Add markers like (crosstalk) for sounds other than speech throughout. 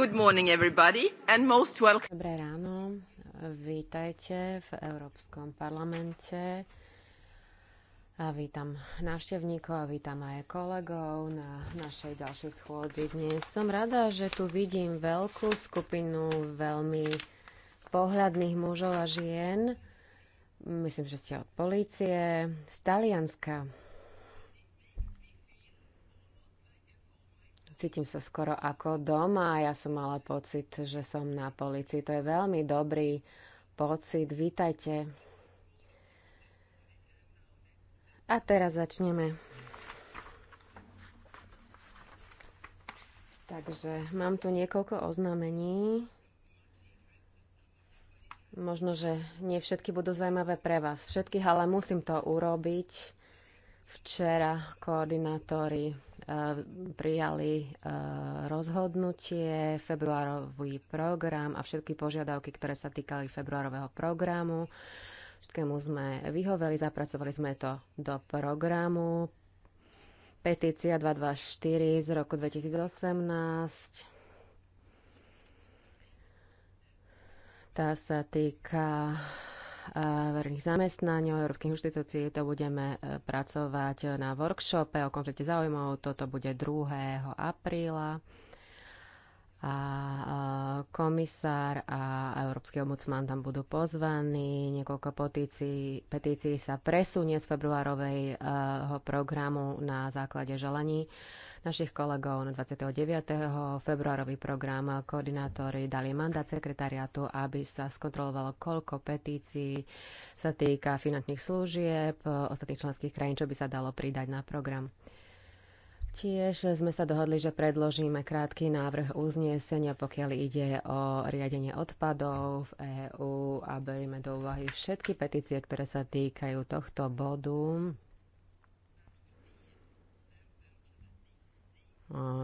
Dobré ráno, vítajte v Európskom parlamente. A vítam návštevníkov a vítam aj kolegov na našej ďalšej schôdzi dnes. Som rada, že tu vidím veľkú skupinu veľmi pohľadných mužov a žien. Myslím, že ste od polície z Talianska. Cítim sa skoro ako doma a ja som mala pocit, že som na policii. To je veľmi dobrý pocit. Vítajte. A teraz začneme. Takže mám tu niekoľko oznámení. Možno, že nie všetky budú zaujímavé pre vás všetky, ale musím to urobiť Včera koordinátori e, prijali e, rozhodnutie, februárový program a všetky požiadavky, ktoré sa týkali februárového programu. Všetkému sme vyhoveli, zapracovali sme to do programu. Petícia 224 z roku 2018. Tá sa týka Eh, verejných zamestnaní, o európskych inštitúcií. To budeme eh, pracovať na workshope o konflikte záujmov. Toto bude 2. apríla. A eh, komisár a európsky ombudsman tam budú pozvaní. Niekoľko petícií, petícií sa presunie z februárovej programu na základe želaní. Uh, našich kolegov na 29. februárový program. Koordinátori dali mandát sekretariátu, aby sa skontrolovalo, koľko petícií sa týka finančných služieb ostatných členských krajín, čo by sa dalo pridať na program. Tiež sme sa dohodli, že predložíme krátky návrh uznesenia, pokiaľ ide o riadenie odpadov v EÚ a berieme do úvahy všetky petície, ktoré sa týkajú tohto bodu.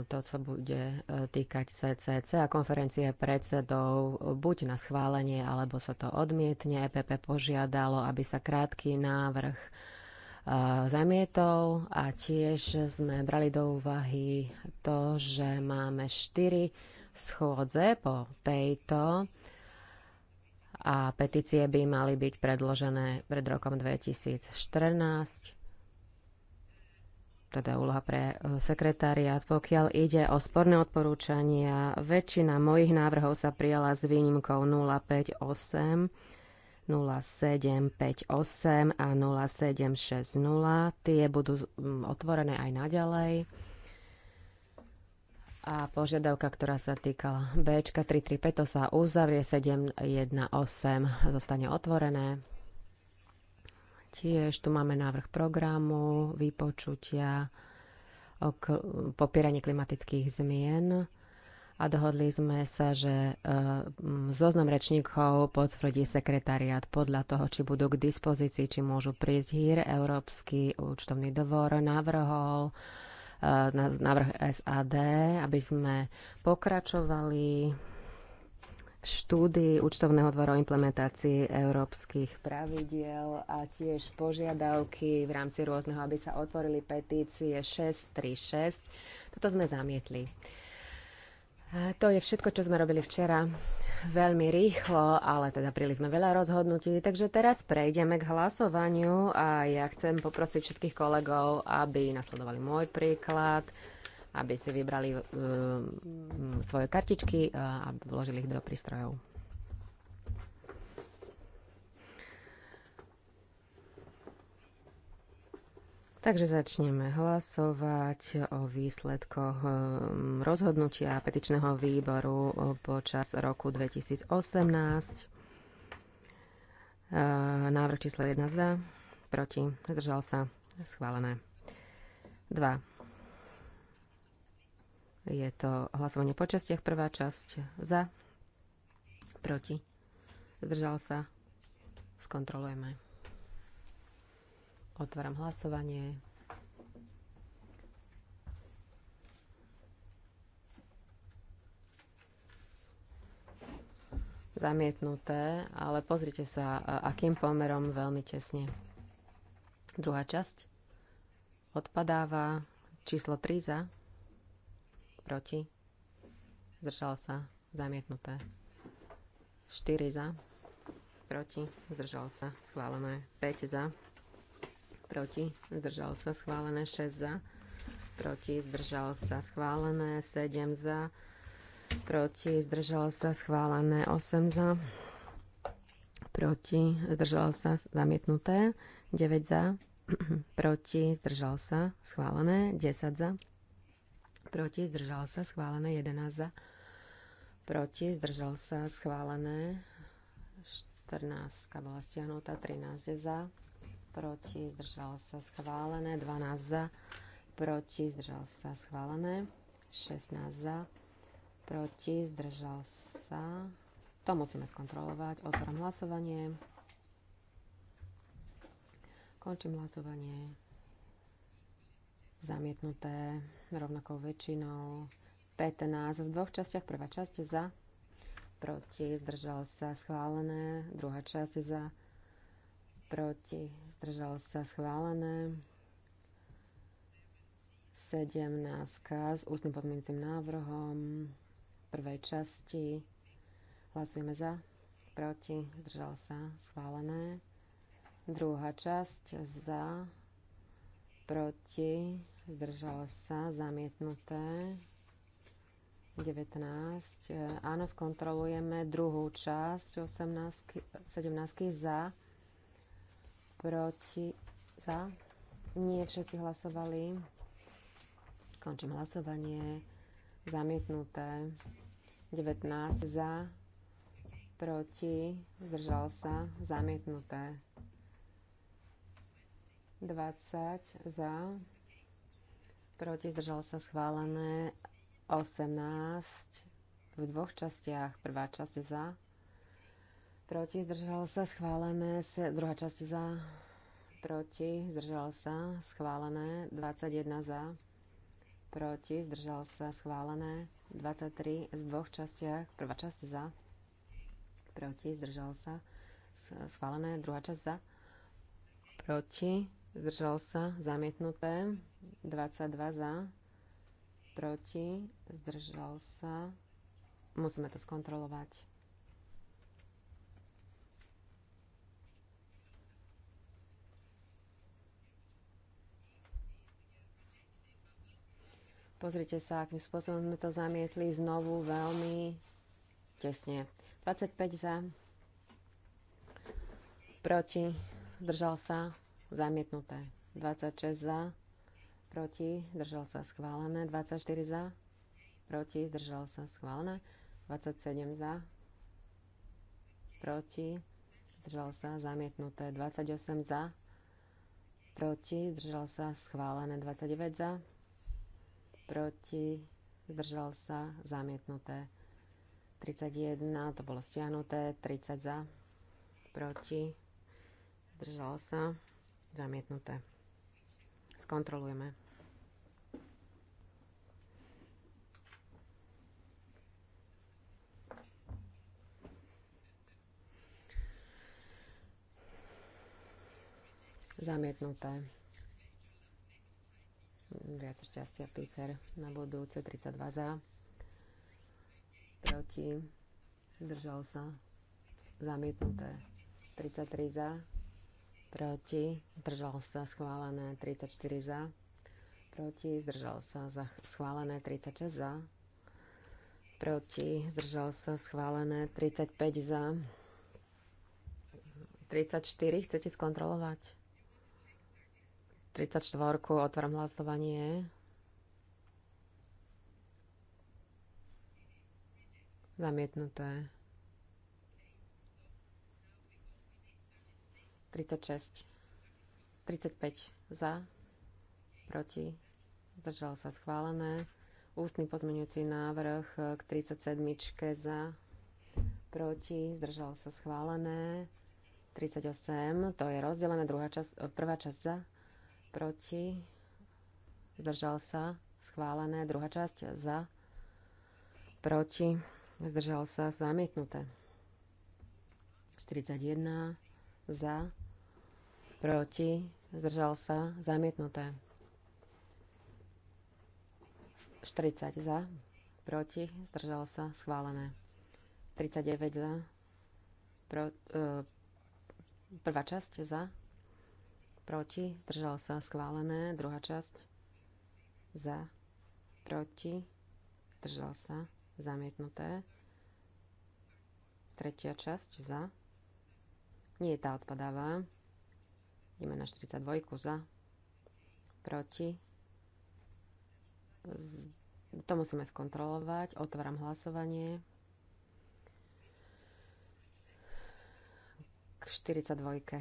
to, co bude e, týkať CCC a konferencie predsedov, buď na schválenie, alebo sa to odmietne. EPP požiadalo, aby sa krátky návrh e, zamietol a tiež sme brali do úvahy to, že máme štyri schôdze po tejto a petície by mali byť predložené pred rokom 2014 teda úloha pre e, sekretáriát. Pokiaľ ide o sporné odporúčania, väčšina mojich návrhov sa prijala s výnimkou 058, 0758 a 0760. Tie budú otvorené aj naďalej. A požiadavka, ktorá sa týkala B335, to sa uzavrie, 718 zostane otvorené. Tiež tu máme návrh programu, vypočutia, o popieranie klimatických zmien a dohodli sme sa, že e, zoznam rečníkov potvrdí sekretariat podľa toho, či budú k dispozícii, či môžu prísť hír. Európsky účtovný dovor navrhol e, návrh SAD, aby sme pokračovali štúdii účtovného dvora o implementácii európskych pravidiel a tiež požiadavky v rámci rôzneho, aby sa otvorili petície 636. Toto sme zamietli. To je všetko, čo sme robili včera. Veľmi rýchlo, ale teda príli sme veľa rozhodnutí, takže teraz prejdeme k hlasovaniu a ja chcem poprosiť všetkých kolegov, aby nasledovali môj príklad aby si vybrali eh, svoje kartičky eh, a vložili ich do prístrojov. Takže začneme hlasovať o výsledkoch eh, rozhodnutia petičného výboru počas roku 2018. Návrh číslo 1 za, proti, zdržal sa, schválené. 2 je to hlasovanie po častiach. Prvá časť za, proti. Zdržal sa. Skontrolujeme. Otváram hlasovanie. Zamietnuté, ale pozrite sa, akým pomerom veľmi tesne. Druhá časť odpadáva číslo 3 za, proti, zdržal sa, zamietnuté. 4 za, proti, zdržal sa, schválené. 5 za, proti, zdržal sa, schválené. 6 za, proti, zdržal sa, schválené. 7 za, proti, zdržal sa, schválené. 8 za, proti, zdržal sa, zamietnuté. 9 za, (clears throat) proti, zdržal sa, schválené. 10 za, proti, zdržal sa, schválené 11 za, proti, zdržal sa, schválené 14 bola stiahnutá, 13 za, proti, zdržal sa, schválené 12 za, proti, zdržal sa, schválené 16 za, proti, zdržal sa, to musíme skontrolovať, otváram hlasovanie, končím hlasovanie zamietnuté rovnakou väčšinou 15 v dvoch častiach. Prvá časť za, proti, zdržalo sa schválené. Druhá časť za, proti, zdržalo sa schválené. 17 s ústnym pozmeňujúcim návrhom prvej časti. Hlasujeme za, proti, zdržalo sa schválené. Druhá časť za, proti, zdržalo sa, zamietnuté. 19. E, áno, skontrolujeme druhú časť 18, 17 za, proti, za. Nie všetci hlasovali. Končím hlasovanie. Zamietnuté. 19 za, proti, zdržal sa, zamietnuté. 20 za, proti zdržalo sa schválené 18 v dvoch častiach. Prvá časť za, proti zdržalo sa schválené, se. druhá časť za, proti zdržalo sa schválené 21 za, proti zdržalo sa schválené 23 v dvoch častiach. Prvá časť za, proti zdržalo sa schválené, druhá časť za, proti zdržal sa, zamietnuté, 22 za, proti, zdržal sa, musíme to skontrolovať. Pozrite sa, akým spôsobom sme to zamietli znovu veľmi tesne. 25 za, proti, zdržal sa, Zamietnuté. 26 za. Proti. Zdržal sa schválené. 24 za. Proti. Zdržal sa schválené. 27 za. Proti. Zdržal sa. Zamietnuté. 28 za. Proti. Zdržal sa. Schválené. 29 za. Proti. Zdržal sa. Zamietnuté. 31, to bolo stiahnuté, 30 za, proti, zdržal sa. Zamietnuté. Skontrolujeme. Zamietnuté. Viac šťastia, Peter. Na budúce 32 za. Proti. Držal sa. Zamietnuté. 33 za proti, zdržal sa schválené 34 za, proti, zdržal sa za schválené 36 za, proti, zdržal sa schválené 35 za, 34 chcete skontrolovať? 34, otváram hlasovanie. Zamietnuté. 36, 35 za, proti, zdržal sa schválené. Ústny pozmeňujúci návrh k 37 za, proti, zdržal sa schválené. 38, to je rozdelené, druhá časť, prvá časť za, proti, zdržal sa schválené, druhá časť za, proti, zdržal sa zamietnuté. 41 za, proti, zdržal sa, zamietnuté. 40 za, proti, zdržal sa, schválené. 39 za, pro, e, prvá časť za, proti, zdržal sa, schválené. Druhá časť za, proti, zdržal sa, zamietnuté. Tretia časť za, nie, je tá odpadáva. Ideme na 42 za. Proti. To musíme skontrolovať. Otváram hlasovanie. K 42.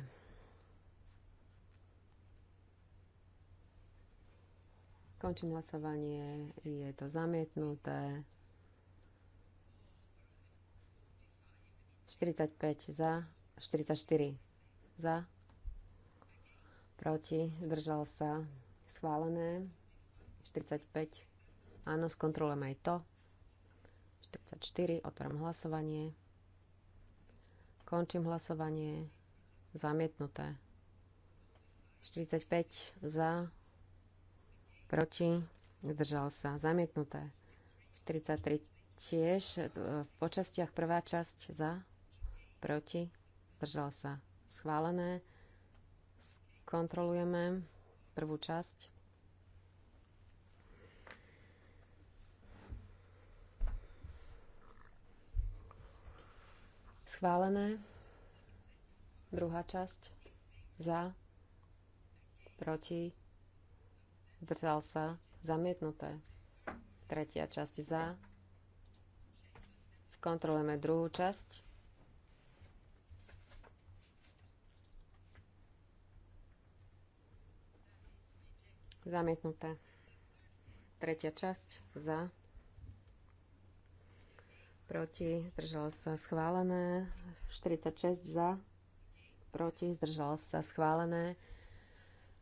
Končím hlasovanie. Je to zamietnuté. 45 za, 44 za, proti, zdržal sa, schválené, 45, áno, skontrolujem aj to, 44, otváram hlasovanie, končím hlasovanie, zamietnuté, 45 za, proti, zdržal sa, zamietnuté, 43 tiež e, v počastiach prvá časť za, proti, zdržal sa schválené. Kontrolujeme prvú časť. Schválené. Druhá časť. Za. Proti. Zdržal sa. Zamietnuté. Tretia časť. Za. Skontrolujeme druhú časť. Zamietnuté. Tretia časť za. Proti zdržalo sa schválené. 46 za. Proti zdržalo sa schválené.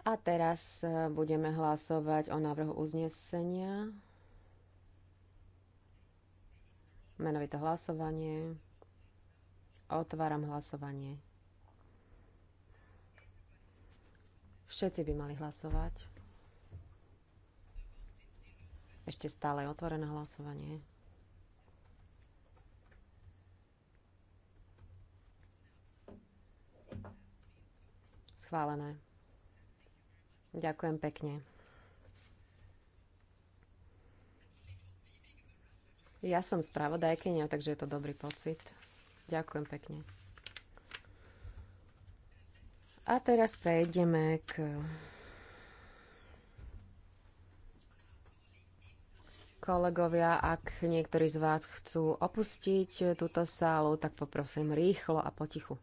A teraz e, budeme hlasovať o návrhu uznesenia. Menovité hlasovanie. Otváram hlasovanie. Všetci by mali hlasovať. Ešte stále otvorené hlasovanie. Schválené. Ďakujem pekne. Ja som spravodajkynia, takže je to dobrý pocit. Ďakujem pekne. A teraz prejdeme k Kolegovia, ak niektorí z vás chcú opustiť túto sálu, tak poprosím rýchlo a potichu.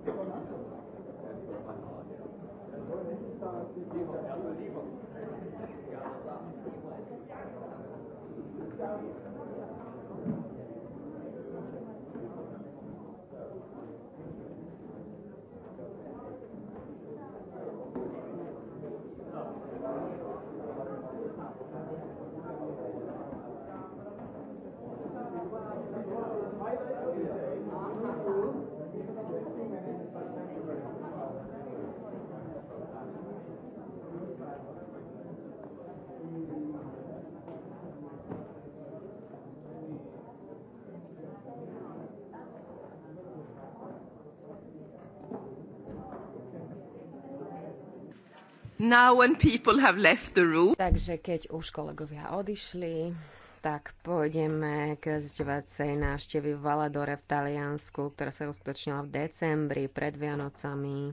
Thank you. Now when people have left the room. Takže keď už kolegovia odišli, tak pôjdeme k zďovacej návštevy v Valadore v Taliansku, ktorá sa uskutočnila v decembri pred Vianocami.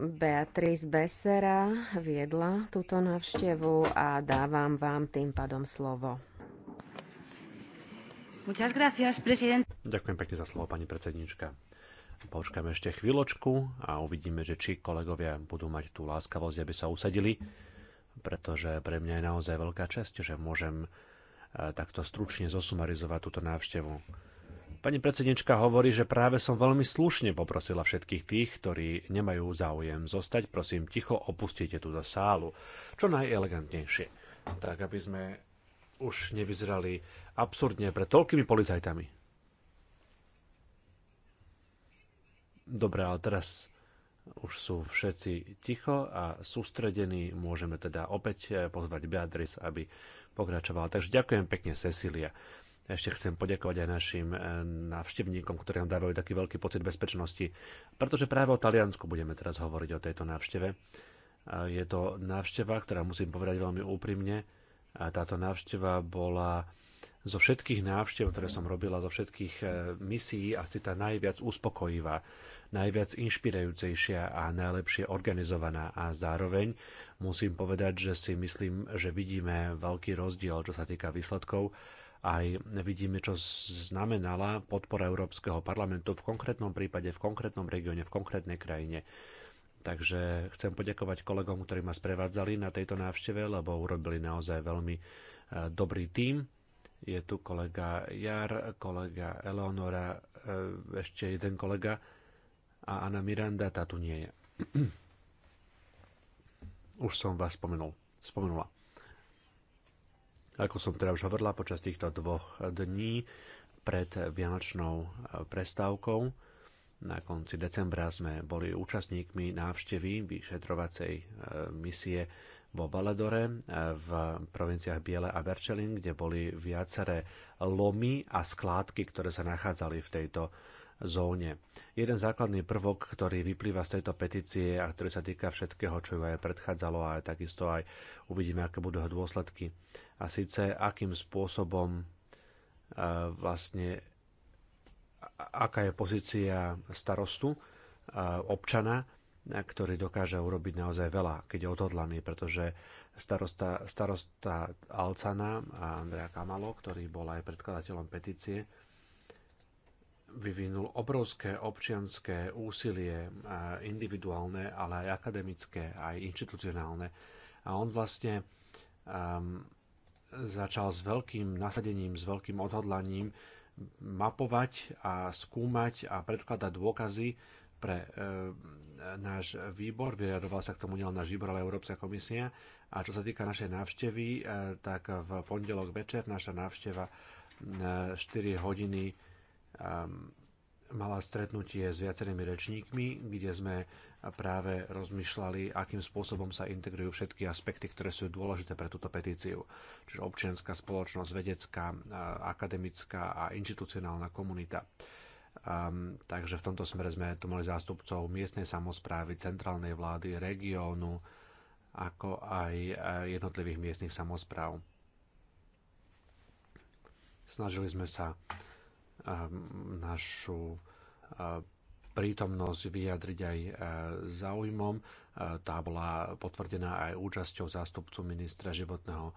Beatrice Besera viedla túto návštevu a dávam vám tým pádom slovo. Gracias, Ďakujem pekne za slovo, pani predsednička. Počkáme ešte chvíľočku a uvidíme, že či kolegovia budú mať tú láskavosť, aby sa usadili, pretože pre mňa je naozaj veľká čest, že môžem e, takto stručne zosumarizovať túto návštevu. Pani predsednička hovorí, že práve som veľmi slušne poprosila všetkých tých, ktorí nemajú záujem zostať, prosím, ticho opustite túto sálu, čo najelegantnejšie, tak aby sme už nevyzerali absurdne pred toľkými policajtami. Dobre, ale teraz už sú všetci ticho a sústredení. Môžeme teda opäť eh, pozvať Beatrice, aby pokračovala. Takže ďakujem pekne, Cecilia. Ešte chcem poďakovať aj našim eh, návštevníkom, ktorí nám dávajú taký veľký pocit bezpečnosti, pretože práve o Taliansku budeme teraz hovoriť o tejto návšteve. Je to návšteva, ktorá musím povedať veľmi úprimne. Táto návšteva bola zo všetkých návštev, ktoré som robila, zo všetkých e, misií asi tá najviac uspokojivá, najviac inšpirujúcejšia a najlepšie organizovaná. A zároveň musím povedať, že si myslím, že vidíme veľký rozdiel, čo sa týka výsledkov. Aj vidíme, čo znamenala podpora Európskeho parlamentu v konkrétnom prípade, v konkrétnom regióne, v konkrétnej krajine. Takže chcem poďakovať kolegom, ktorí ma sprevádzali na tejto návšteve, lebo urobili naozaj veľmi e, dobrý tím je tu kolega Jar, kolega Eleonora, e, ešte jeden kolega a Ana Miranda, tá tu nie je. (clears throat) Už som vás spomenul, spomenula. Ako som teda už hovorila, počas týchto dvoch dní pred vianočnou e, prestávkou na konci decembra sme boli účastníkmi návštevy vyšetrovacej e, misie vo Valedore, eh, v provinciách Biele a Berčelin, kde boli viaceré lomy a skládky, ktoré sa nachádzali v tejto zóne. Jeden základný prvok, ktorý vyplýva z tejto petície a ktorý sa týka všetkého, čo ju aj predchádzalo a takisto aj uvidíme, aké budú dôsledky. A síce, akým spôsobom eh, vlastne aká je pozícia starostu, eh, občana ktorý dokáže urobiť naozaj veľa, keď je odhodlaný, pretože starosta, starosta Alcana a Andrea Kamalo, ktorý bol aj predkladateľom petície, vyvinul obrovské občianské úsilie, e, individuálne, ale aj akademické, aj inštitucionálne. A on vlastne um, začal s veľkým nasadením, s veľkým odhodlaním mapovať a skúmať a predkladať dôkazy, pre e, náš výbor, vyjadroval sa k tomu nielen náš výbor, ale Európska komisia. A čo sa týka našej návštevy, e, tak v pondelok večer naša návšteva e, eh, 4 hodiny e, mala stretnutie s viacerými rečníkmi, kde sme práve rozmýšľali, akým spôsobom sa integrujú všetky aspekty, ktoré sú dôležité pre túto petíciu. Čiže občianská spoločnosť, vedecká, akademická a inštitucionálna komunita. E, Um, takže v tomto smere sme tu mali zástupcov miestnej samozprávy, centrálnej vlády, regiónu, ako aj eh, jednotlivých miestnych samozpráv. Snažili sme sa um, našu uh, prítomnosť vyjadriť aj eh, záujmom. Tá bola potvrdená aj účasťou zástupcu ministra životného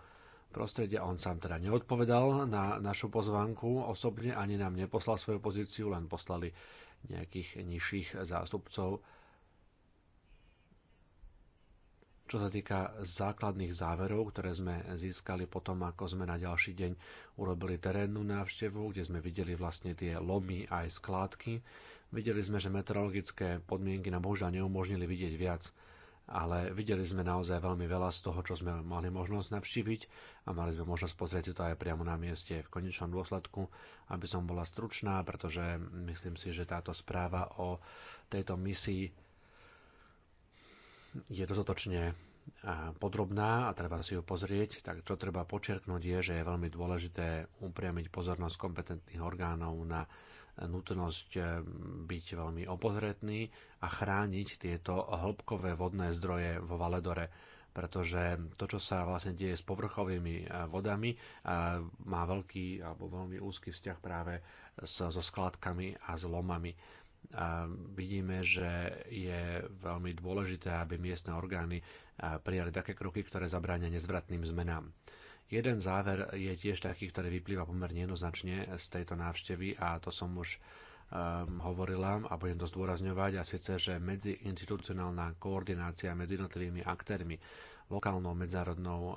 prostredia. On sám teda neodpovedal na našu pozvanku osobne, ani nám neposlal svoju pozíciu, len poslali nejakých nižších zástupcov. Čo sa týka základných záverov, ktoré sme získali potom, ako sme na ďalší deň urobili terénnu návštevu, kde sme videli vlastne tie lomy aj skládky, videli sme, že meteorologické podmienky nám bohužiaľ neumožnili vidieť viac ale videli sme naozaj veľmi veľa z toho, čo sme mali možnosť navštíviť a mali sme možnosť pozrieť si to aj priamo na mieste v konečnom dôsledku, aby som bola stručná, pretože myslím si, že táto správa o tejto misii je dostatočne podrobná a treba si ju pozrieť, tak čo treba počerknúť je, že je veľmi dôležité upriamiť pozornosť kompetentných orgánov na nutnosť eh, byť veľmi obozretný a chrániť tieto hĺbkové vodné zdroje vo Valedore pretože to, čo sa vlastne deje s povrchovými eh, vodami, eh, má veľký alebo veľmi úzky vzťah práve so, so skladkami a s lomami. A vidíme, že je veľmi dôležité, aby miestne orgány prijali také kroky, ktoré zabránia nezvratným zmenám. Jeden záver je tiež taký, ktorý vyplýva pomerne jednoznačne z tejto návštevy a to som už um, hovorila a budem to zdôrazňovať a síce, že medziinstitucionálna koordinácia medzi jednotlivými aktérmi lokálnou, medzárodnou, um,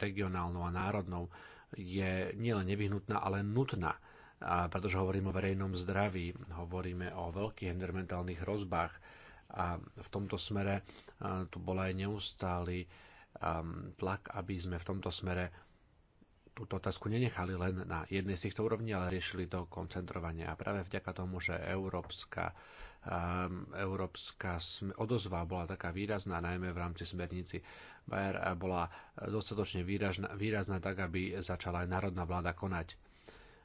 regionálnou a národnou je nielen nevyhnutná, ale nutná. A pretože hovoríme o verejnom zdraví, hovoríme o veľkých environmentálnych rozbách a v tomto smere uh, tu bola aj neustály tlak, aby sme v tomto smere túto otázku nenechali len na jednej z týchto úrovní, ale riešili to koncentrovanie. A práve vďaka tomu, že európska, um, európska odozva bola taká výrazná, najmä v rámci smernici Bayer, bola dostatočne výrazná, výrazná tak, aby začala aj národná vláda konať.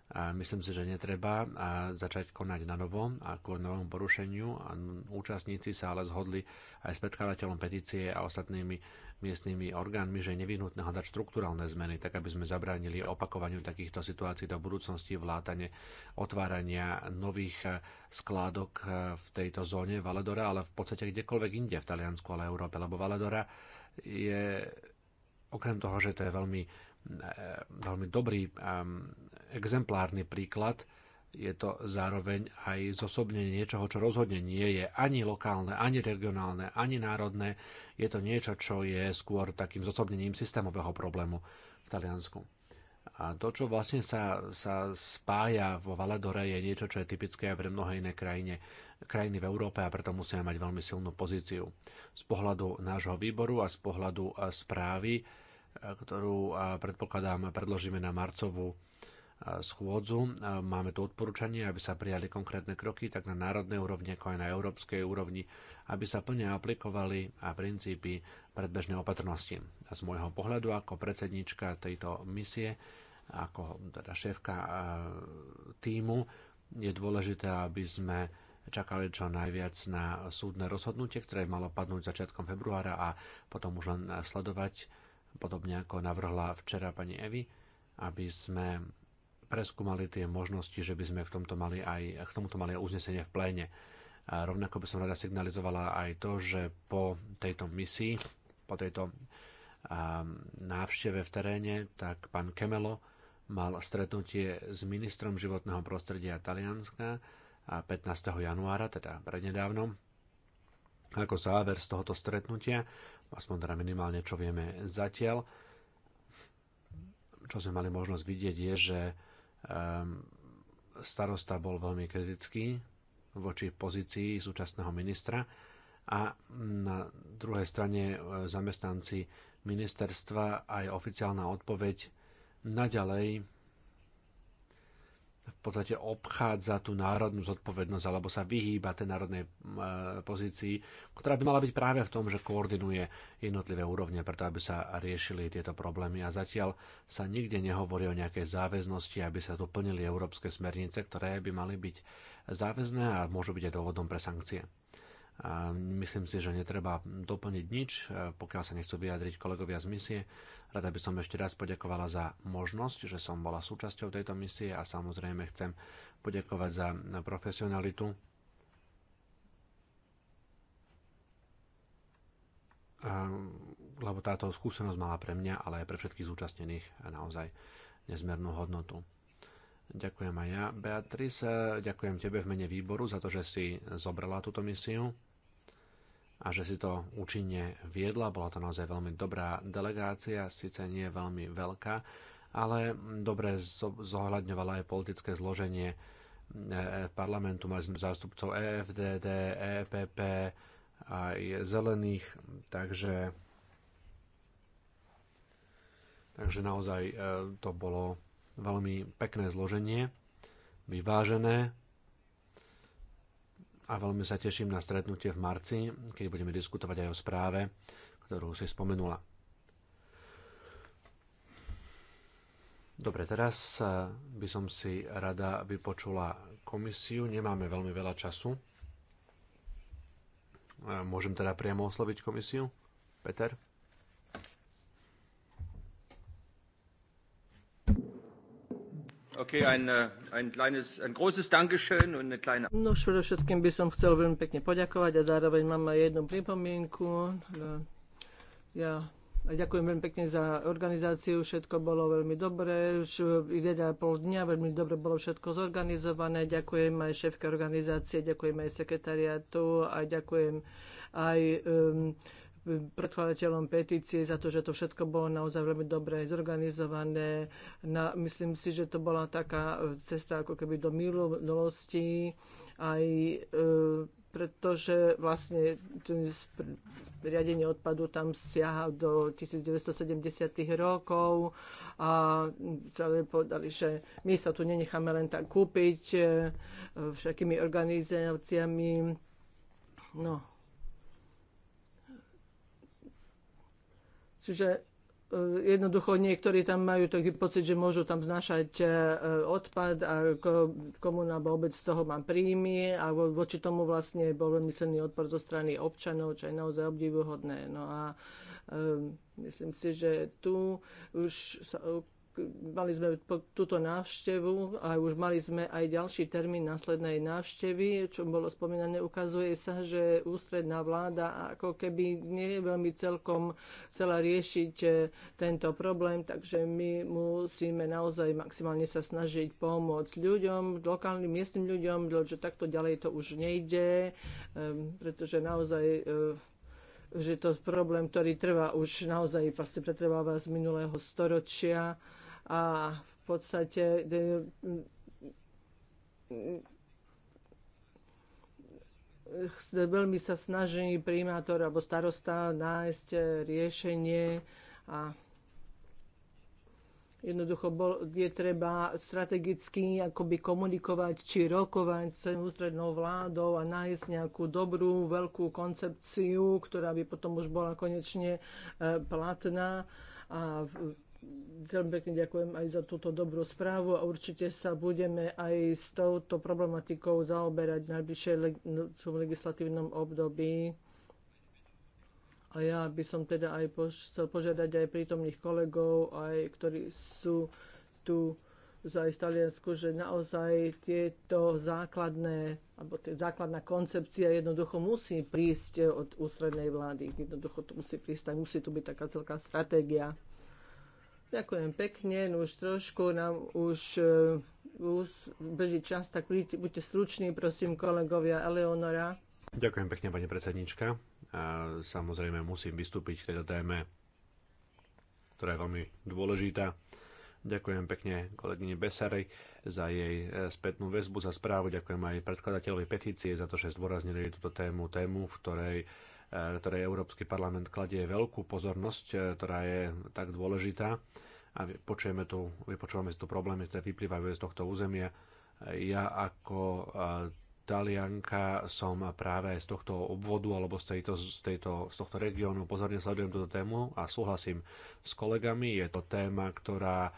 A myslím si, že netreba začať konať na novom a k novom porušeniu. A účastníci sa ale zhodli aj s predkladateľom petície a ostatnými miestnymi orgánmi, že je nevyhnutné hľadať štruktúralne zmeny, tak aby sme zabránili opakovaniu takýchto situácií do budúcnosti, vlátanie otvárania nových skládok v tejto zóne Valedora, ale v podstate kdekoľvek inde v Taliansku, ale Európe, lebo Valedora je okrem toho, že to je veľmi Eh, veľmi dobrý exemplárny príklad. Je to zároveň aj zosobnenie niečoho, čo rozhodne nie je ani lokálne, ani regionálne, ani národné. Je to niečo, čo je skôr takým zosobnením systémového problému v Taliansku. A to, čo vlastne sa, sa spája vo Valadore, je niečo, čo je typické aj pre mnohé iné krajine, krajiny v Európe a preto musíme mať veľmi silnú pozíciu. Z pohľadu nášho výboru a z pohľadu eh, správy E, ktorú predpokladám predložíme na marcovú e, schôdzu. E, máme tu odporúčanie, aby sa prijali konkrétne kroky tak na národnej úrovni, ako aj na európskej úrovni, aby sa plne aplikovali a princípy predbežnej opatrnosti. A z môjho pohľadu ako predsednička tejto misie, ako teda šéfka týmu, je dôležité, aby sme čakali čo najviac na súdne rozhodnutie, ktoré malo padnúť začiatkom februára a potom už len sledovať podobne ako navrhla včera pani Evi, aby sme preskúmali tie možnosti, že by sme v tomto mali aj, k tomuto mali aj uznesenie v pléne. A rovnako by som rada signalizovala aj to, že po tejto misii, po tejto návšteve v teréne, tak pán Kemelo mal stretnutie s ministrom životného prostredia Talianska 15. januára, teda prednedávnom. Ako záver z tohoto stretnutia aspoň teda minimálne, čo vieme zatiaľ. Čo sme mali možnosť vidieť je, že ehm, starosta bol veľmi kritický voči pozícii súčasného ministra a na druhej strane e, zamestnanci ministerstva aj oficiálna odpoveď naďalej v podstate obchádza tú národnú zodpovednosť alebo sa vyhýba tej národnej e, pozícii, ktorá by mala byť práve v tom, že koordinuje jednotlivé úrovne, preto aby sa riešili tieto problémy. A zatiaľ sa nikde nehovorí o nejakej záväznosti, aby sa doplnili európske smernice, ktoré by mali byť záväzné a môžu byť aj dôvodom pre sankcie. Myslím si, že netreba doplniť nič, e, pokiaľ sa nechcú vyjadriť kolegovia z misie. Rada by som ešte raz poďakovala za možnosť, že som bola súčasťou tejto misie a samozrejme chcem poďakovať za profesionalitu. lebo táto skúsenosť mala pre mňa, ale aj pre všetkých zúčastnených naozaj nezmernú hodnotu. Ďakujem aj ja. Beatrice, ďakujem tebe v mene výboru za to, že si zobrala túto misiu a že si to účinne viedla. Bola to naozaj veľmi dobrá delegácia, síce nie veľmi veľká, ale dobre zohľadňovala aj politické zloženie e, parlamentu. Mali sme zástupcov EFDD, EPP, aj zelených, takže, takže naozaj e, to bolo veľmi pekné zloženie, vyvážené, a veľmi sa teším na stretnutie v marci, keď budeme diskutovať aj o správe, ktorú si spomenula. Dobre, teraz eh, by som si rada vypočula komisiu. Nemáme veľmi veľa času. Eh, môžem teda priamo osloviť komisiu? Peter? Okay, ein, äh, ein, kleines, ein großes Dankeschön und eine kleine... No, všetkým by som chcel veľmi pekne poďakovať a zároveň mám aj jednu pripomienku. Ja a ďakujem veľmi pekne za organizáciu, všetko bolo veľmi dobré, už jeden a pol dňa veľmi dobre bolo všetko zorganizované, ďakujem aj šéfke organizácie, ďakujem aj sekretariátu a ďakujem aj um, predkladateľom petície za to, že to všetko bolo naozaj veľmi dobre zorganizované. Na, myslím si, že to bola taká e, cesta ako keby do minulosti, aj e, pretože vlastne riadenie odpadu tam siaha do 1970. rokov a celé povedali, že my sa tu nenecháme len tak kúpiť e, e všakými organizáciami. No, Čiže e, jednoducho niektorí tam majú taký pocit, že môžu tam znašať e, odpad a komuna alebo obec z toho mám príjmy a voči tomu vlastne bol vymyslený odpor zo strany občanov, čo je naozaj obdivuhodné. No a um, myslím si, že tu už sa mali sme túto návštevu a už mali sme aj ďalší termín následnej návštevy, čo bolo spomínané. Ukazuje sa, že ústredná vláda ako keby nie je veľmi celkom chcela riešiť e, tento problém, takže my musíme naozaj maximálne sa snažiť pomôcť ľuďom, lokálnym miestnym ľuďom, že takto ďalej to už nejde, e, pretože naozaj e, že to problém, ktorý trvá už naozaj vlastne pretrváva z minulého storočia a v podstate e, e, e, veľmi sa snaží primátor alebo starosta nájsť riešenie a Jednoducho bol, je treba strategicky akoby komunikovať či rokovať s ústrednou vládou a nájsť nejakú dobrú, veľkú koncepciu, ktorá by potom už bola konečne platná. A veľmi pekne ďakujem aj za túto dobrú správu a určite sa budeme aj s touto problematikou zaoberať v najbližšom no, legislatívnom období. A ja by som teda aj chcel požiadať aj prítomných kolegov, aj ktorí sú tu za Taliansku, že naozaj tieto základné, alebo tie základná koncepcia jednoducho musí prísť od ústrednej vlády. Jednoducho to musí prísť, tak musí tu byť taká celká stratégia. Ďakujem pekne, no už trošku nám už, e, už beží čas, tak buďte, buďte struční, prosím, kolegovia Eleonora. Ďakujem pekne, pani predsednička. A e, samozrejme musím vystúpiť k tejto téme, ktorá je veľmi dôležitá. Ďakujem pekne kolegyni Besarej za jej e, spätnú väzbu, za správu. Ďakujem aj predkladateľovi petície za to, že zdôraznili túto tému, tému, v ktorej Eh, ktorej Európsky parlament kladie veľkú pozornosť, eh, ktorá je tak dôležitá a počujeme tu, vypočúvame si tu problémy, ktoré vyplývajú z tohto územia. Ja ako eh, Talianka som práve z tohto obvodu alebo z, tejto, z, tejto, z tohto regiónu pozorne sledujem túto tému a súhlasím s kolegami. Je to téma, ktorá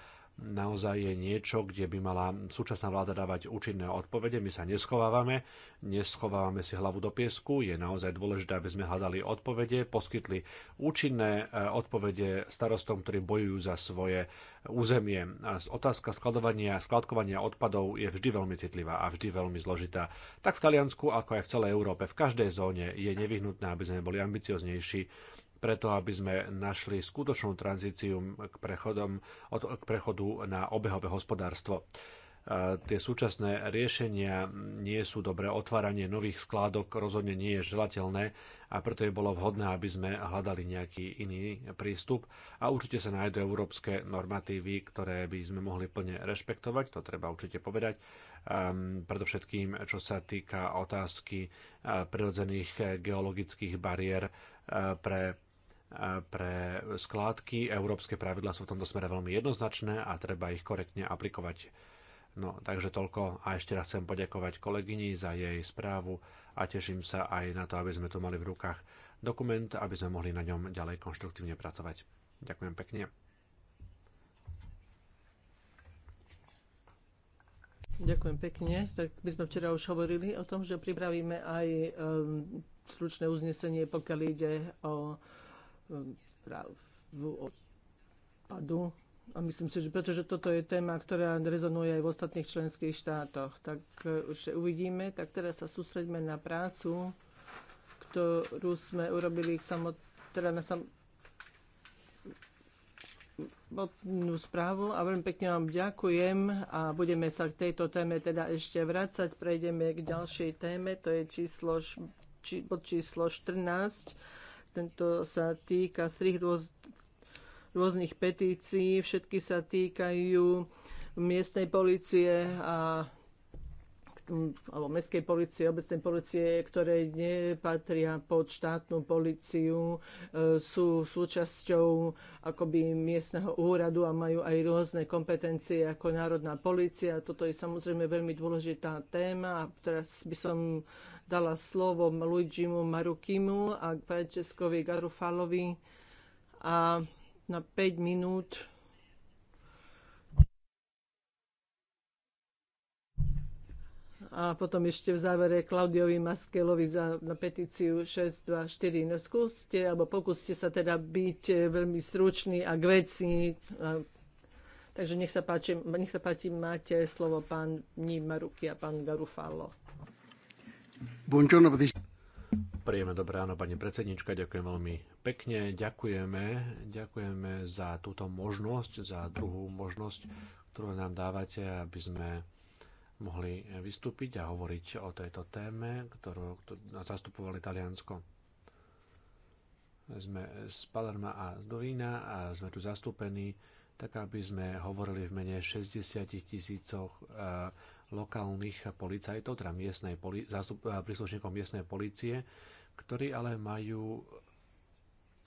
naozaj je niečo, kde by mala súčasná vláda dávať účinné odpovede. My sa neschovávame, neschovávame si hlavu do piesku. Je naozaj dôležité, aby sme hľadali odpovede, poskytli účinné e, odpovede starostom, ktorí bojujú za svoje územie. Otázka skladovania, skladkovania odpadov je vždy veľmi citlivá a vždy veľmi zložitá. Tak v Taliansku, ako aj v celej Európe, v každej zóne je nevyhnutné, aby sme boli ambicioznejší preto aby sme našli skutočnú tranzíciu k, prechodom, od, k prechodu na obehové hospodárstvo e, tie súčasné riešenia nie sú dobré. Otváranie nových skládok rozhodne nie je želateľné a preto je bolo vhodné, aby sme hľadali nejaký iný prístup a určite sa nájdú európske normatívy, ktoré by sme mohli plne rešpektovať, to treba určite povedať. Um, predovšetkým, čo sa týka otázky uh, prirodzených geologických bariér uh, pre pre skládky. Európske pravidla sú v tomto smere veľmi jednoznačné a treba ich korektne aplikovať. No, takže toľko a ešte raz chcem poďakovať kolegyni za jej správu a teším sa aj na to, aby sme tu mali v rukách dokument, aby sme mohli na ňom ďalej konštruktívne pracovať. Ďakujem pekne. Ďakujem pekne. Tak my sme včera už hovorili o tom, že pripravíme aj um, stručné uznesenie, pokiaľ ide o v odpadu. A myslím si, že pretože toto je téma, ktorá rezonuje aj v ostatných členských štátoch, tak e, už uvidíme. Tak teraz sa sústredíme na prácu, ktorú sme urobili k samot, teda na samotnú správu a veľmi pekne vám ďakujem a budeme sa k tejto téme teda ešte vrácať. Prejdeme k ďalšej téme, to je číslo, či, bod číslo 14 tento sa týka z tých rôz, rôznych petícií. Všetky sa týkajú miestnej policie a alebo mestskej policie, obecnej policie, ktoré nepatria pod štátnu policiu, e, sú súčasťou akoby miestneho úradu a majú aj rôzne kompetencie ako národná policia. Toto je samozrejme veľmi dôležitá téma a teraz by som dala slovo Luigimu Marukimu a Francescovi Garufalovi a na 5 minút a potom ešte v závere Klaudiovi Maskelovi za, na petíciu 624. No skúste, alebo pokúste sa teda byť eh, veľmi stručný a k veci. Takže nech sa páči, nech sa páči máte slovo pán Nímaruky a pán Garufalo. Buongiorno, Príjemné dobré ráno, pani predsednička, ďakujem veľmi pekne, ďakujeme, ďakujeme za túto možnosť, za druhú možnosť, ktorú nám dávate, aby sme mohli vystúpiť a hovoriť o tejto téme, ktorú, ktorú zastupovali Taliansko. Sme z Palerma a z Dovína a sme tu zastúpení, tak aby sme hovorili v mene 60 tisícoch lokálnych policajtov, teda miestnej poli- zastup- eh, príslušníkov miestnej policie, ktorí ale majú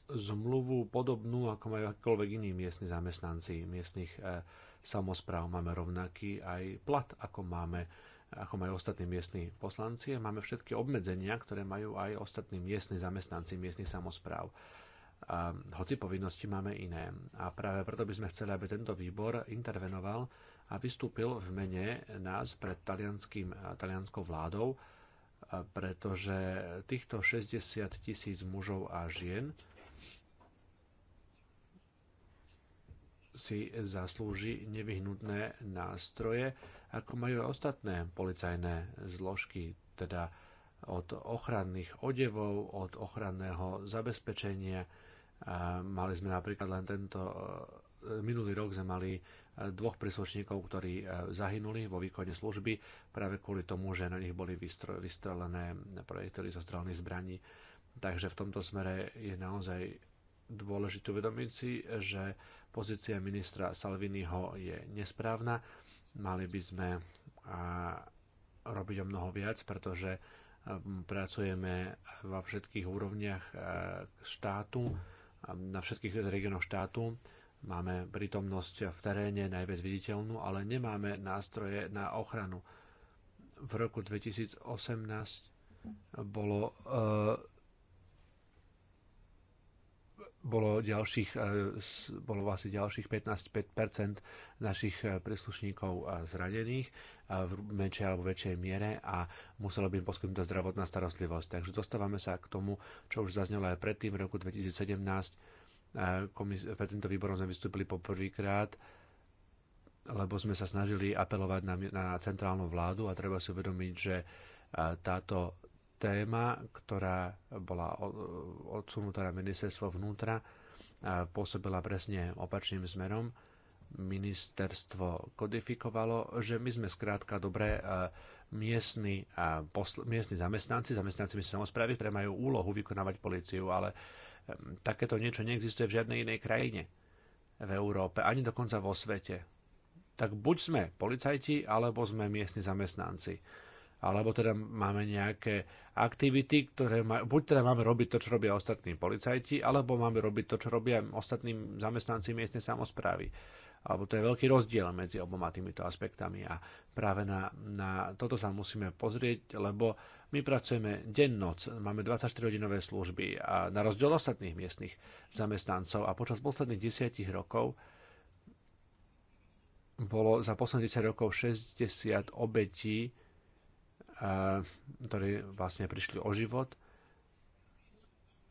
zmluvu podobnú, ako majú akýkoľvek iní miestni zamestnanci miestnych e, eh, samozpráv. Máme rovnaký aj plat, ako, máme, ako majú ostatní miestni poslanci a máme všetky obmedzenia, ktoré majú aj ostatní miestni zamestnanci miestnych samozpráv. A, hoci povinnosti máme iné. A práve preto by sme chceli, aby tento výbor intervenoval a vystúpil v mene nás pred talianskou vládou, pretože týchto 60 tisíc mužov a žien si zaslúži nevyhnutné nástroje, ako majú aj ostatné policajné zložky, teda od ochranných odevov, od ochranného zabezpečenia. Mali sme napríklad len tento minulý rok sme mali dvoch príslušníkov, ktorí e, zahynuli vo výkone služby práve kvôli tomu, že na nich boli vystrelené projektily zo strelných zbraní. Takže v tomto smere je naozaj dôležité uvedomiť si, že pozícia ministra Salviniho je nesprávna. Mali by sme robiť o mnoho viac, pretože e, pracujeme vo všetkých úrovniach e, štátu, na všetkých regiónoch štátu Máme prítomnosť v teréne najviac viditeľnú, ale nemáme nástroje na ochranu. V roku 2018 bolo, uh, bolo, ďalších, uh, bolo vlastne ďalších 15 našich e, príslušníkov zradených v menšej alebo väčšej miere a muselo by im poskytnúť zdravotná starostlivosť. Takže dostávame sa k tomu, čo už zaznelo aj predtým v roku 2017 komis- týmto výborom sme vystúpili poprvýkrát, lebo sme sa snažili apelovať na, na centrálnu vládu a treba si uvedomiť, že táto téma, ktorá bola odsunutá na ministerstvo vnútra, pôsobila presne opačným smerom. Ministerstvo kodifikovalo, že my sme skrátka dobre miestni, posl- miestni zamestnanci, zamestnanci miestnej samozprávy, ktoré majú úlohu vykonávať políciu, ale Takéto niečo neexistuje v žiadnej inej krajine v Európe, ani dokonca vo svete. Tak buď sme policajti, alebo sme miestni zamestnanci. Alebo teda máme nejaké aktivity, ktoré ma, buď teda máme robiť to, čo robia ostatní policajti, alebo máme robiť to, čo robia ostatní zamestnanci miestnej samozprávy alebo to je veľký rozdiel medzi oboma týmito aspektami a práve na, na toto sa musíme pozrieť, lebo my pracujeme deň-noc, máme 24-hodinové služby a na rozdiel ostatných miestnych zamestnancov a počas posledných desiatich rokov bolo za posledných 10 rokov 60 obetí, ktorí vlastne prišli o život,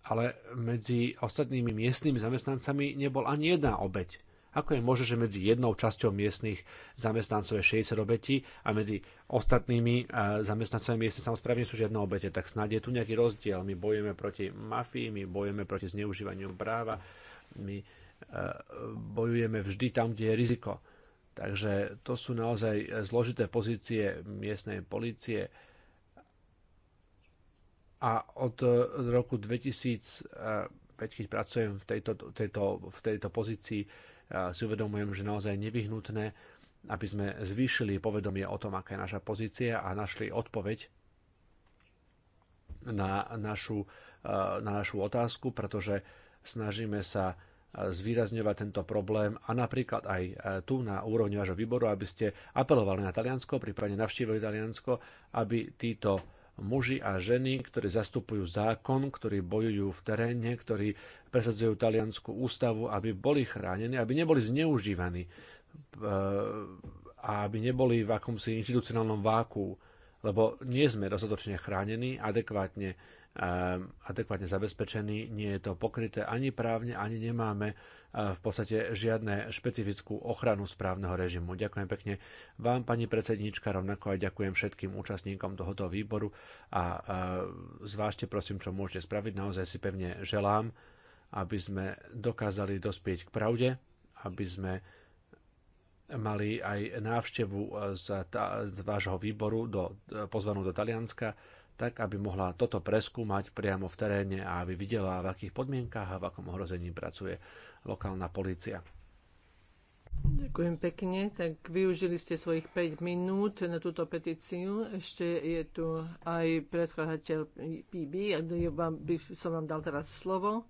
ale medzi ostatnými miestnymi zamestnancami nebol ani jedna obeť. Ako je možné, že medzi jednou časťou miestnych zamestnancov je 60 obetí a medzi ostatnými eh, zamestnancami miestnej samozprávy sú žiadne obete, tak snad je tu nejaký rozdiel. My bojujeme proti mafii, my bojujeme proti zneužívaniu práva, my eh, bojujeme vždy tam, kde je riziko. Takže to sú naozaj zložité pozície miestnej policie. A od eh, roku 2005, keď pracujem v tejto, tejto, v tejto pozícii, si uvedomujem, že naozaj nevyhnutné, aby sme zvýšili povedomie o tom, aká je naša pozícia a našli odpoveď na našu, na našu otázku, pretože snažíme sa zvýrazňovať tento problém a napríklad aj tu na úrovni vášho výboru, aby ste apelovali na Taliansko, prípadne navštívili Taliansko, aby títo muži a ženy, ktorí zastupujú zákon, ktorí bojujú v teréne, ktorí presadzujú taliansku ústavu, aby boli chránení, aby neboli zneužívaní e, a aby neboli v akomsi inštitucionálnom váku, lebo nie sme dostatočne chránení, adekvátne, e, adekvátne zabezpečení, nie je to pokryté ani právne, ani nemáme v podstate žiadne špecifickú ochranu správneho režimu. Ďakujem pekne vám, pani predsednička, rovnako aj ďakujem všetkým účastníkom tohoto výboru a zvážte prosím, čo môžete spraviť. Naozaj si pevne želám, aby sme dokázali dospieť k pravde, aby sme mali aj návštevu z, ta, z vášho výboru do, pozvanú do Talianska, tak aby mohla toto preskúmať priamo v teréne a aby videla, v akých podmienkách a v akom ohrození pracuje lokálna policia. Ďakujem pekne. Tak využili ste svojich 5 minút na túto petíciu. Ešte je tu aj predkladateľ PB. Ja by som vám dal teraz slovo.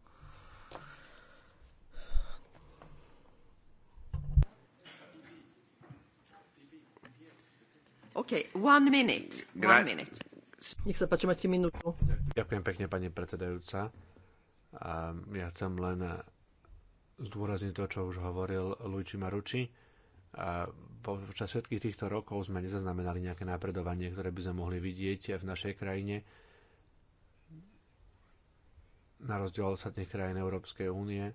OK, one minute. One minute. Nech sa páči, máte minútu. Ďakujem pekne, pani predsedajúca. A Ja chcem len zdôrazniť to, čo už hovoril Luigi Marucci. A počas všetkých týchto rokov sme nezaznamenali nejaké napredovanie, ktoré by sme mohli vidieť v našej krajine. Na rozdiel od ostatných krajín Európskej únie.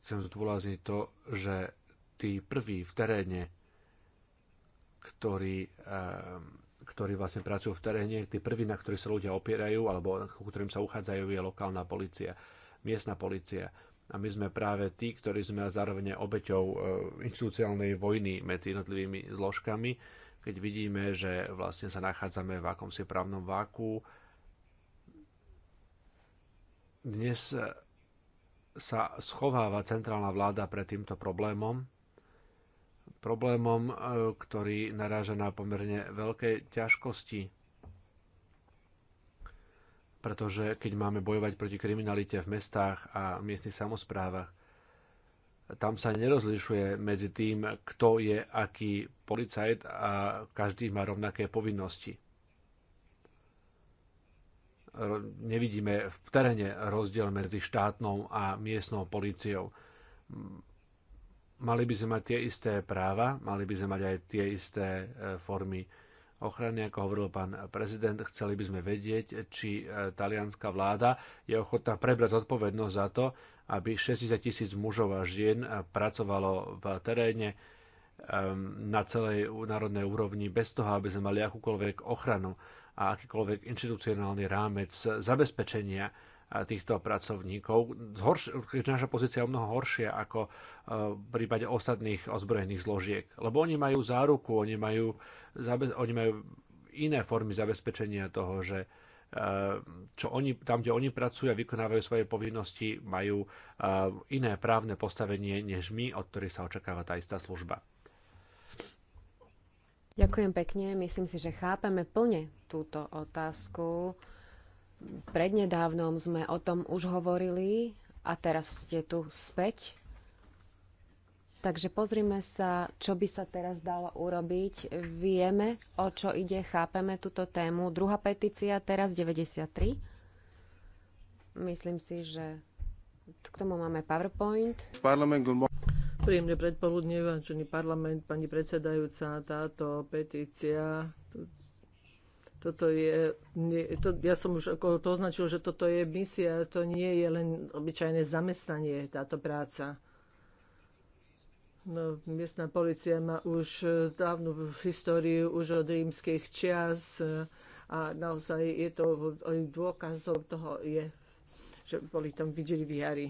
Chcem zdôrazniť to, že tí prví v teréne, ktorí um, ktorí vlastne pracujú v teréne, tí prví, na ktorých sa ľudia opierajú alebo ku ktorým sa uchádzajú, je lokálna policia, miestna policia. A my sme práve tí, ktorí sme zároveň obeťou e, institucionálnej vojny medzi jednotlivými zložkami, keď vidíme, že vlastne sa nachádzame v akomsi právnom váku. Dnes sa schováva centrálna vláda pred týmto problémom, problémom, e, ktorý naráža na pomerne veľké ťažkosti. Pretože keď máme bojovať proti kriminalite v mestách a miestnych samozprávach, tam sa nerozlišuje medzi tým, kto je aký policajt a každý má rovnaké povinnosti. Nevidíme v teréne rozdiel medzi štátnou a miestnou policiou mali by sme mať tie isté práva, mali by sme mať aj tie isté e, formy ochrany, ako hovoril pán prezident. Chceli by sme vedieť, či e, talianská vláda je ochotná prebrať zodpovednosť za to, aby 60 tisíc mužov a žien e, pracovalo v teréne na celej národnej úrovni bez toho, aby sme mali akúkoľvek ochranu a akýkoľvek inštitucionálny rámec zabezpečenia týchto pracovníkov. Zhorš- naša pozícia je o mnoho horšia ako e, v prípade ostatných ozbrojených zložiek, lebo oni majú záruku, oni majú, oni majú iné formy zabezpečenia toho, že e, čo oni, tam, kde oni pracujú a vykonávajú svoje povinnosti, majú e, iné právne postavenie než my, od ktorých sa očakáva tá istá služba. Ďakujem pekne. Myslím si, že chápeme plne túto otázku prednedávnom sme o tom už hovorili a teraz ste tu späť. Takže pozrime sa, čo by sa teraz dalo urobiť. Vieme, o čo ide, chápeme túto tému. Druhá petícia, teraz 93. Myslím si, že k tomu máme PowerPoint. Príjemne predpoludne, vážený parlament, pani predsedajúca, táto petícia toto je, to, ja som už to označil, že toto je misia, to nie je len obyčajné zamestnanie, táto práca. No, miestna policia má už e, dávnu históriu, už od rímskych čias e, a naozaj je to dôkazom toho, je, že boli tam videli vigiliviári.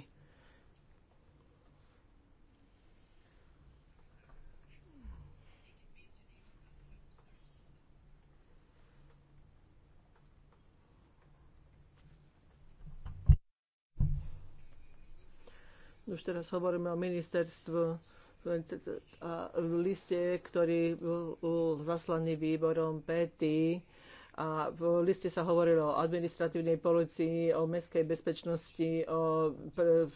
Už teraz hovoríme o ministerstvu a v liste, ktorý bol zaslaný výborom PETI, a v liste sa hovorilo o administratívnej policii, o mestskej bezpečnosti, o pr-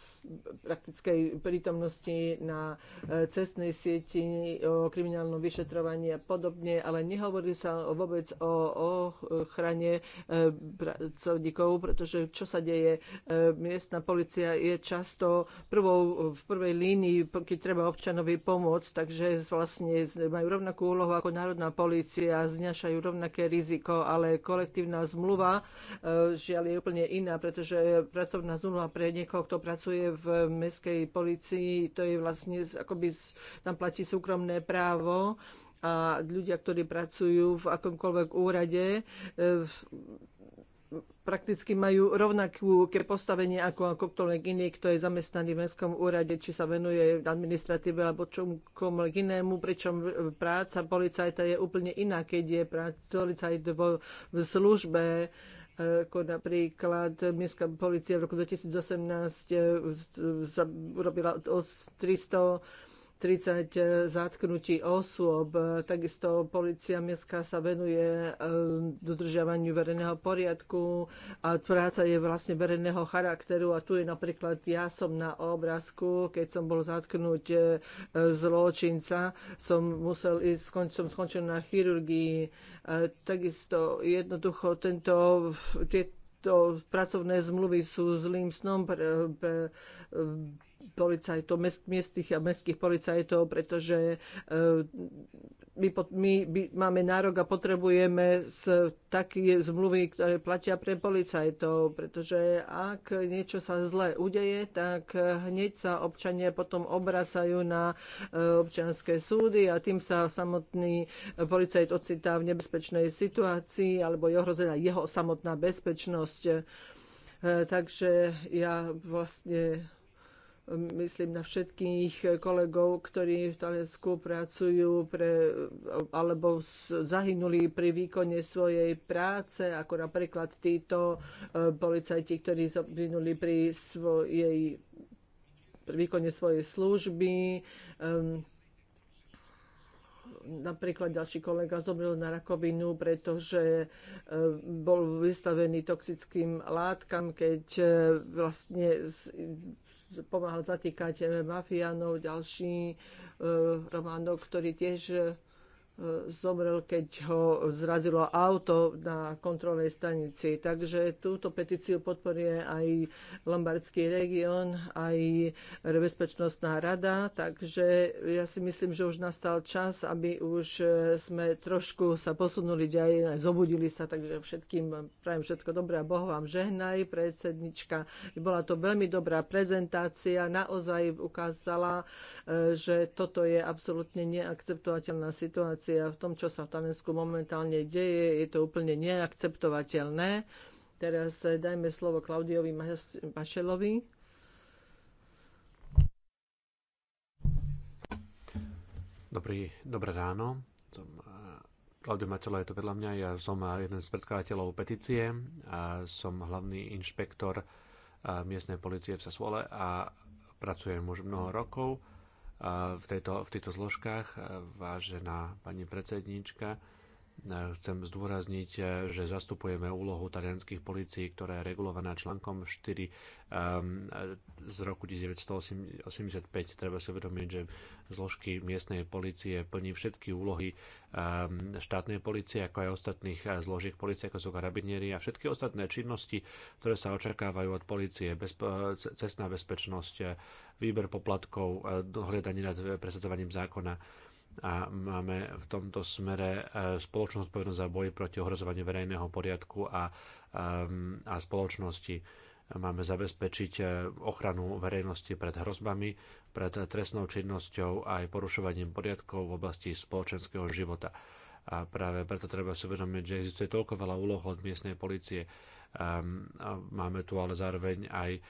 praktickej prítomnosti na e, cestnej sieti, o kriminálnom vyšetrovaní a podobne, ale nehovorí sa vôbec o, ochrane e, pracovníkov, pretože čo sa deje, e, miestna policia je často prvou, v prvej línii, keď treba občanovi pomôcť, takže vlastne majú rovnakú úlohu ako národná policia, znašajú rovnaké riziko a ale kolektívna zmluva e, žiaľ je úplne iná, pretože pracovná zmluva pre niekoho, kto pracuje v mestskej policii, to je vlastne, akoby tam platí súkromné právo a ľudia, ktorí pracujú v akomkoľvek úrade, e, prakticky majú rovnaké postavenie ako ako akokoľvek iný, kto je zamestnaný v mestskom úrade, či sa venuje administratíve alebo čomkom inému, pričom e, práca policajta je úplne iná, keď je práca policajt vo, v službe e, ako napríklad e, mestská policia v roku 2018 urobila 300 30 eh, zatknutí osôb. Eh, takisto policia mestská sa venuje eh, dodržiavaniu verejného poriadku a práca je vlastne verejného charakteru a tu je napríklad ja som na obrázku, keď som bol zatknúť zločinca, som musel ísť, som skončil na chirurgii. Takisto jednoducho tento, tieto pracovné zmluvy sú zlým snom pre, pre, policajtov, mest, miestných a mestských policajtov, pretože e, my, my máme nárok a potrebujeme z, také zmluvy, ktoré platia pre policajtov, pretože ak niečo sa zle udeje, tak hneď sa občania potom obracajú na e, občianské súdy a tým sa samotný policajt ocitá v nebezpečnej situácii alebo je ohrozená jeho samotná bezpečnosť. E, takže ja vlastne myslím na všetkých kolegov, ktorí v Taliansku pracujú pre, alebo zahynuli pri výkone svojej práce, ako napríklad títo e, policajti, ktorí zahynuli pri svojej pri výkone svojej služby. napríklad ďalší kolega zomrel na rakovinu, pretože e, bol vystavený toxickým látkam, keď e, vlastne pomáhal zatýkať mafiánov, ďalší eh, Románov, ktorí tiež eh, zomrel, keď ho zrazilo auto na kontrolnej stanici. Takže túto petíciu podporuje aj Lombardský región, aj Bezpečnostná rada. Takže ja si myslím, že už nastal čas, aby už sme trošku sa posunuli ďalej, zobudili sa, takže všetkým prajem všetko dobré a Boh vám žehnaj, predsednička. Bola to veľmi dobrá prezentácia, naozaj ukázala, e, že toto je absolútne neakceptovateľná situácia a v tom, čo sa v Taliansku momentálne deje, je to úplne neakceptovateľné. Teraz eh, dajme slovo Klaudiovi Mašelovi. Dobrý, dobré ráno. Som Klaudio eh, Matelo je to vedľa mňa. Ja som eh, jeden z predkladateľov petície. A som hlavný inšpektor miestnej policie v Sasvole a pracujem už mnoho rokov v, tejto, v týchto zložkách. E, vážená pani predsedníčka, E, chcem zdôrazniť, e, že zastupujeme úlohu talianských policií, ktorá je regulovaná článkom 4 z roku 1985. Treba si uvedomiť, že zložky miestnej policie plní všetky úlohy štátnej policie, ako aj ostatných e, zložiek policie, ako sú karabinieri a všetky ostatné činnosti, ktoré sa očakávajú od policie, cestná bezpečnosť, výber poplatkov, dohľadanie nad presadzovaním zákona a máme v tomto smere e, spoločnú zodpovednosť za boj proti ohrozovaniu verejného poriadku a, a spoločnosti. Máme zabezpečiť e, ochranu verejnosti pred hrozbami, pred trestnou činnosťou a aj porušovaním poriadkov v oblasti spoločenského života. A práve preto treba si uvedomiť, že existuje toľko veľa úloh od miestnej policie. Máme tu ale zároveň aj, e,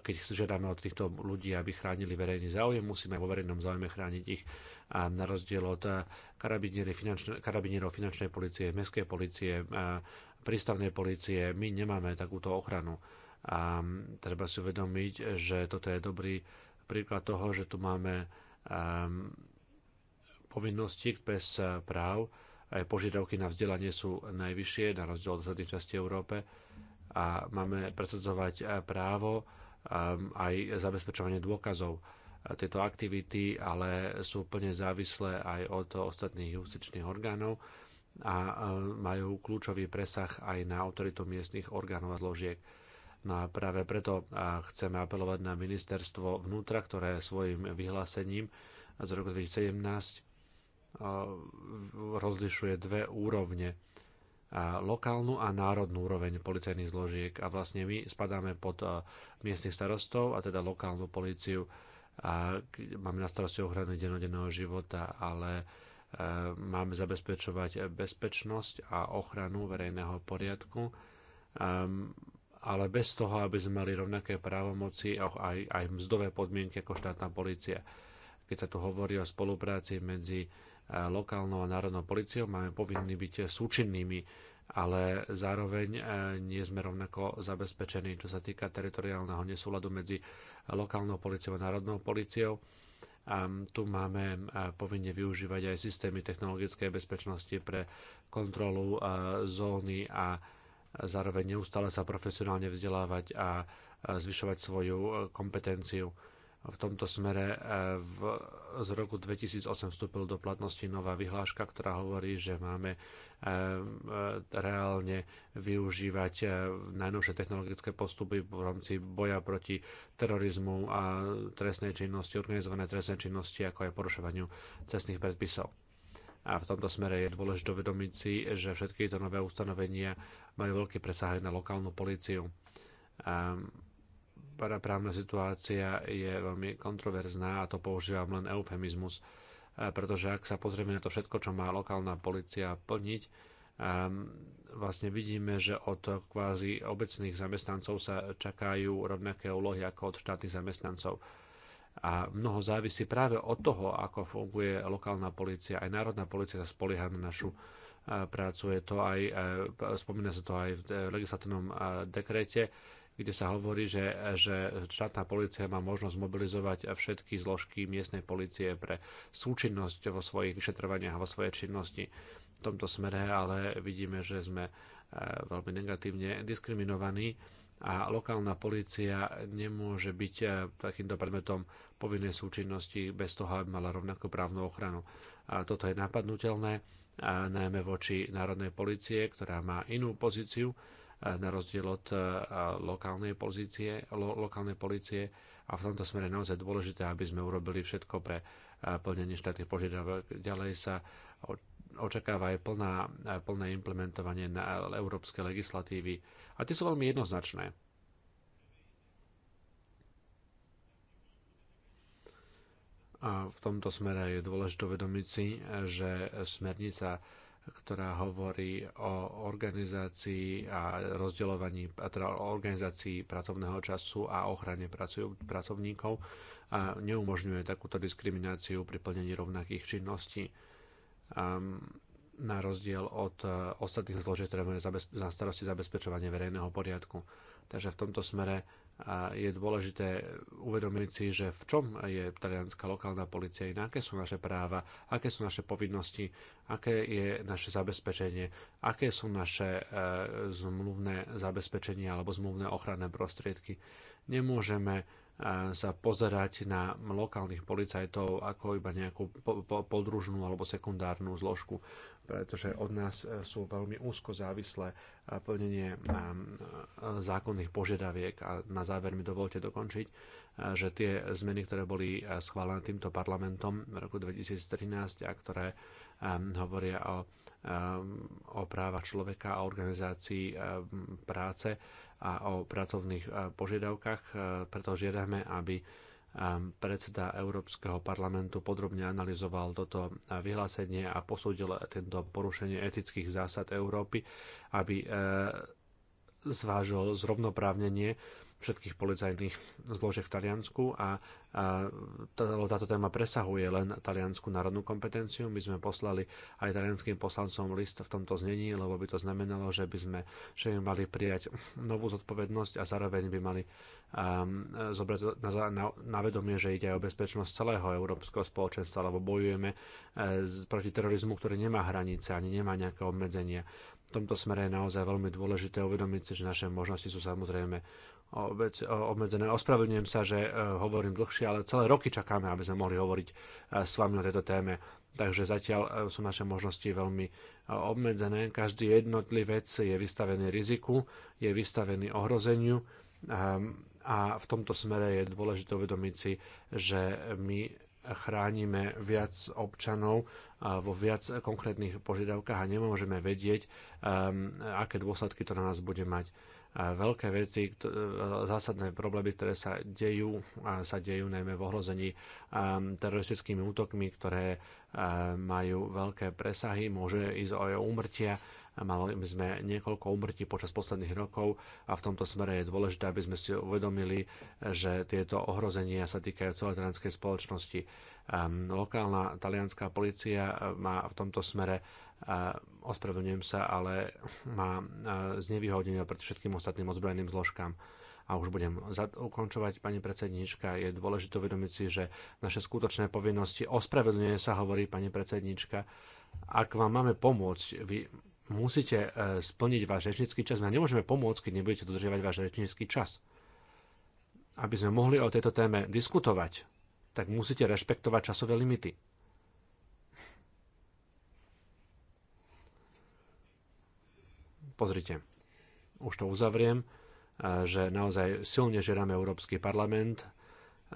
keď žiadame od týchto ľudí, aby chránili verejný záujem, musíme vo verejnom záujme chrániť ich a na rozdiel od eh, karabinierov finančnej, finančnej policie, mestskej policie, eh, prístavnej policie, my nemáme takúto ochranu. A mm, treba si uvedomiť, že toto je dobrý príklad toho, že tu máme ehm, povinnosti bez práv, aj požiadavky na vzdelanie sú najvyššie, na rozdiel od zadnej časti Európe a máme presadzovať eh, právo ehm, aj zabezpečovanie dôkazov tieto aktivity, ale sú úplne závislé aj od ostatných justičných orgánov a majú kľúčový presah aj na autoritu miestnych orgánov a zložiek. No a práve preto chceme apelovať na ministerstvo vnútra, ktoré svojim vyhlásením z roku 2017 rozlišuje dve úrovne. Lokálnu a národnú úroveň policajných zložiek. A vlastne my spadáme pod miestnych starostov, a teda lokálnu policiu a máme na starosti ochranu denodenného života, ale e, máme zabezpečovať bezpečnosť a ochranu verejného poriadku, ehm, ale bez toho, aby sme mali rovnaké právomoci a aj, aj mzdové podmienky ako štátna policia. Keď sa tu hovorí o spolupráci medzi e, lokálnou a národnou policiou, máme povinný byť súčinnými ale zároveň e, nie sme rovnako zabezpečení, čo sa týka teritoriálneho nesúladu medzi lokálnou policiou a národnou policiou. A tu máme e, povinne využívať aj systémy technologickej bezpečnosti pre kontrolu e, zóny a zároveň neustále sa profesionálne vzdelávať a zvyšovať svoju kompetenciu v tomto smere e, v, z roku 2008 vstúpil do platnosti nová vyhláška, ktorá hovorí, že máme e, e, reálne využívať najnovšie technologické postupy v rámci boja proti terorizmu a trestnej činnosti, organizované trestnej činnosti, ako aj porušovaniu cestných predpisov. A v tomto smere je dôležité uvedomiť si, že všetky tieto nové ustanovenia majú veľký presah na lokálnu políciu. Ehm, právna situácia je veľmi kontroverzná a to používam len eufemizmus, e, pretože ak sa pozrieme na to všetko, čo má lokálna policia plniť, ehm, vlastne vidíme, že od kvázi obecných zamestnancov sa čakajú rovnaké úlohy ako od štátnych zamestnancov. A mnoho závisí práve od toho, ako funguje lokálna policia. Aj národná policia sa spolieha na našu e, prácu. Je to aj, e, spomína sa to aj v legislatívnom dekrete, kde sa hovorí, že, že štátna policia má možnosť mobilizovať všetky zložky miestnej policie pre súčinnosť vo svojich vyšetrovaniach a vo svojej činnosti. V tomto smere ale vidíme, že sme e, veľmi negatívne diskriminovaní a lokálna policia nemôže byť e, takýmto predmetom povinnej súčinnosti bez toho, aby mala rovnakú právnu ochranu. A toto je napadnutelné, najmä voči Národnej policie, ktorá má inú pozíciu, Eh, na rozdiel od eh, lokálnej, pozície, lo, lokálnej policie a v tomto smere naozaj dôležité, aby sme urobili všetko pre eh, plnenie štátnych požiadavok. Ďalej sa očakáva aj plná, plné implementovanie na európskej legislatívy a tie sú veľmi jednoznačné. A v tomto smere je dôležité uvedomiť si, že smernica ktorá hovorí o organizácii a rozdeľovaní, teda o organizácii pracovného času a ochrane pracovníkov a neumožňuje takúto diskrimináciu pri plnení rovnakých činností. Um, na rozdiel od e, ostatných zložiek, ktoré majú na starosti zabezpečovanie verejného poriadku. Takže v tomto smere a je dôležité uvedomiť si, že v čom je talianská lokálna policia iná, aké sú naše práva, aké sú naše povinnosti, aké je naše zabezpečenie, aké sú naše e, zmluvné zabezpečenia alebo zmluvné ochranné prostriedky. Nemôžeme e, sa pozerať na lokálnych policajtov ako iba nejakú podružnú alebo sekundárnu zložku pretože od nás e, sú veľmi úzko závislé e, plnenie e, zákonných požiadaviek a na záver mi dovolte dokončiť, že tie zmeny, ktoré boli schválené týmto parlamentom v roku 2013 a ktoré hovoria o, o právach človeka a organizácii práce a o pracovných požiadavkách, preto žiadame, aby predseda Európskeho parlamentu podrobne analyzoval toto vyhlásenie a posúdil tento porušenie etických zásad Európy, aby e, zvážil zrovnoprávnenie všetkých policajných zložiek v Taliansku a táto téma presahuje len taliansku národnú kompetenciu. My sme poslali aj talianským poslancom list v tomto znení, lebo by to znamenalo, že by sme že by mali prijať novú zodpovednosť a zároveň by mali um, zobrať na, na, na vedomie, že ide aj o bezpečnosť celého európskeho spoločenstva, lebo bojujeme eh, proti terorizmu, ktorý nemá hranice ani nemá nejaké obmedzenia. V tomto smere je naozaj veľmi dôležité uvedomiť si, že naše možnosti sú samozrejme obmedzené. Ospravedlňujem sa, že e, hovorím dlhšie, ale celé roky čakáme, aby sme mohli hovoriť e, s vami o tejto téme. Takže zatiaľ e, sú naše možnosti veľmi obmedzené. Každý vec je vystavený riziku, je vystavený ohrozeniu ehm, a v tomto smere je dôležité uvedomiť si, že my chránime viac občanov vo viac konkrétnych požiadavkách a nemôžeme vedieť, ehm, aké dôsledky to na nás bude mať veľké veci, zásadné problémy, ktoré sa dejú, sa dejú najmä v ohrození um, teroristickými útokmi, ktoré um, majú veľké presahy, môže ísť o úmrtia. Mali sme niekoľko úmrtí počas posledných rokov a v tomto smere je dôležité, aby sme si uvedomili, že tieto ohrozenia sa týkajú celej talianskej spoločnosti. Um, lokálna talianská policia uh, má v tomto smere ospravedlňujem sa, ale má znevýhodnenia pred všetkým ostatným ozbrojeným zložkám. A už budem ukončovať, pani predsednička. Je dôležité uvedomiť si, že naše skutočné povinnosti ospravedlňuje sa, hovorí pani predsednička. Ak vám máme pomôcť, vy musíte e, splniť váš rečnícky čas. My nemôžeme pomôcť, keď nebudete dodržiavať váš rečnícky čas. Aby sme mohli o tejto téme diskutovať, tak musíte rešpektovať časové limity. Pozrite, už to uzavriem, e, že naozaj silne žeráme Európsky parlament, e,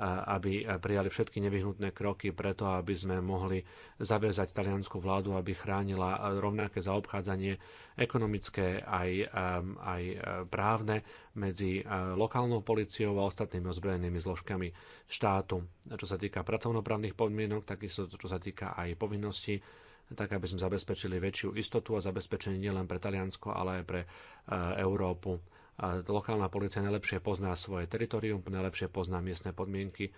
aby prijali všetky nevyhnutné kroky preto, aby sme mohli zaviazať taliansku vládu, aby chránila rovnaké zaobchádzanie ekonomické aj, aj e, právne medzi lokálnou policiou a ostatnými ozbrojenými zložkami štátu. Čo sa týka pracovnoprávnych podmienok, takisto čo sa týka aj povinností tak aby sme zabezpečili väčšiu istotu a zabezpečenie nielen pre Taliansko, ale aj pre eh, Európu. A lokálna policia najlepšie pozná svoje teritorium, najlepšie pozná miestne podmienky.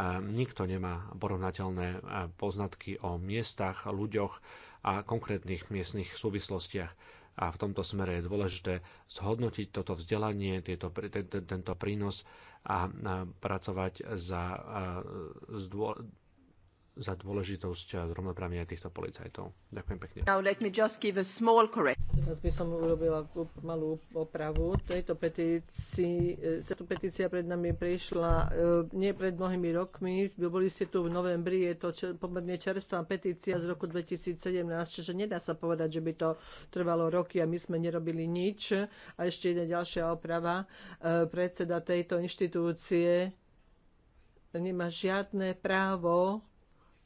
A eh, nikto nemá porovnateľné eh, poznatky o miestach, ľuďoch a konkrétnych miestnych súvislostiach. A v tomto smere je dôležité zhodnotiť toto vzdelanie, tieto, ten, tento prínos a pracovať za, za dôležitosť rovnoprávne týchto policajtov. Ďakujem pekne. Now let me just give a small correct. Teraz by som urobila malú opravu. Tejto petícii, táto petícia pred nami prišla e, nie pred mnohými rokmi. Boli ste tu v novembri, je to pomerne čerstvá petícia z roku 2017, čiže nedá sa povedať, že by to trvalo roky a my sme nerobili nič. A ešte jedna ďalšia oprava. E, predseda tejto inštitúcie nemá žiadne právo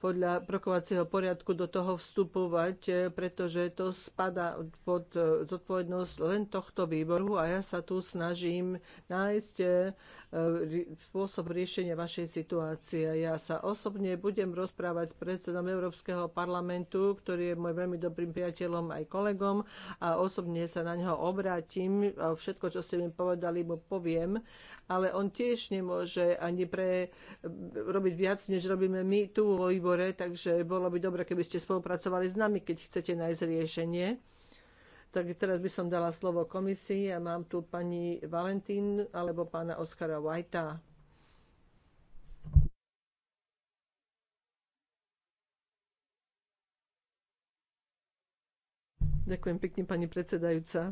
podľa prokovacieho poriadku do toho vstupovať, eh, pretože to spada pod eh, zodpovednosť len tohto výboru a ja sa tu snažím nájsť eh, spôsob riešenia vašej situácie. Ja sa osobne budem rozprávať s predsedom Európskeho parlamentu, ktorý je môj veľmi dobrým priateľom aj kolegom a osobne sa na neho obrátim. Všetko, čo ste mi povedali, mu poviem ale on tiež nemôže ani pre robiť viac, než robíme my tu vo výbore, takže bolo by dobre, keby ste spolupracovali s nami, keď chcete nájsť riešenie. Tak teraz by som dala slovo komisii a mám tu pani Valentín alebo pána Oskara Whitea. Ďakujem pekne, pani predsedajúca.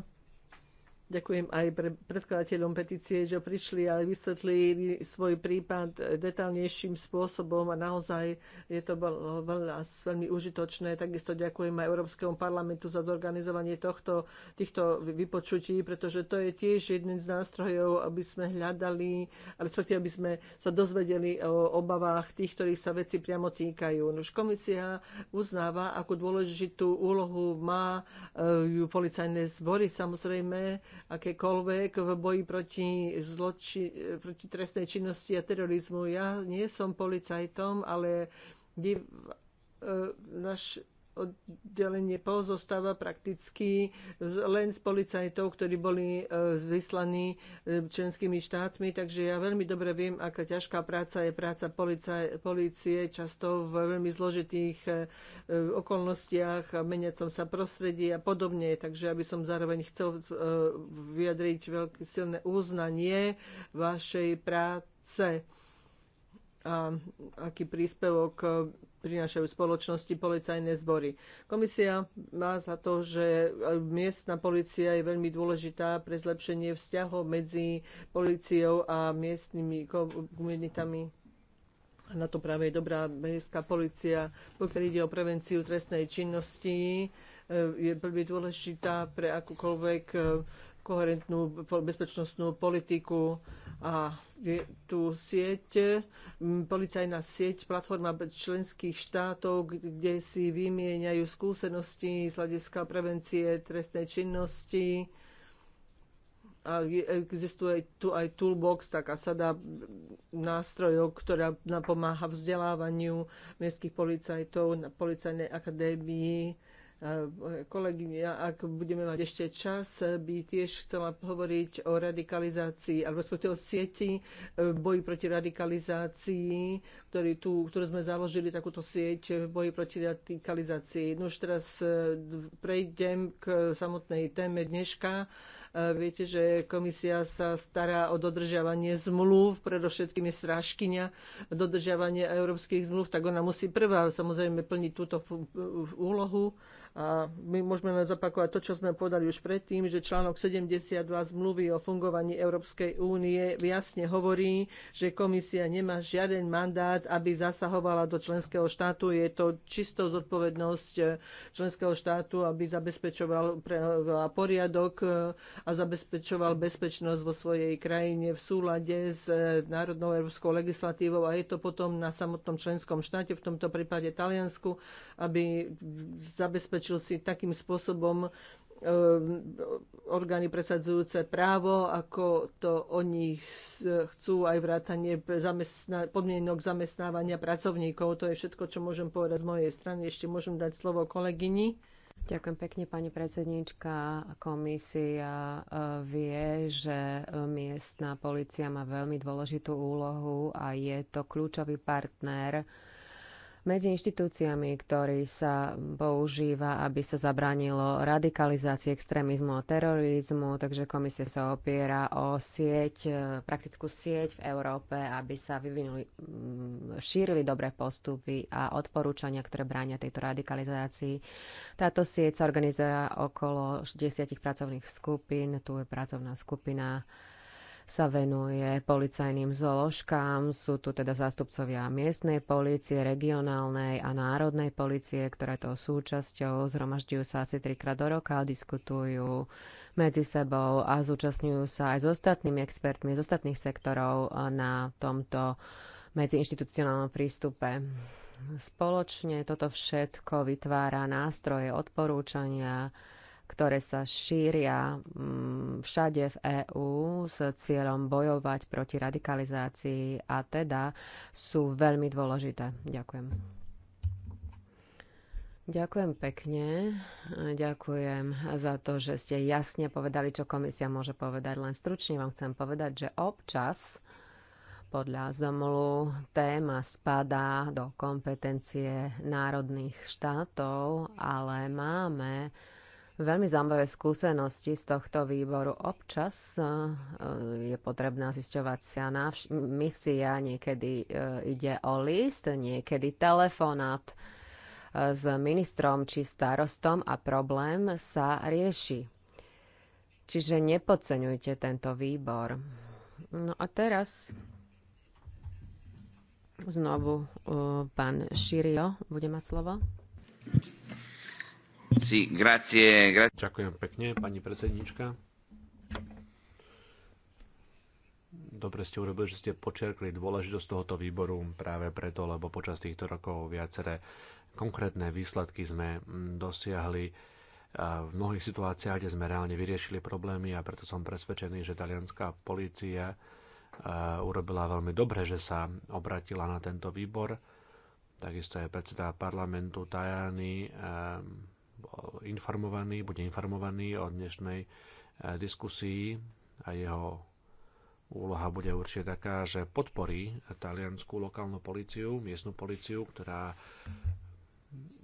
Ďakujem aj pre predkladateľom petície, že prišli a vysvetlili svoj prípad detálnejším spôsobom a naozaj je to bolo veľa, veľmi užitočné. Takisto ďakujem aj Európskemu parlamentu za zorganizovanie tohto, týchto vypočutí, pretože to je tiež jeden z nástrojov, aby sme hľadali, respektíve aby sme sa dozvedeli o obavách tých, ktorých sa veci priamo týkajú. Už komisia uznáva, akú dôležitú úlohu má eh, policajné zbory samozrejme akékoľvek v boji proti, zloči, proti trestnej činnosti a terorizmu. Ja nie som policajtom, ale div, e, naš, oddelenie pozostáva prakticky len z policajtov, ktorí boli e, vyslaní e, členskými štátmi, takže ja veľmi dobre viem, aká ťažká práca je práca policie, často v veľmi zložitých e, okolnostiach meniacom sa prostredí a podobne, takže aby som zároveň chcel vyjadriť veľké silné uznanie vašej práce a aký príspevok e, prinášajú spoločnosti policajné zbory. Komisia má za to, že e, miestna policia je veľmi dôležitá pre zlepšenie vzťahov medzi policiou a miestnymi komunitami. A na to práve je dobrá mestská policia, pokiaľ ide o prevenciu trestnej činnosti e, je veľmi dôležitá pre akúkoľvek koherentnú bezpečnostnú politiku a je tu sieť, policajná sieť, platforma členských štátov, kde si vymieňajú skúsenosti z hľadiska prevencie trestnej činnosti. A existuje tu aj toolbox, taká sada nástrojov, ktorá napomáha vzdelávaniu miestských policajtov na policajnej akadémii E, Kolegyňa, ak budeme mať ešte čas, by tiež chcela hovoriť o radikalizácii, alebo respektíve o sieti e, boji proti radikalizácii, ktorý tu, ktorú sme založili, takúto sieť v boji proti radikalizácii. No už teraz e, prejdem k samotnej téme dneška. Viete, že komisia sa stará o dodržiavanie zmluv, predovšetkým je strážkynia dodržiavanie európskych zmluv, tak ona musí prvá samozrejme plniť túto úlohu. A my môžeme len zopakovať to, čo sme povedali už predtým, že článok 72 zmluvy o fungovaní Európskej únie jasne hovorí, že komisia nemá žiaden mandát, aby zasahovala do členského štátu. Je to čisto zodpovednosť e, členského štátu, aby zabezpečoval poriadok e, a zabezpečoval bezpečnosť vo svojej krajine v súlade s e, národnou európskou legislatívou a je to potom na samotnom členskom štáte, v tomto prípade Taliansku, aby zabezpečoval zabezpečil si takým spôsobom e, orgány presadzujúce právo, ako to oni chcú, aj vrátanie zamestná, podmienok zamestnávania pracovníkov. To je všetko, čo môžem povedať z mojej strany. Ešte môžem dať slovo kolegyni. Ďakujem pekne, pani predsednička. Komisia e, vie, že miestna policia má veľmi dôležitú úlohu a je to kľúčový partner medzi inštitúciami, ktorý sa používa, aby sa zabránilo radikalizácii extrémizmu a terorizmu, takže komisia sa opiera o sieť, e, praktickú sieť v Európe, aby sa vyvinuli, mm, šírili dobré postupy a odporúčania, ktoré bránia tejto radikalizácii. Táto sieť sa organizuje okolo 10 pracovných skupín, tu je pracovná skupina sa venuje policajným zložkám. Sú tu teda zástupcovia miestnej policie, regionálnej a národnej policie, ktoré to súčasťou zhromažďujú sa asi trikrát do roka, diskutujú medzi sebou a zúčastňujú sa aj s ostatnými expertmi z ostatných sektorov na tomto medziinstitucionálnom prístupe. Spoločne toto všetko vytvára nástroje odporúčania, ktoré sa šíria mm, všade v EÚ s cieľom bojovať proti radikalizácii a teda sú veľmi dôležité. Ďakujem. Ďakujem pekne. Ďakujem za to, že ste jasne povedali, čo komisia môže povedať. Len stručne vám chcem povedať, že občas podľa zomlu téma spadá do kompetencie národných štátov, ale máme veľmi zaujímavé skúsenosti z tohto výboru. Občas eh, je potrebná vš- misia, niekedy eh, ide o list, niekedy telefonát eh, s ministrom či starostom a problém sa rieši. Čiže nepodceňujte tento výbor. No a teraz znovu pán Širio bude mať slovo. Ďakujem pekne, pani predsednička. Dobre ste urobili, že ste počerkli dôležitosť tohoto výboru práve preto, lebo počas týchto rokov viaceré konkrétne výsledky sme mm, dosiahli v mnohých situáciách, kde sme reálne vyriešili problémy a preto som presvedčený, že talianská polícia urobila veľmi dobre, že sa obratila na tento výbor. Takisto je predseda parlamentu Tajany bol informovaný, bude informovaný o dnešnej e, diskusii a jeho úloha bude určite taká, že podporí talianskú lokálnu policiu, miestnu policiu, ktorá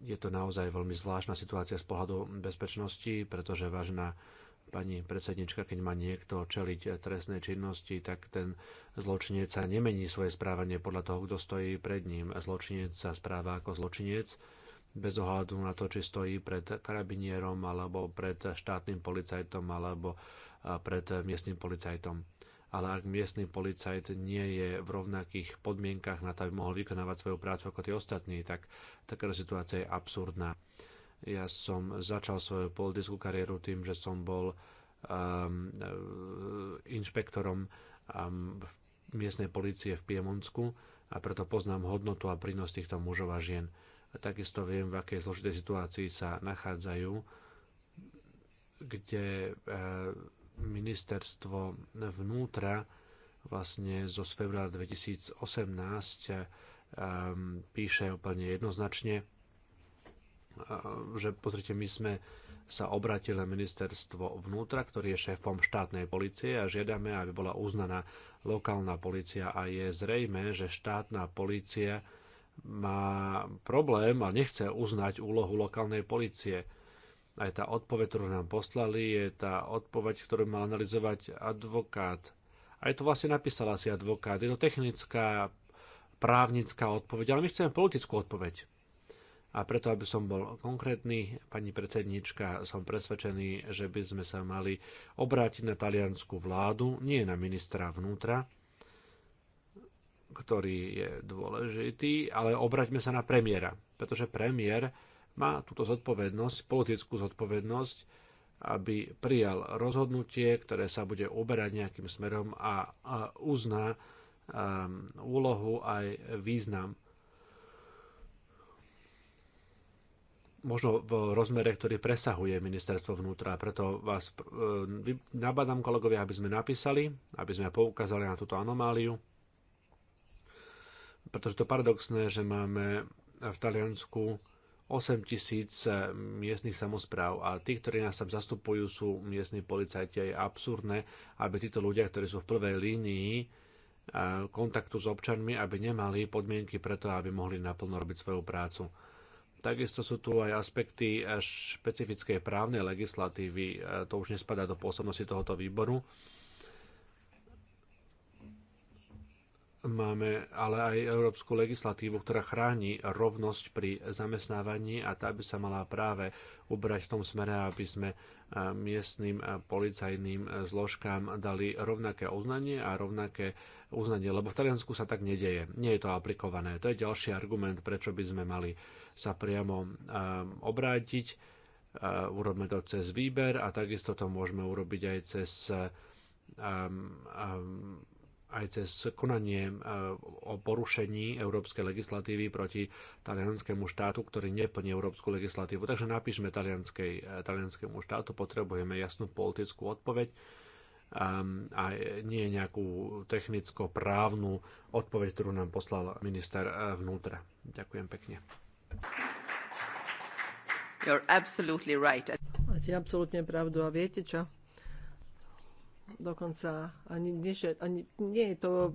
je to naozaj veľmi zvláštna situácia z pohľadu bezpečnosti, pretože vážna pani predsednička, keď má niekto čeliť e, trestnej činnosti, tak ten zločinec sa nemení svoje správanie podľa toho, kto stojí pred ním. Zločinec sa správa ako zločinec, bez ohľadu na to, či stojí pred karabinierom alebo pred štátnym policajtom alebo pred miestnym policajtom. Ale ak miestny policajt nie je v rovnakých podmienkach na to, aby mohol vykonávať svoju prácu ako tí ostatní, tak taká situácia je absurdná. Ja som začal svoju politickú kariéru tým, že som bol um, inšpektorom um, v miestnej policie v Piemonsku a preto poznám hodnotu a prínos týchto mužov a žien Takisto viem, v akej zložitej situácii sa nachádzajú, kde e, ministerstvo vnútra vlastne zo februára 2018 e, píše úplne jednoznačne, e, že pozrite, my sme sa obratili na ministerstvo vnútra, ktorý je šéfom štátnej policie a žiadame, aby bola uznaná lokálna policia a je zrejme, že štátna policia má problém a nechce uznať úlohu lokálnej policie. Aj tá odpoveď, ktorú nám poslali, je tá odpoveď, ktorú mal analyzovať advokát. Aj to vlastne napísala si advokát. Je to technická, právnická odpoveď, ale my chceme politickú odpoveď. A preto, aby som bol konkrétny, pani predsednička, som presvedčený, že by sme sa mali obrátiť na taliansku vládu, nie na ministra vnútra, ktorý je dôležitý, ale obraťme sa na premiéra, pretože premiér má túto zodpovednosť, politickú zodpovednosť, aby prijal rozhodnutie, ktoré sa bude uberať nejakým smerom a, uzná um, úlohu aj význam. Možno v rozmere, ktorý presahuje ministerstvo vnútra. Preto vás e, nabadám, kolegovia, aby sme napísali, aby sme poukázali na túto anomáliu, pretože to paradoxné, že máme v Taliansku 8 tisíc eh, miestnych samozpráv a tí, ktorí nás tam zastupujú, sú miestni policajti. Je absurdné, aby títo ľudia, ktorí sú v prvej línii eh, kontaktu s občanmi, aby nemali podmienky preto, aby mohli naplno robiť svoju prácu. Takisto sú tu aj aspekty eh, špecifickej právnej legislatívy, to už nespadá do pôsobnosti tohoto výboru Máme ale aj európsku legislatívu, ktorá chráni rovnosť pri zamestnávaní a tá by sa mala práve ubrať v tom smere, aby sme eh, miestnym eh, policajným eh, zložkám dali rovnaké uznanie a rovnaké uznanie, lebo v Taliansku sa tak nedeje. Nie je to aplikované. To je ďalší argument, prečo by sme mali sa priamo obrátiť. Urobme to cez výber a takisto to môžeme urobiť aj cez aj cez konanie e, o porušení európskej legislatívy proti talianskému štátu, ktorý neplní európsku legislatívu. Takže napíšme e, talianskému štátu, potrebujeme jasnú politickú odpoveď um, a nie nejakú technicko-právnu odpoveď, ktorú nám poslal minister e, vnútra. Ďakujem pekne. You're absolutely right. Máte absolútne pravdu a viete čo? dokonca ani, nie, ani nie je to e,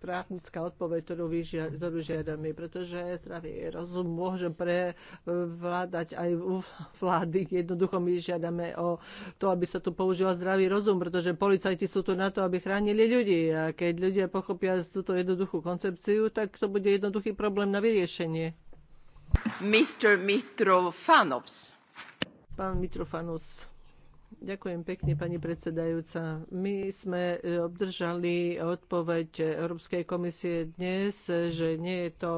právnická odpoveď, ktorú, vyžia, ktorú žiadame, pretože zdravý rozum môže prevládať aj u vlády. Jednoducho my žiadame o to, aby sa tu používal zdravý rozum, pretože policajti sú tu na to, aby chránili ľudí. A keď ľudia pochopia túto jednoduchú koncepciu, tak to bude jednoduchý problém na vyriešenie. Mr. Mitrofanovs. Pán Mitrofanovs. Ďakujem pekne, pani predsedajúca. My sme e, obdržali odpoveď Európskej komisie dnes, že nie je to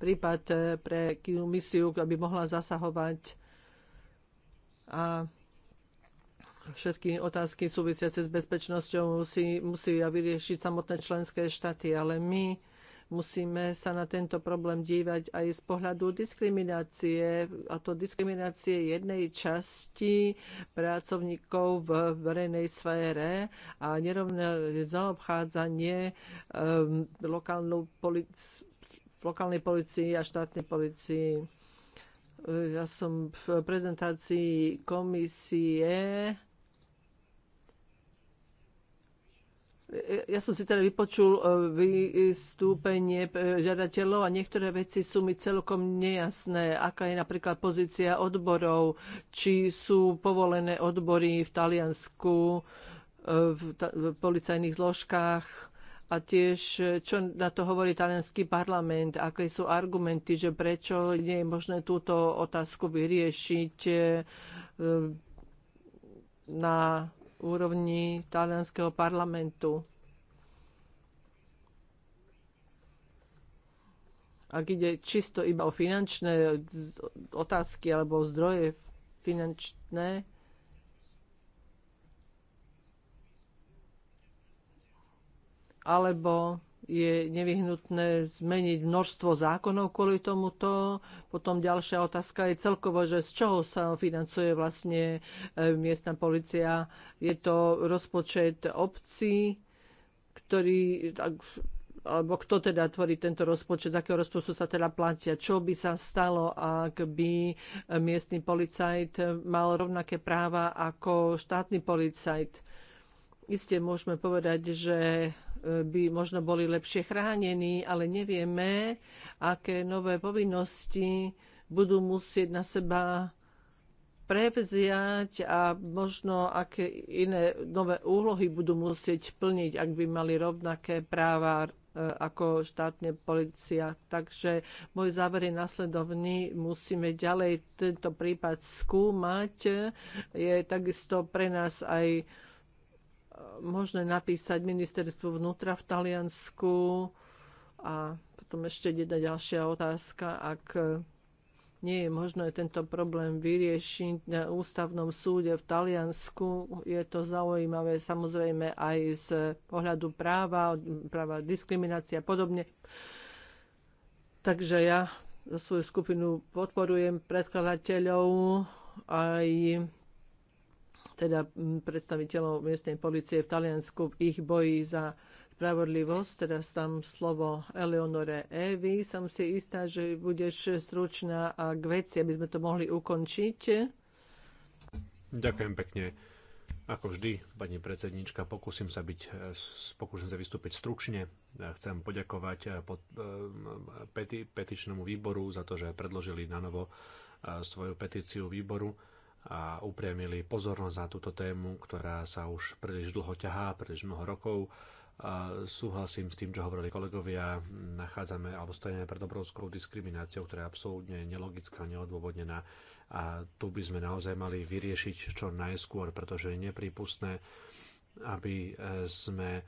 prípad e, pre komisiu, aby mohla zasahovať a všetky otázky súvisiace s bezpečnosťou musí, musia vyriešiť samotné členské štáty, ale my Musíme sa na tento problém dívať aj z pohľadu diskriminácie, a to diskriminácie jednej časti pracovníkov v verejnej sfére a nerovné zaobchádzanie um, lokálnu polic- lokálnej policii a štátnej policii. Ja som v prezentácii komisie ja som si teda vypočul e, vystúpenie e, žiadateľov a niektoré veci sú mi celkom nejasné, aká je napríklad pozícia odborov, či sú povolené odbory v Taliansku, e, v, policajných zložkách a tiež čo na to hovorí talianský parlament, aké sú argumenty, že prečo nie je možné túto otázku vyriešiť na úrovni talianského parlamentu. Ak ide čisto iba o finančné otázky alebo o zdroje finančné, alebo je nevyhnutné zmeniť množstvo zákonov kvôli tomuto. Potom ďalšia otázka je celkovo, že z čoho sa financuje vlastne e, miestna policia. Je to rozpočet obcí, ktorý alebo kto teda tvorí tento rozpočet, z akého rozpočtu sa teda platia, čo by sa stalo, ak by miestny policajt mal rovnaké práva ako štátny policajt. Isté môžeme povedať, že by možno boli lepšie chránení, ale nevieme, aké nové povinnosti budú musieť na seba prevziať a možno aké iné nové úlohy budú musieť plniť, ak by mali rovnaké práva e, ako štátne policia. Takže môj záver je nasledovný. Musíme ďalej tento prípad skúmať. Je takisto pre nás aj možné napísať ministerstvu vnútra v Taliansku. A potom ešte jedna ďalšia otázka, ak nie je možné tento problém vyriešiť na ústavnom súde v Taliansku. Je to zaujímavé samozrejme aj z pohľadu práva, práva diskriminácia a podobne. Takže ja za svoju skupinu podporujem predkladateľov aj teda mm, predstaviteľov miestnej policie v Taliansku v ich boji za spravodlivosť. Teraz tam slovo Eleonore Evi. Som si istá, že budeš stručná a k veci, aby sme to mohli ukončiť. Ďakujem pekne. Ako vždy, pani predsednička, pokúsim sa, byť, eh, pokúsim sa vystúpiť stručne. Chcem poďakovať eh, pod, eh, peti, petičnému výboru za to, že predložili na novo svoju petíciu výboru a upriamili pozornosť na túto tému, ktorá sa už príliš dlho ťahá, príliš mnoho rokov. A súhlasím s tým, čo hovorili kolegovia. Nachádzame alebo stojíme pred obrovskou diskrimináciou, ktorá je absolútne nelogická, neodôvodnená. A tu by sme naozaj mali vyriešiť čo najskôr, pretože je nepripustné, aby sme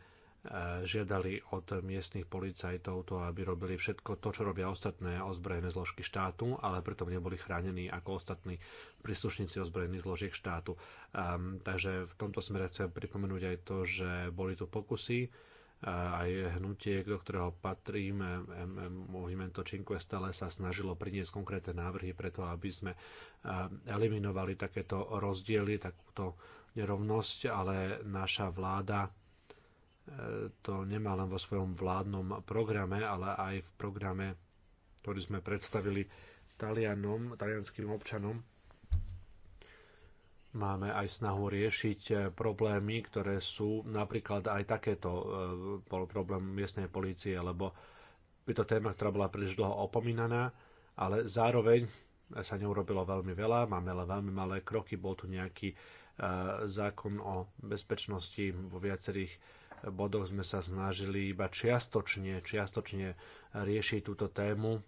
žiadali od miestnych policajtov to, aby robili všetko to, čo robia ostatné ozbrojené zložky štátu, ale pritom neboli chránení ako ostatní príslušníci ozbrojených zložiek štátu. Um, takže v tomto smere chcem pripomenúť aj to, že boli tu pokusy, e, aj hnutie, do ktorého patrím, e, e, Movimento Cinque Stelle sa snažilo priniesť konkrétne návrhy preto, aby sme eliminovali takéto rozdiely, takúto nerovnosť, ale naša vláda to nemá len vo svojom vládnom programe, ale aj v programe, ktorý sme predstavili Talianom, talianským občanom. Máme aj snahu riešiť eh, problémy, ktoré sú napríklad aj takéto eh, problém miestnej polície, lebo je to téma, ktorá bola príliš dlho opomínaná, ale zároveň sa neurobilo veľmi veľa, máme len veľmi malé kroky, bol tu nejaký eh, zákon o bezpečnosti vo viacerých bodoch sme sa snažili iba čiastočne, čiastočne riešiť túto tému,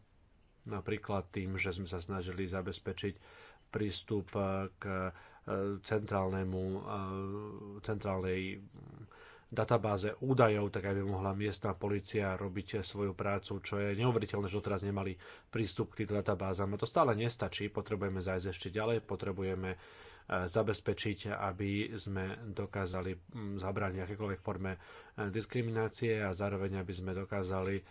napríklad tým, že sme sa snažili zabezpečiť prístup k e, centrálnemu, e, centrálnej databáze údajov, tak aby mohla miestna policia robiť svoju prácu, čo je neuveriteľné, že doteraz nemali prístup k týmto databázam. A to stále nestačí, potrebujeme zájsť ešte ďalej, potrebujeme E, zabezpečiť, aby sme dokázali zabrániť akékoľvek forme e, diskriminácie a zároveň, aby sme dokázali e,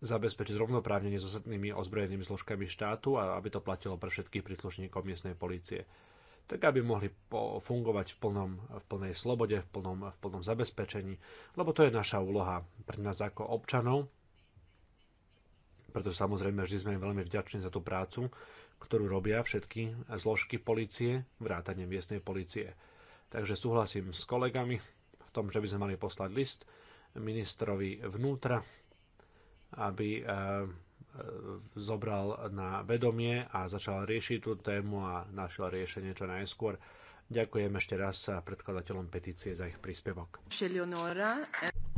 zabezpečiť rovnoprávnenie s ostatnými ozbrojenými zložkami štátu a aby to platilo pre všetkých príslušníkov miestnej policie tak aby mohli fungovať v, plnom, v plnej slobode, v plnom, v plnom zabezpečení, lebo to je naša úloha pre nás ako občanov, pretože samozrejme vždy sme im veľmi vďační za tú prácu, ktorú robia všetky zložky policie, vrátane miestnej policie. Takže súhlasím s kolegami v tom, že by sme mali poslať list ministrovi vnútra, aby eh, eh, zobral na vedomie a začal riešiť tú tému a našiel riešenie čo najskôr. Ďakujem ešte raz predkladateľom petície za ich príspevok.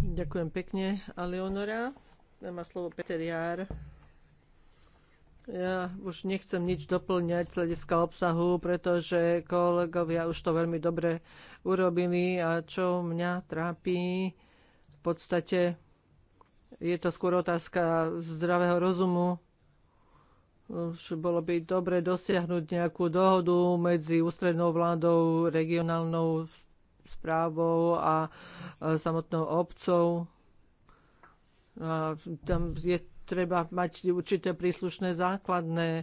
Ďakujem pekne, Leonora. Má slovo Peter Jár. Ja už nechcem nič doplňať z hľadiska obsahu, pretože kolegovia už to veľmi dobre urobili a čo mňa trápi, v podstate je to skôr otázka zdravého rozumu. Už bolo by dobre dosiahnuť nejakú dohodu medzi ústrednou vládou, regionálnou správou a samotnou obcov. A tam je treba mať určité príslušné základné e,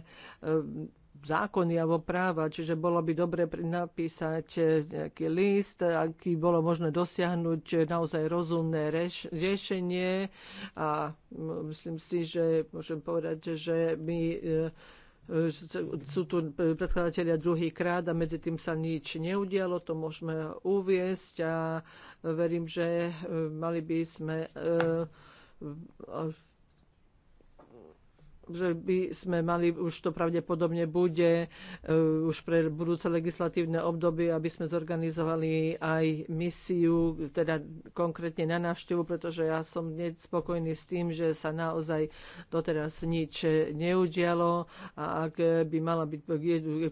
zákony alebo práva, čiže bolo by dobre napísať e, nejaký list, aký bolo možné dosiahnuť e, naozaj rozumné reš- riešenie a myslím si, že môžem povedať, že my sú tu predkladatelia druhý krát a medzi tým sa nič neudialo, to môžeme uviesť a verím, že mali by sme že by sme mali, už to pravdepodobne bude, e, už pre budúce legislatívne obdobie, aby sme zorganizovali aj misiu, teda konkrétne na návštevu, pretože ja som nespokojný s tým, že sa naozaj doteraz nič neudialo a ak by mala byť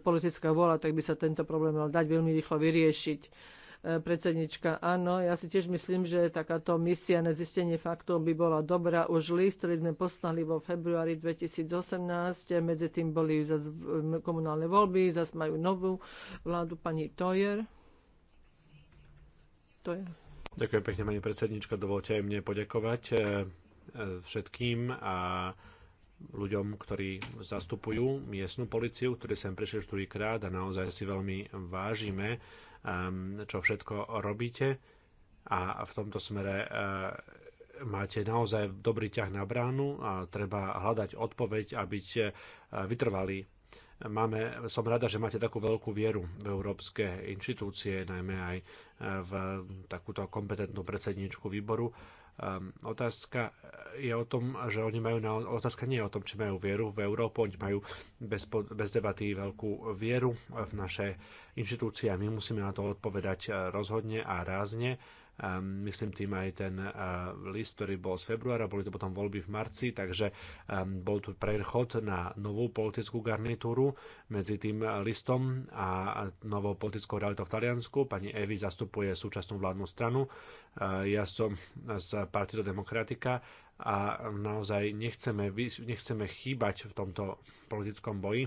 politická vola, tak by sa tento problém mal dať veľmi rýchlo vyriešiť E, predsednička. Áno, ja si tiež myslím, že takáto misia na zistenie faktov by bola dobrá. Už list, ktorý sme poslali vo februári 2018, medzi tým boli zase komunálne voľby, zase majú novú vládu pani Tojer. Tojer. Ďakujem pekne, pani predsednička. Dovolte aj mne poďakovať e, e, všetkým a ľuďom, ktorí zastupujú miestnu policiu, ktorí sem prišli štúrikrát a naozaj si veľmi vážime Ehm, čo všetko robíte a v tomto smere eh, máte naozaj dobrý ťah na bránu a treba hľadať odpoveď a byť eh, vytrvalý. Máme, som rada, že máte takú veľkú vieru v európske inštitúcie, najmä aj eh, v takúto kompetentnú predsedničku výboru Um, otázka eh, je o tom, že oni majú, na, otázka nie je o tom, či majú vieru v Európu, oni majú bez, bez debaty veľkú vieru v naše inštitúcie a my musíme na to odpovedať eh, rozhodne a rázne myslím tým aj ten list, ktorý bol z februára, boli to potom voľby v marci, takže um, bol tu prechod na novú politickú garnitúru medzi tým listom a novou politickou realitou v Taliansku. Pani Evi zastupuje súčasnú vládnu stranu, ja som z Partido Demokratika a naozaj nechceme, nechceme chýbať v tomto politickom boji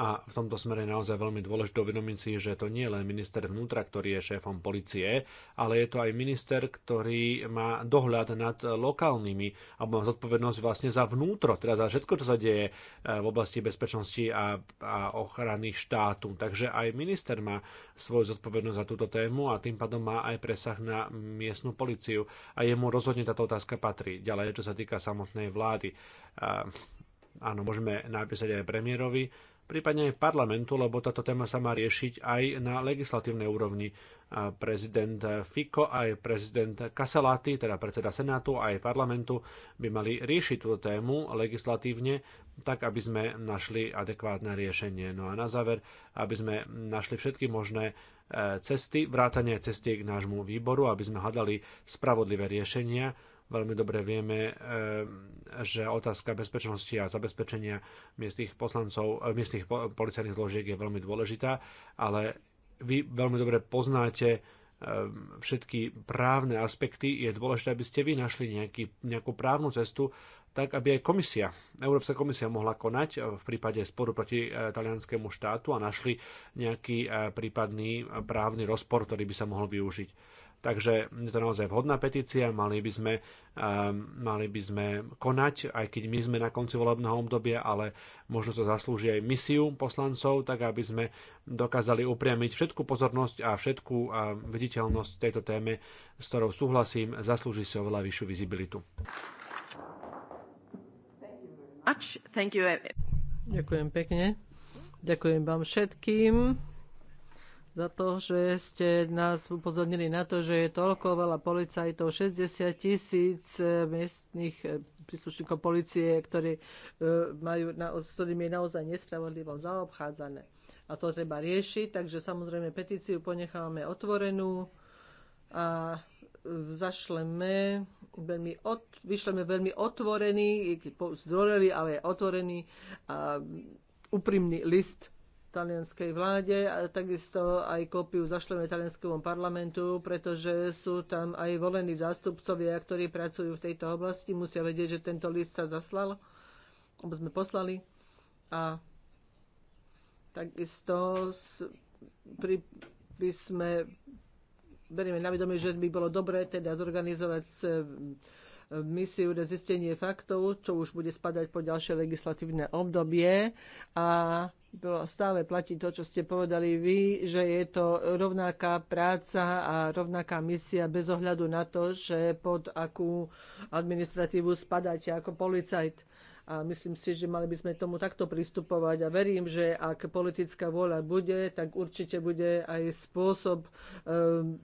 a v tomto smere je naozaj veľmi dôležité uvedomiť si, že to nie je len minister vnútra, ktorý je šéfom policie, ale je to aj minister, ktorý má dohľad nad lokálnymi, alebo má zodpovednosť vlastne za vnútro, teda za všetko, čo sa deje eh, v oblasti bezpečnosti a, a ochrany štátu. Takže aj minister má svoju zodpovednosť za túto tému a tým pádom má aj presah na miestnu policiu. A jemu rozhodne táto otázka patrí. Ďalej, čo sa týka samotnej vlády. A, eh, áno, môžeme napísať aj premiérovi, prípadne aj parlamentu, lebo táto téma sa má riešiť aj na legislatívnej úrovni. Prezident Fico aj prezident Caselati, teda predseda Senátu aj parlamentu, by mali riešiť túto tému legislatívne, tak aby sme našli adekvátne riešenie. No a na záver, aby sme našli všetky možné e, cesty, vrátanie cesty k nášmu výboru, aby sme hľadali spravodlivé riešenia, Veľmi dobre vieme, eh, že otázka bezpečnosti a zabezpečenia miestnych poslancov, eh, miestnych policajných zložiek je veľmi dôležitá, ale vy veľmi dobre poznáte eh, všetky právne aspekty, je dôležité, aby ste vy našli nejaký, nejakú právnu cestu, tak aby aj komisia, Európska komisia mohla konať v prípade sporu proti talianskému štátu a našli nejaký prípadný právny rozpor, ktorý by sa mohol využiť. Takže je to naozaj vhodná petícia, mali by sme, ehm, mali by sme konať, aj keď my sme na konci volebného obdobia, ale možno to zaslúži aj misiu poslancov, tak aby sme dokázali upriamiť všetku pozornosť a všetku ehm, viditeľnosť tejto téme, s ktorou súhlasím, zaslúži si oveľa vyššiu vizibilitu. Ďakujem pekne. Ďakujem vám všetkým za to, že ste nás upozornili na to, že je toľko veľa policajtov, 60 tisíc eh, miestných eh, príslušníkov policie, ktorí eh, majú, s ktorými je naozaj nespravodlivo zaobchádzané. A to treba riešiť, takže samozrejme petíciu ponechávame otvorenú a zašleme veľmi, od, vyšleme veľmi otvorený, zdrojeli, ale otvorený a mm, úprimný list talianskej vláde a takisto aj kópiu zašleme talianskému parlamentu, pretože sú tam aj volení zástupcovia, ktorí pracujú v tejto oblasti. Musia vedieť, že tento list sa zaslal, alebo sme poslali. A takisto pri, by sme, berieme na vedomie, že by bolo dobré teda zorganizovať misiu na zistenie faktov, čo už bude spadať po ďalšie legislatívne obdobie. A stále platí to, čo ste povedali vy, že je to rovnaká práca a rovnaká misia bez ohľadu na to, že pod akú administratívu spadáte ako policajt. A myslím si, že mali by sme tomu takto pristupovať. A verím, že ak politická vôľa bude, tak určite bude aj spôsob um,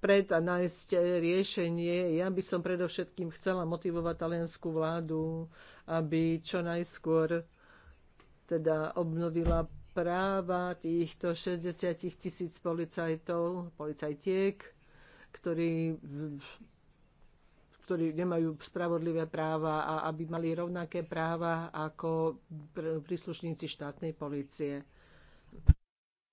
vpred a nájsť riešenie. Ja by som predovšetkým chcela motivovať talianskú vládu, aby čo najskôr teda obnovila práva týchto 60 tisíc policajtov, policajtiek, ktorí, ktorí nemajú spravodlivé práva a aby mali rovnaké práva ako príslušníci štátnej policie.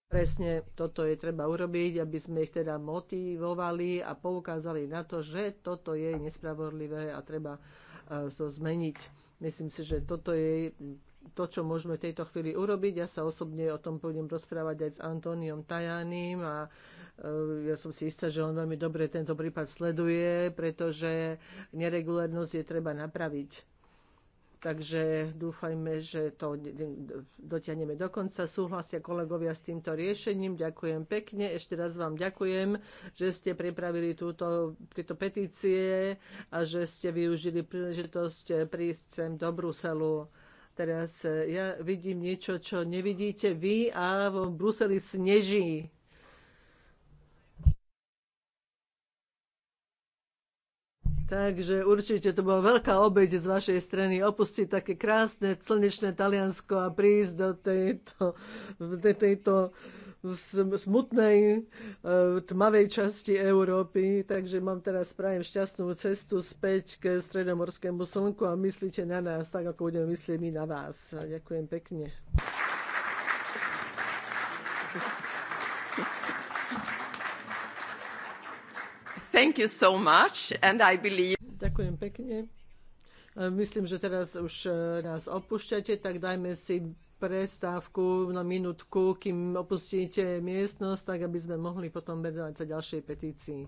Presne toto je treba urobiť, aby sme ich teda motivovali a poukázali na to, že toto je nespravodlivé a treba e, to zmeniť. Myslím si, že toto je to, čo môžeme v tejto chvíli urobiť. Ja sa osobne o tom budem rozprávať aj s Antoniom Tajaným a e, ja som si istá, že on veľmi dobre tento prípad sleduje, pretože neregulárnosť je treba napraviť Takže dúfajme, že to dotiahneme do konca. Súhlasia kolegovia s týmto riešením. Ďakujem pekne. Ešte raz vám ďakujem, že ste pripravili túto, tieto petície a že ste využili príležitosť prísť sem do Bruselu. Teraz eh, ja vidím niečo, čo nevidíte vy a v Bruseli sneží. Takže určite to bola veľká obeď z vašej strany opustiť také krásne slnečné Taliansko a prísť do tejto, do tejto smutnej, eh, tmavej časti Európy. Takže mám teraz prajem šťastnú cestu späť k stredomorskému slnku a myslíte na nás tak, ako budeme myslieť my na vás. Ďakujem pekne. Thank you. Ďakujem pekne. Myslím, že teraz už e, nás opúšťate, tak dajme si prestávku na minútku, kým opustíte miestnosť, tak aby sme mohli potom vedovať sa ďalšej petícii.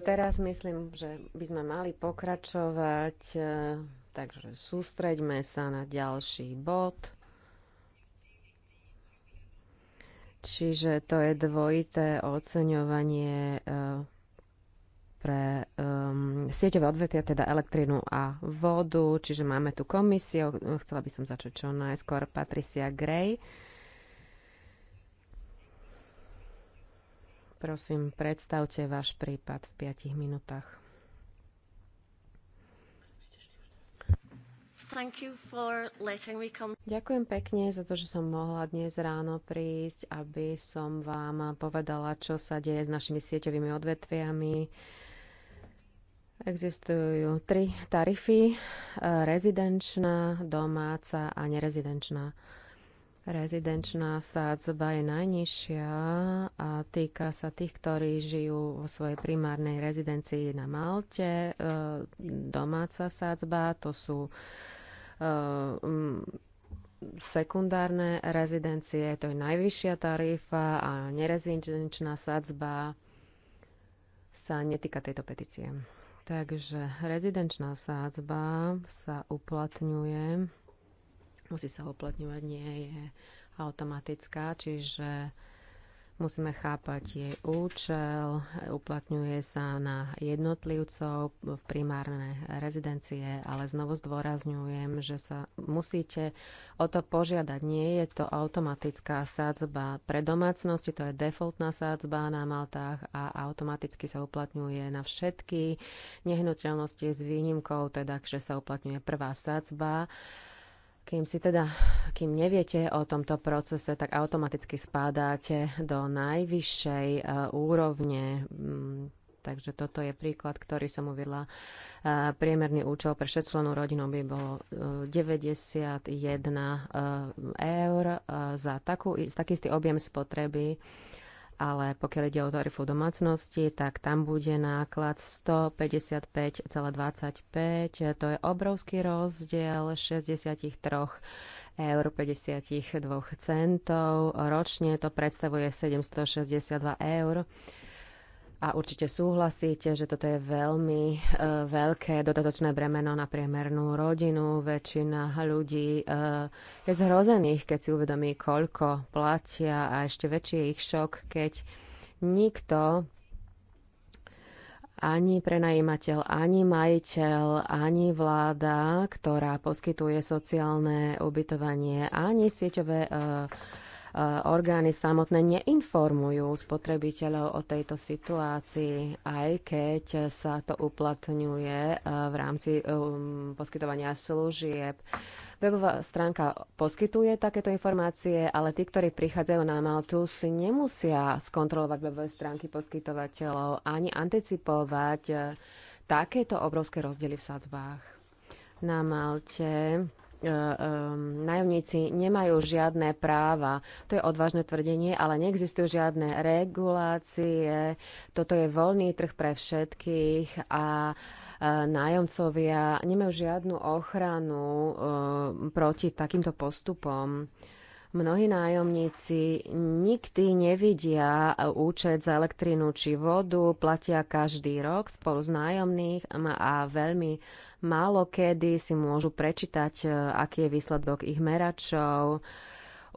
Teraz myslím, že by sme mali pokračovať, e, takže sústreďme sa na ďalší bod. Čiže to je dvojité oceňovanie e, pre um, sieťové odvetia, teda elektrínu a vodu. Čiže máme tu komisiu. Chcela by som začať čo najskôr. Patricia Gray. Uh, Prosím, predstavte váš prípad v 5 minútach. Ďakujem pekne za to, že som mohla dnes ráno prísť, aby som vám povedala, čo sa deje s našimi sieťovými odvetviami. Existujú tri tarify, rezidenčná, domáca a nerezidenčná. Rezidenčná sádzba je najnižšia a týka sa tých, ktorí žijú vo svojej primárnej rezidencii na Malte. E, domáca sádzba to sú e, sekundárne rezidencie, to je najvyššia tarifa a nerezidenčná sádzba sa netýka tejto petície. Takže rezidenčná sádzba sa uplatňuje musí sa uplatňovať, nie je automatická, čiže musíme chápať jej účel, uplatňuje sa na jednotlivcov v primárne rezidencie, ale znovu zdôrazňujem, že sa musíte o to požiadať. Nie je to automatická sádzba pre domácnosti, to je defaultná sádzba na Maltách a automaticky sa uplatňuje na všetky nehnuteľnosti s výnimkou, teda že sa uplatňuje prvá sádzba kým si teda, kým neviete o tomto procese, tak automaticky spádáte do najvyššej e, úrovne. Mm, takže toto je príklad, ktorý som uvedla. E, priemerný účel pre šesťčlennú rodinu by bolo 91 e, eur za, takú, za taký istý objem spotreby ale pokiaľ ide o tarifu domácnosti, tak tam bude náklad 155,25. To je obrovský rozdiel 63 eur 52 centov. Ročne to predstavuje 762 eur a určite súhlasíte, že toto je veľmi e, veľké dodatočné bremeno na priemernú rodinu. Väčšina ľudí e, je zhrozených, keď si uvedomí, koľko platia a ešte väčší je ich šok, keď nikto ani prenajímateľ, ani majiteľ, ani vláda, ktorá poskytuje sociálne ubytovanie, ani sieťové e, orgány samotné neinformujú spotrebiteľov o tejto situácii, aj keď sa to uplatňuje e, v rámci e, poskytovania služieb. Webová stránka poskytuje takéto informácie, ale tí, ktorí prichádzajú na Maltu, si nemusia skontrolovať webové stránky poskytovateľov ani anticipovať e, takéto obrovské rozdiely v sadzbách. Na Malte E, e, najomníci nemajú žiadne práva. To je odvážne tvrdenie, ale neexistujú žiadne regulácie. Toto je voľný trh pre všetkých a e, nájomcovia nemajú žiadnu ochranu proti takýmto postupom. Mnohí nájomníci nikdy nevidia účet za elektrínu či vodu, platia každý rok spolu s nájomných a veľmi málo kedy si môžu prečítať, e, aký je výsledok ich meračov.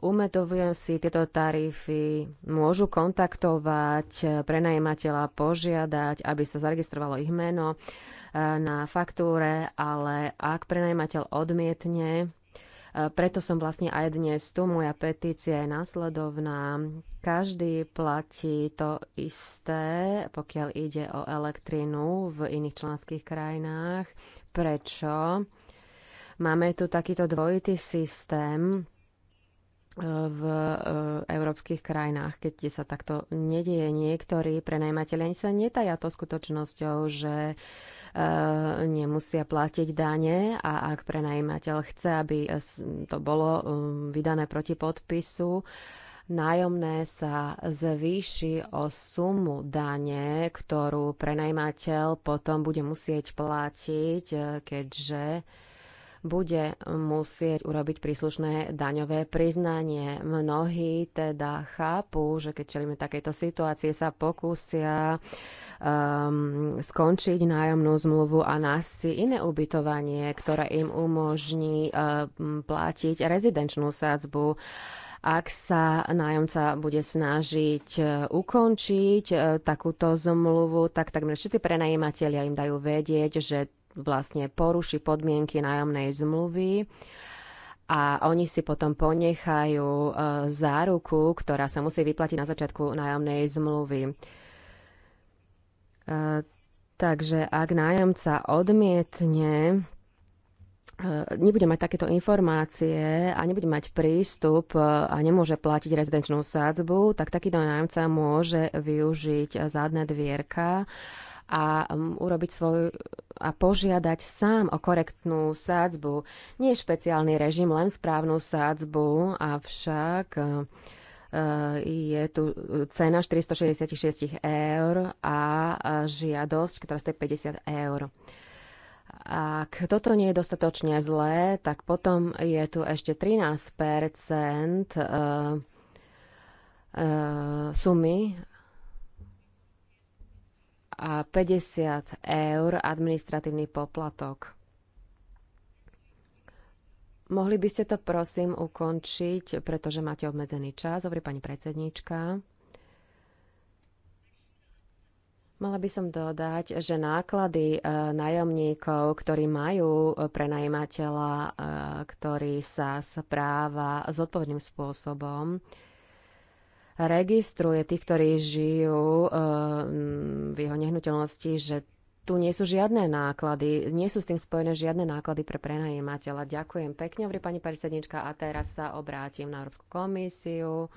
umetovujem si, tieto tarify môžu kontaktovať e, prenajímateľa, požiadať, aby sa zaregistrovalo ich meno e, na faktúre, ale ak prenajímateľ odmietne E, preto som vlastne aj dnes tu. Moja petícia je následovná. Každý platí to isté, pokiaľ ide o elektrínu v iných členských krajinách. Prečo? Máme tu takýto dvojitý systém e, v e, európskych krajinách, keď sa takto nedieje. Niektorí prenajímateľi ani sa netajia to skutočnosťou, že E, nemusia platiť dane a ak prenajímateľ chce, aby to bolo um, vydané proti podpisu, nájomné sa zvýši o sumu dane, ktorú prenajímateľ potom bude musieť platiť, e, keďže bude musieť urobiť príslušné daňové priznanie. Mnohí teda chápu, že keď čelíme takejto situácie, sa pokúsia um, skončiť nájomnú zmluvu a nájsť si iné ubytovanie, ktoré im umožní um, platiť rezidenčnú sádzbu ak sa nájomca bude snažiť uh, ukončiť uh, takúto zmluvu, tak takmer všetci prenajímatelia im dajú vedieť, že vlastne poruší podmienky nájomnej zmluvy a oni si potom ponechajú e, záruku, ktorá sa musí vyplatiť na začiatku nájomnej zmluvy. E, takže ak nájomca odmietne e, nebude mať takéto informácie a nebude mať prístup a nemôže platiť rezidenčnú sádzbu, tak takýto nájomca môže využiť zadné dvierka a um, urobiť svoj a požiadať sám o korektnú sádzbu. Nie je špeciálny režim, len správnu sádzbu, avšak uh, uh, je tu cena 466 eur a uh, žiadosť, ktorá stojí 50 eur. Ak toto nie je dostatočne zlé, tak potom je tu ešte 13 sumy a 50 eur administratívny poplatok. Mohli by ste to prosím ukončiť, pretože máte obmedzený čas, hovorí pani predsedníčka. Mala by som dodať, že náklady e, nájomníkov, ktorí majú e, prenajímateľa, e, ktorý sa správa zodpovedným spôsobom, registruje tých, ktorí žijú eh, v jeho nehnuteľnosti, že tu nie sú žiadne náklady, nie sú s tým spojené žiadne náklady pre prenajímateľa. Ďakujem pekne, hovorí pani predsednička, a teraz sa obrátim na Európsku komisiu,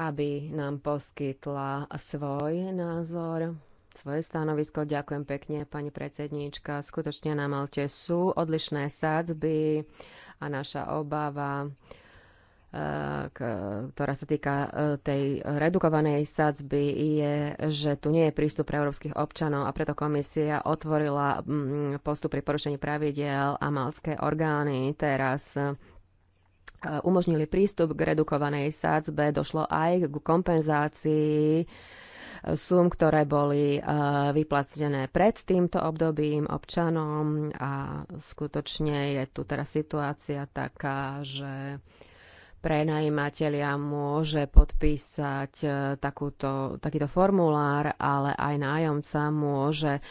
aby nám poskytla svoj názor svoje stanovisko. Ďakujem pekne, pani predsedníčka. Skutočne na Malte sú odlišné sádzby a naša obava ktorá sa týka e, tej redukovanej sadzby, je, že tu nie je prístup pre európskych občanov a preto komisia otvorila mm, postup pri porušení pravidel a malské orgány teraz e, umožnili prístup k redukovanej sádzbe, došlo aj k kompenzácii e, sum, ktoré boli vyplatené pred týmto obdobím občanom a skutočne je tu teraz situácia taká, že prenajímatelia môže podpísať e, takúto, takýto formulár, ale aj nájomca môže e,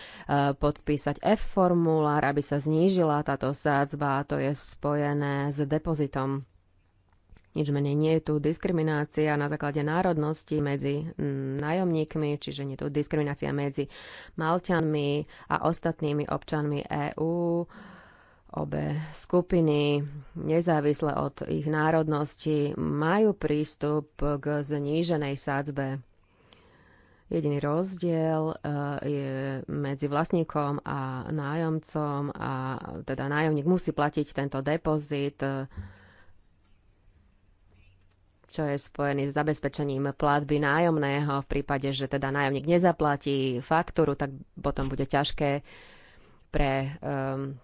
podpísať F-formulár, aby sa znížila táto sádzba a to je spojené s depozitom. Nič menej nie je tu diskriminácia na základe národnosti medzi nájomníkmi, čiže nie je tu diskriminácia medzi Malťanmi a ostatnými občanmi EÚ Obe skupiny, nezávisle od ich národnosti, majú prístup k zníženej sádzbe. Jediný rozdiel e, je medzi vlastníkom a nájomcom a teda nájomník musí platiť tento depozit, e, čo je spojený s zabezpečením platby nájomného. V prípade, že teda nájomník nezaplatí faktúru, tak potom bude ťažké pre um,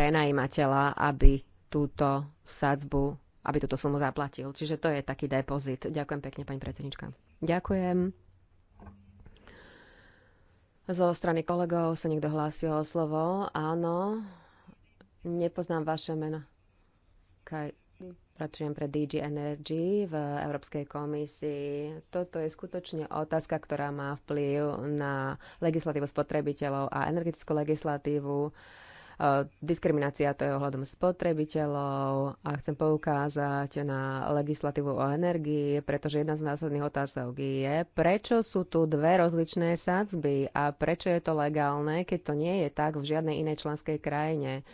prenajímateľa, aby túto sadzbu, aby túto sumu zaplatil. Čiže to je taký depozit. Ďakujem pekne, pani predsednička. Ďakujem. Zo strany kolegov sa niekto hlásil o slovo. Áno, nepoznám vaše meno. Kaj, pracujem pre DG Energy v Európskej komisii. Toto je skutočne otázka, ktorá má vplyv na legislatívu spotrebiteľov a energetickú legislatívu Eh, diskriminácia, to je ohľadom spotrebiteľov a chcem poukázať na legislatívu o energii, pretože jedna z následných otázok je, prečo sú tu dve rozličné sadzby a prečo je to legálne, keď to nie je tak v žiadnej inej členskej krajine.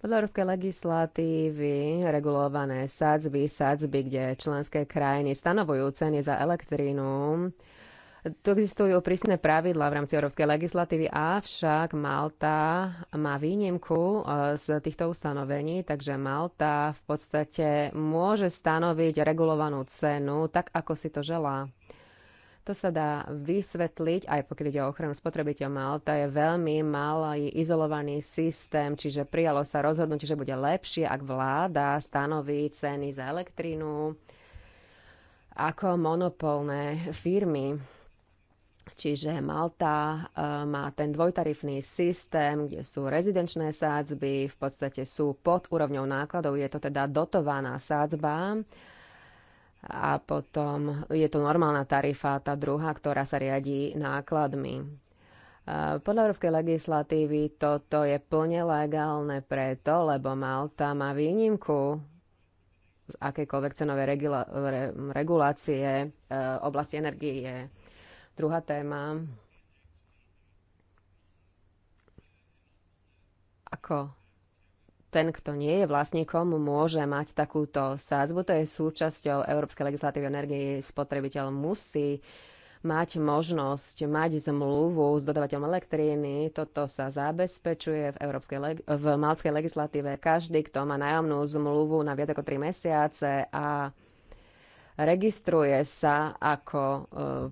Podľa ruskej legislatívy regulované sadzby, sadzby, kde členské krajiny stanovujú ceny za elektrínu, tu existujú prísne pravidlá v rámci európskej legislatívy, avšak Malta má výnimku e, z týchto ustanovení, takže Malta v podstate môže stanoviť regulovanú cenu tak, ako si to želá. To sa dá vysvetliť, aj pokiaľ ide o ochranu spotrebiteľ Malta, je veľmi malý izolovaný systém, čiže prijalo sa rozhodnutie, že bude lepšie, ak vláda stanoví ceny za elektrínu ako monopolné firmy. Čiže Malta e, má ten dvojtarifný systém, kde sú rezidenčné sádzby, v podstate sú pod úrovňou nákladov, je to teda dotovaná sádzba a potom je to normálna tarifa, tá druhá, ktorá sa riadí nákladmi. E, podľa európskej legislatívy toto je plne legálne preto, lebo Malta má výnimku z akejkoľvek cenovej regulácie e, oblasti energie. Druhá téma. Ako ten, kto nie je vlastníkom, môže mať takúto sázbu. To je súčasťou Európskej legislatívy energie. Spotrebiteľ musí mať možnosť mať zmluvu s dodavateľom elektríny. Toto sa zabezpečuje v, európskej leg- v malskej legislatíve. Každý, kto má nájomnú zmluvu na viac ako 3 mesiace a registruje sa ako e,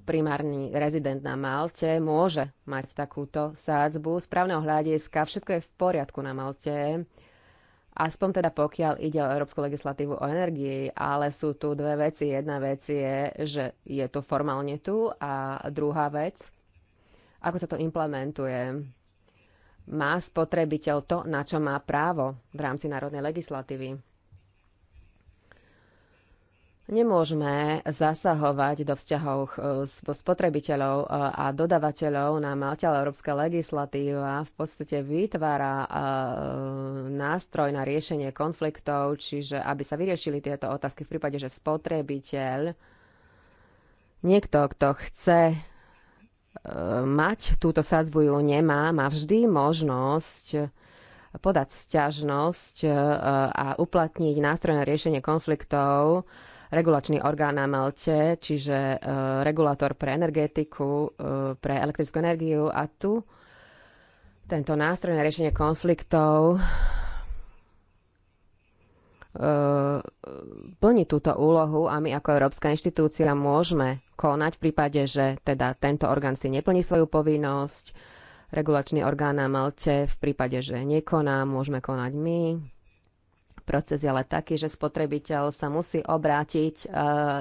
primárny rezident na Malte, môže mať takúto sádzbu. Z právneho hľadiska všetko je v poriadku na Malte, aspoň teda pokiaľ ide o európsku legislatívu o energii, ale sú tu dve veci. Jedna vec je, že je to formálne tu a druhá vec, ako sa to implementuje. Má spotrebiteľ to, na čo má právo v rámci národnej legislatívy Nemôžeme zasahovať do vzťahov e, spotrebiteľov e, a dodavateľov Nám ale európska legislatíva v podstate vytvára e, nástroj na riešenie konfliktov, čiže aby sa vyriešili tieto otázky v prípade, že spotrebiteľ, niekto, kto chce mať túto sadzbu ju nemá, má vždy možnosť podať sťažnosť a uplatniť nástroj na riešenie konfliktov, regulačný orgán na Malte, čiže e, regulátor pre energetiku, e, pre elektrickú energiu a tu tento nástroj na riešenie konfliktov e, plní túto úlohu a my ako Európska inštitúcia môžeme konať v prípade, že teda tento orgán si neplní svoju povinnosť, regulačný orgán na Malte v prípade, že nekoná, môžeme konať my. Proces je ale taký, že spotrebiteľ sa musí obrátiť e,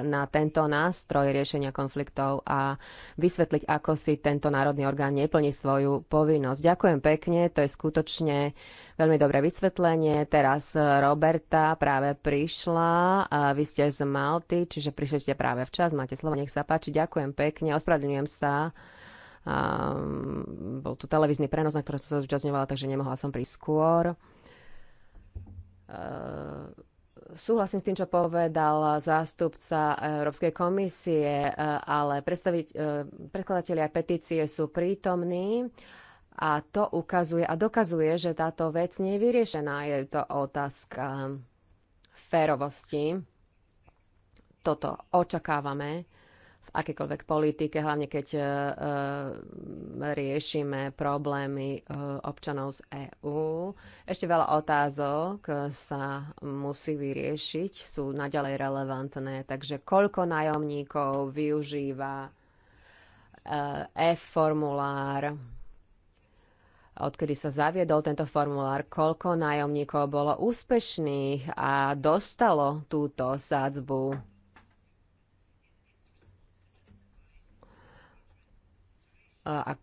na tento nástroj riešenia konfliktov a vysvetliť, ako si tento národný orgán neplní svoju povinnosť. Ďakujem pekne, to je skutočne veľmi dobré vysvetlenie. Teraz e, Roberta práve prišla, vy ste z Malty, čiže prišli ste práve včas, máte slovo, nech sa páči. Ďakujem pekne, ospravedlňujem sa. Um, bol tu televízny prenos, na ktorom som sa zúčastňovala, takže nemohla som prísť skôr. Eh, súhlasím s tým, čo povedal zástupca Európskej komisie, eh, ale eh, predkladatelia petície sú prítomní a to ukazuje a dokazuje, že táto vec nie je vyriešená. Je to otázka férovosti. Toto očakávame akékoľvek politike, hlavne keď e, e, riešime problémy e, občanov z EÚ. Ešte veľa otázok sa musí vyriešiť, sú naďalej relevantné, takže koľko nájomníkov využíva e-formulár, odkedy sa zaviedol tento formulár, koľko nájomníkov bolo úspešných a dostalo túto sádzbu a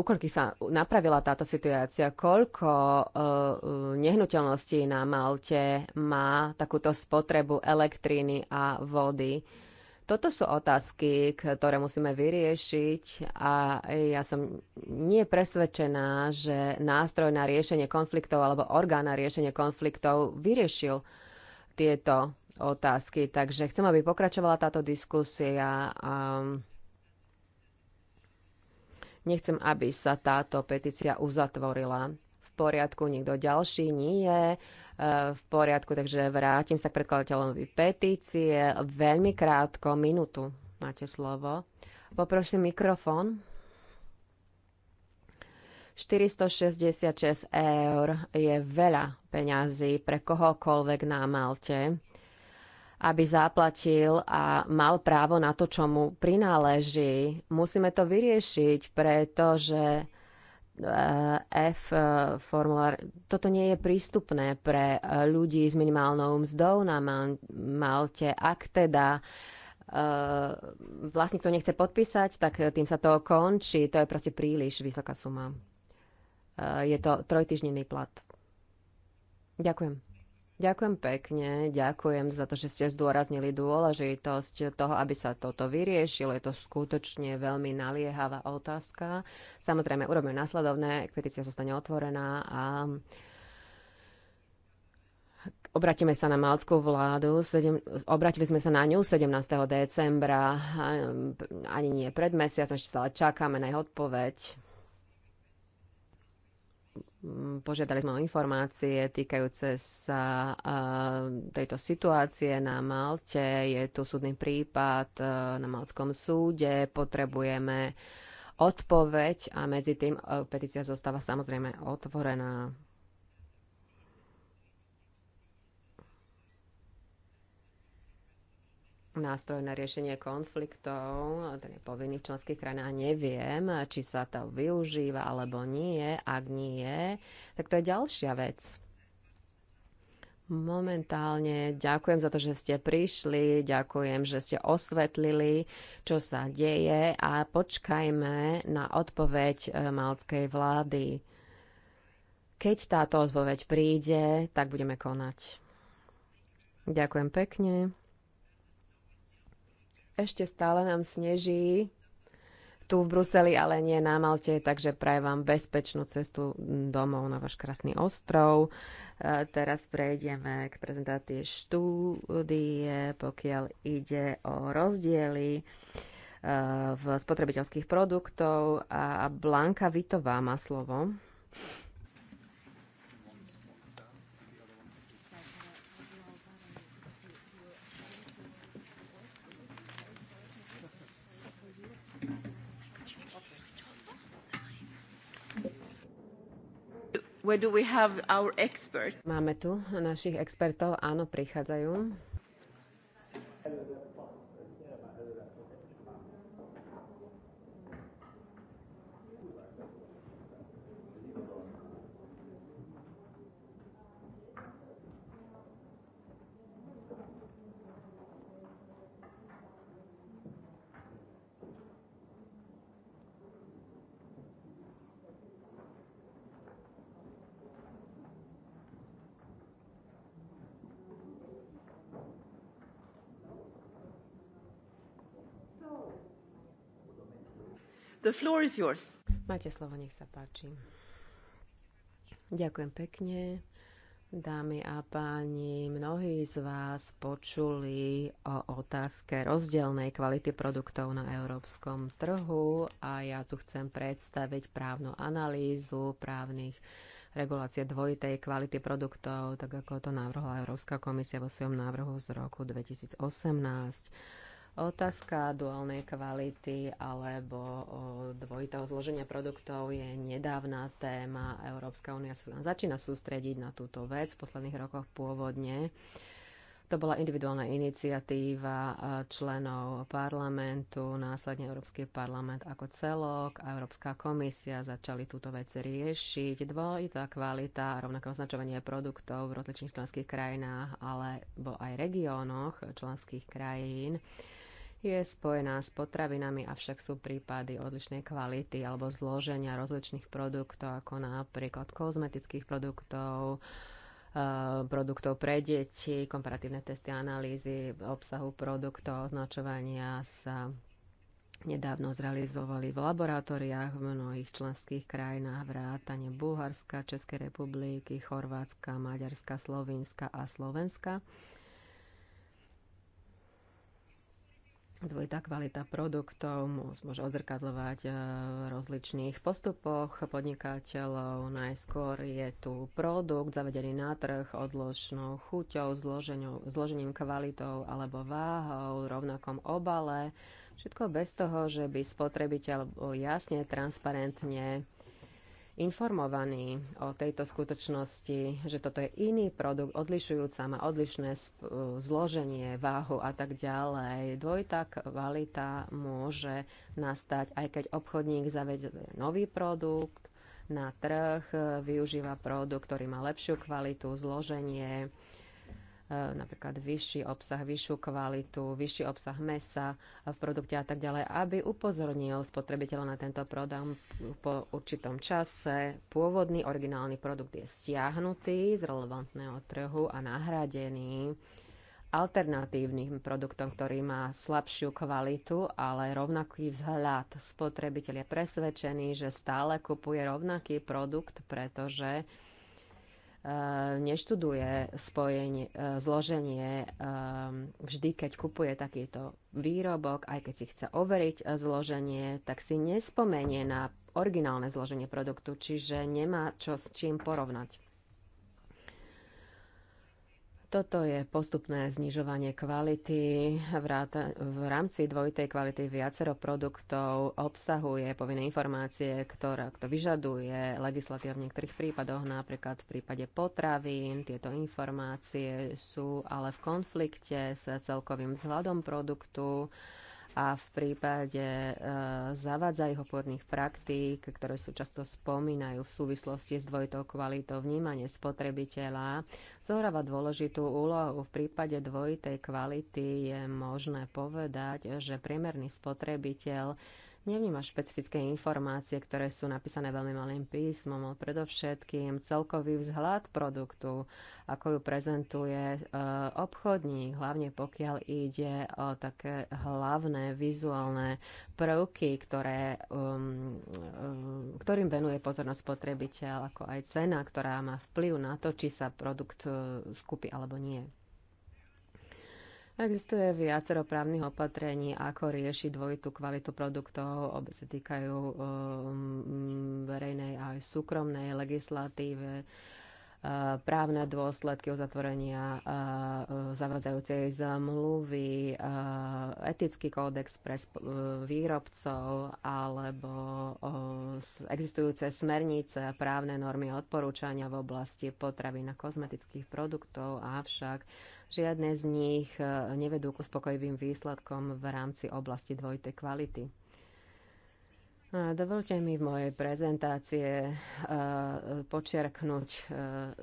ukoľky sa napravila táto situácia, koľko e, nehnuteľností na Malte má takúto spotrebu elektriny a vody. Toto sú otázky, ktoré musíme vyriešiť a ja som nie presvedčená, že nástroj na riešenie konfliktov alebo orgán na riešenie konfliktov vyriešil tieto otázky. Takže chcem, aby pokračovala táto diskusia. A Nechcem, aby sa táto petícia uzatvorila. V poriadku, nikto ďalší nie je e, v poriadku, takže vrátim sa k predkladateľovi petície. Veľmi krátko, minútu máte slovo. Poprosím mikrofón. 466 eur je veľa peňazí pre kohokoľvek na Malte aby zaplatil a mal právo na to, čo mu prináleží. Musíme to vyriešiť, pretože eh, F eh, formulár, toto nie je prístupné pre eh, ľudí s minimálnou mzdou na Malte. Ak teda vlastník to nechce podpísať, tak tým sa to končí. To je proste príliš vysoká suma. Je to trojtyžnený plat. Ďakujem. Ďakujem pekne, ďakujem za to, že ste zdôraznili dôležitosť toho, aby sa toto vyriešilo. Je to skutočne veľmi naliehavá otázka. Samozrejme, urobím následovné, petícia zostane otvorená a Obratíme sa na maltskú vládu, sedem, obratili sme sa na ňu 17. decembra, ani nie pred mesiacom, ešte stále čakáme na jej odpoveď. Mm, požiadali sme o informácie týkajúce sa tejto situácie na Malte. Je tu súdny prípad na Maltskom súde. Potrebujeme odpoveď a medzi tým petícia zostáva samozrejme otvorená. nástroj na riešenie konfliktov, ten je povinný v členských krajinách, neviem, či sa to využíva alebo nie. Ak nie, tak to je ďalšia vec. Momentálne ďakujem za to, že ste prišli, ďakujem, že ste osvetlili, čo sa deje a počkajme na odpoveď eh, malckej vlády. Keď táto odpoveď príde, tak budeme konať. Ďakujem pekne. Ešte stále nám sneží tu v Bruseli, ale nie na Malte, takže prajem vám bezpečnú cestu domov na váš krásny ostrov. E, teraz prejdeme k prezentácii štúdie, pokiaľ ide o rozdiely e, v spotrebiteľských produktov a Blanka Vitová má slovo. Where do we have our expert? Máme tu našich expertov, áno, prichádzajú. Hello. The floor is yours. Máte slovo, nech sa páči. Ďakujem pekne. Dámy a páni, mnohí z vás počuli o otázke rozdielnej kvality produktov na európskom trhu a ja tu chcem predstaviť právnu analýzu právnych regulácie dvojitej kvality produktov, tak ako to navrhla Európska komisia vo svojom návrhu z roku 2018. Otázka duálnej kvality alebo dvojitého zloženia produktov je nedávna téma. Európska únia sa začína sústrediť na túto vec v posledných rokoch pôvodne. To bola individuálna iniciatíva členov parlamentu, následne Európsky parlament ako celok a Európska komisia začali túto vec riešiť. Dvojitá kvalita, rovnako označovanie produktov v rozličných členských krajinách alebo aj regiónoch členských krajín je spojená s potravinami, avšak sú prípady odlišnej kvality alebo zloženia rozličných produktov, ako napríklad kozmetických produktov, e, produktov pre deti, komparatívne testy, analýzy obsahu produktov, označovania sa nedávno zrealizovali v laboratóriách v mnohých členských krajinách vrátane Bulharska, Českej republiky, Chorvátska, Maďarska, Slovinska a Slovenska. Dvojitá kvalita produktov môže odzrkadľovať eh, v rozličných postupoch podnikateľov. Najskôr je tu produkt zavedený na trh odložnou chuťou, zložením kvalitou alebo váhou, rovnakom obale. Všetko bez toho, že by spotrebiteľ bol jasne, transparentne informovaní o tejto skutočnosti, že toto je iný produkt, odlišujúca, má odlišné zloženie, váhu a tak ďalej. Dvojitá kvalita môže nastať, aj keď obchodník zavedie nový produkt na trh, využíva produkt, ktorý má lepšiu kvalitu, zloženie, E, napríklad vyšší obsah, vyššiu kvalitu, vyšší obsah mesa v produkte a tak ďalej, aby upozornil spotrebiteľa na tento produkt po určitom čase. Pôvodný originálny produkt je stiahnutý z relevantného trhu a nahradený alternatívnym produktom, ktorý má slabšiu kvalitu, ale rovnaký vzhľad. Spotrebiteľ je presvedčený, že stále kupuje rovnaký produkt, pretože Eh, neštuduje spojenie, eh, zloženie eh, vždy, keď kupuje takýto výrobok, aj keď si chce overiť zloženie, tak si nespomenie na originálne zloženie produktu, čiže nemá čo s čím porovnať. Toto je postupné znižovanie kvality v rámci dvojitej kvality viacero produktov obsahuje povinné informácie, ktoré to vyžaduje legislatíva v niektorých prípadoch, napríklad v prípade potravín. Tieto informácie sú ale v konflikte s celkovým vzhľadom produktu a v prípade e, zavadza praktík, ktoré sú často spomínajú v súvislosti s dvojitou kvalitou, vnímanie spotrebiteľa zohráva dôležitú úlohu. V prípade dvojitej kvality je možné povedať, že priemerný spotrebiteľ nevníma špecifické informácie, ktoré sú napísané veľmi malým písmom, ale predovšetkým celkový vzhľad produktu, ako ju prezentuje e, obchodník, hlavne pokiaľ ide o také hlavné vizuálne prvky, ktoré, um, um, ktorým venuje pozornosť spotrebiteľ, ako aj cena, ktorá má vplyv na to, či sa produkt skupí e, alebo nie. Existuje viacero právnych opatrení, ako riešiť dvojitú kvalitu produktov, obe sa týkajú um, verejnej aj súkromnej legislatíve, uh, právne dôsledky uzatvorenia uh, uh, zavadzajúcej zmluvy, etický kódex pre výrobcov alebo existujúce smernice, právne normy odporúčania v oblasti potravy na kozmetických produktov, avšak Žiadne z nich e, nevedú ku spokojivým výsledkom v rámci oblasti dvojitej kvality. E, dovolte mi v mojej prezentácie e, počerknúť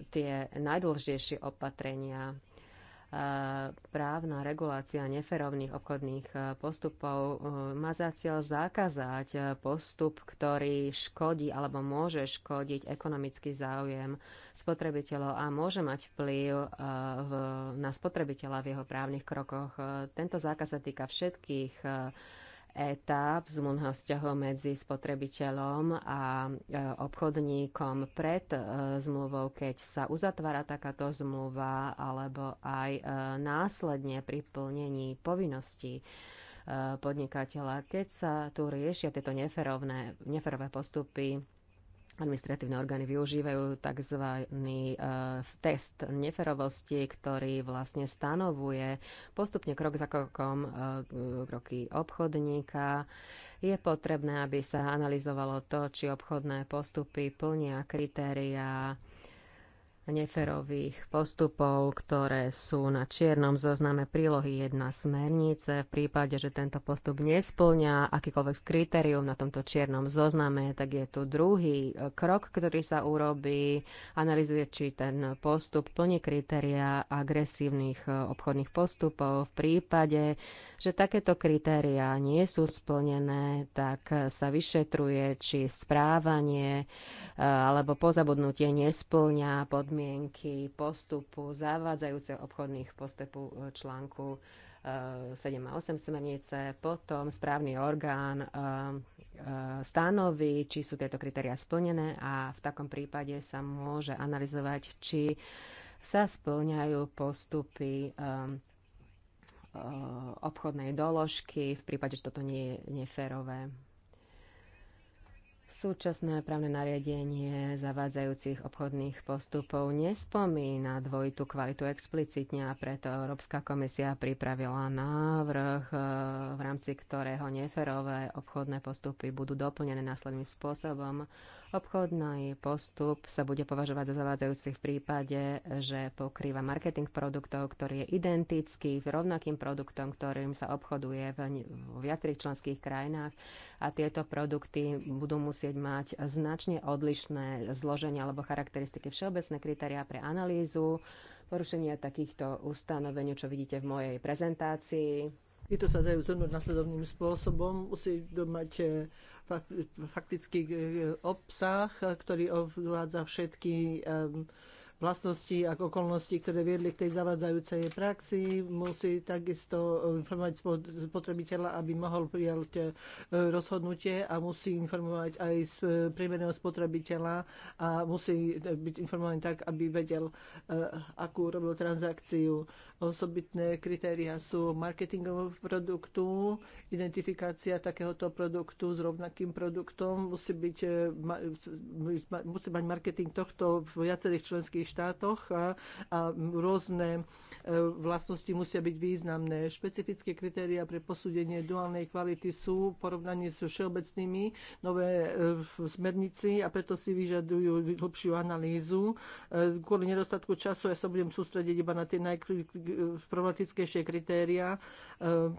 tie najdôležitejšie opatrenia, právna regulácia neferovných obchodných eh, postupov eh, má za cieľ zakázať eh, postup, ktorý škodí alebo môže škodiť ekonomický záujem spotrebiteľov a môže mať vplyv na spotrebiteľa v jeho právnych krokoch. Tento zákaz sa týka všetkých etáp z vzťahu medzi spotrebiteľom a e, obchodníkom pred e, zmluvou, keď sa uzatvára takáto zmluva, alebo aj e, následne pri plnení povinností podnikateľa, keď sa tu riešia tieto neferovné, neferové postupy administratívne orgány využívajú tzv. Eh, test neferovosti, ktorý vlastne stanovuje postupne krok za krokom eh, kroky obchodníka. Je potrebné, aby sa analyzovalo to, či obchodné postupy plnia kritériá neferových postupov, ktoré sú na čiernom zozname prílohy jedna smernice. V prípade, že tento postup nesplňa akýkoľvek kritérium na tomto čiernom zozname, tak je tu druhý e, krok, ktorý sa urobí. Analizuje, či ten postup plní kritéria agresívnych e, obchodných postupov. V prípade, že takéto kritéria nie sú splnené, tak sa vyšetruje, či správanie e, alebo pozabudnutie nesplňa podmienky podmienky postupu zavádzajúceho obchodných postupu e, článku 7 e, a 8 smernice, potom správny orgán e, stanoví, či sú tieto kritéria splnené a v takom prípade sa môže analyzovať, či sa splňajú postupy obchodnej doložky v prípade, že toto nie je neférové. Súčasné právne nariadenie zavádzajúcich obchodných postupov nespomína dvojitú kvalitu explicitne a preto Európska komisia pripravila návrh, e, v rámci ktorého neferové obchodné postupy budú doplnené následným spôsobom. Obchodný postup sa bude považovať za zavádzajúci v prípade, že pokrýva marketing produktov, ktorý je identický v rovnakým produktom, ktorým sa obchoduje v viacerých členských krajinách a tieto produkty budú musieť mať značne odlišné zloženia alebo charakteristiky všeobecné kritériá pre analýzu, porušenia takýchto ustanovení, čo vidíte v mojej prezentácii tieto sa dajú zhrnúť nasledovným spôsobom. Musí mať e, faktický e, obsah, ktorý ovládza všetky e, vlastnosti a okolnosti, ktoré viedli k tej zavádzajúcej praxi. Musí takisto informovať spotrebiteľa, aby mohol prijať rozhodnutie a musí informovať aj z priemerného spotrebiteľa a musí byť informovaný tak, aby vedel, akú robil transakciu Osobitné kritéria sú marketingového produktu, identifikácia takéhoto produktu s rovnakým produktom, musí, byť, e, e, musí mať marketing tohto v viacerých členských štátoch a, a rôzne e, vlastnosti musia byť významné. Špecifické kritéria pre posúdenie duálnej kvality sú v porovnaní s všeobecnými nové smernici a preto si vyžadujú hlbšiu analýzu. Kvôli nedostatku času ja sa budem sústrediť iba na tie najkritické problematickejšie kritéria, ehm,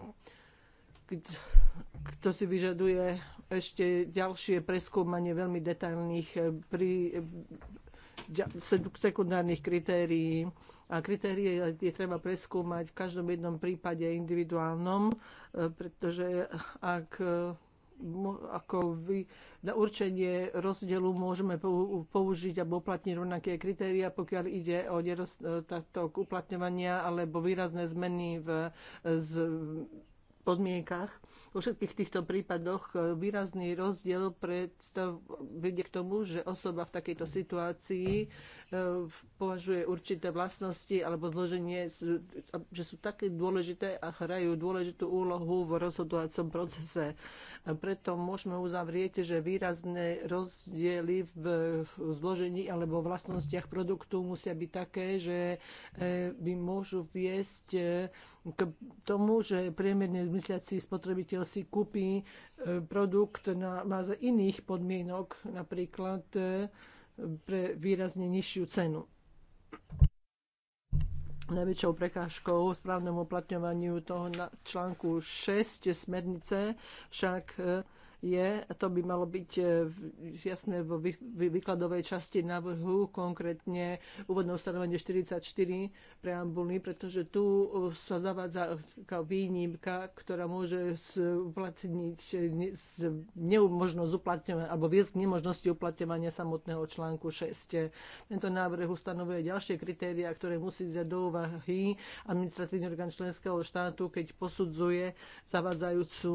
kto si vyžaduje ešte ďalšie preskúmanie veľmi detailných eh, pri eh, sekundárnych kritérií. A kritérie je treba preskúmať v každom jednom prípade individuálnom, eh, pretože ak ako vy, na určenie rozdielu môžeme použiť alebo uplatniť rovnaké kritéria, pokiaľ ide o nedostatok uplatňovania alebo výrazné zmeny v z podmienkach. Vo všetkých týchto prípadoch výrazný rozdiel predstav vedie k tomu, že osoba v takejto situácii E, považuje určité vlastnosti alebo zloženie, že sú také dôležité a hrajú dôležitú úlohu v rozhodovacom procese. A preto môžeme uzavrieť, že výrazné rozdiely v zložení alebo vlastnostiach produktu musia byť také, že e, by môžu viesť e, k tomu, že priemerne mysliaci spotrebiteľ si kúpi produkt na, má iných podmienok, napríklad pre výrazne nižšiu cenu. Najväčšou prekážkou správnom uplatňovaniu toho článku 6 smernice však je, to by malo byť e, jasné vo výkladovej časti návrhu, konkrétne úvodné ustanovenie 44 preambulný, pretože tu e, sa zavádza výnimka, ktorá môže uplatniť neumožnosť uplatňovania alebo viesť k nemožnosti uplatňovania samotného článku 6. Tento návrh ustanovuje ďalšie kritéria, ktoré musí vziať do úvahy administratívny orgán členského štátu, keď posudzuje zavádzajúcu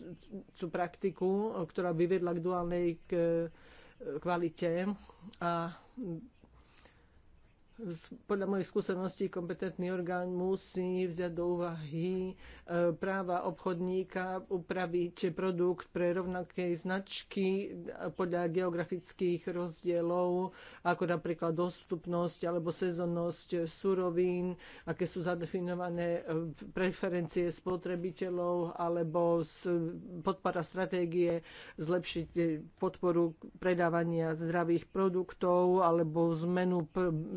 e, praktiku politiku, ktorá by vedla k duálnej k, kvalite a podľa mojich skúseností kompetentný orgán musí vziať do úvahy e, práva obchodníka, upraviť produkt pre rovnaké značky e, podľa geografických rozdielov, ako napríklad dostupnosť alebo sezonnosť surovín, aké sú zadefinované e, preferencie spotrebiteľov alebo podpora stratégie zlepšiť podporu predávania zdravých produktov alebo zmenu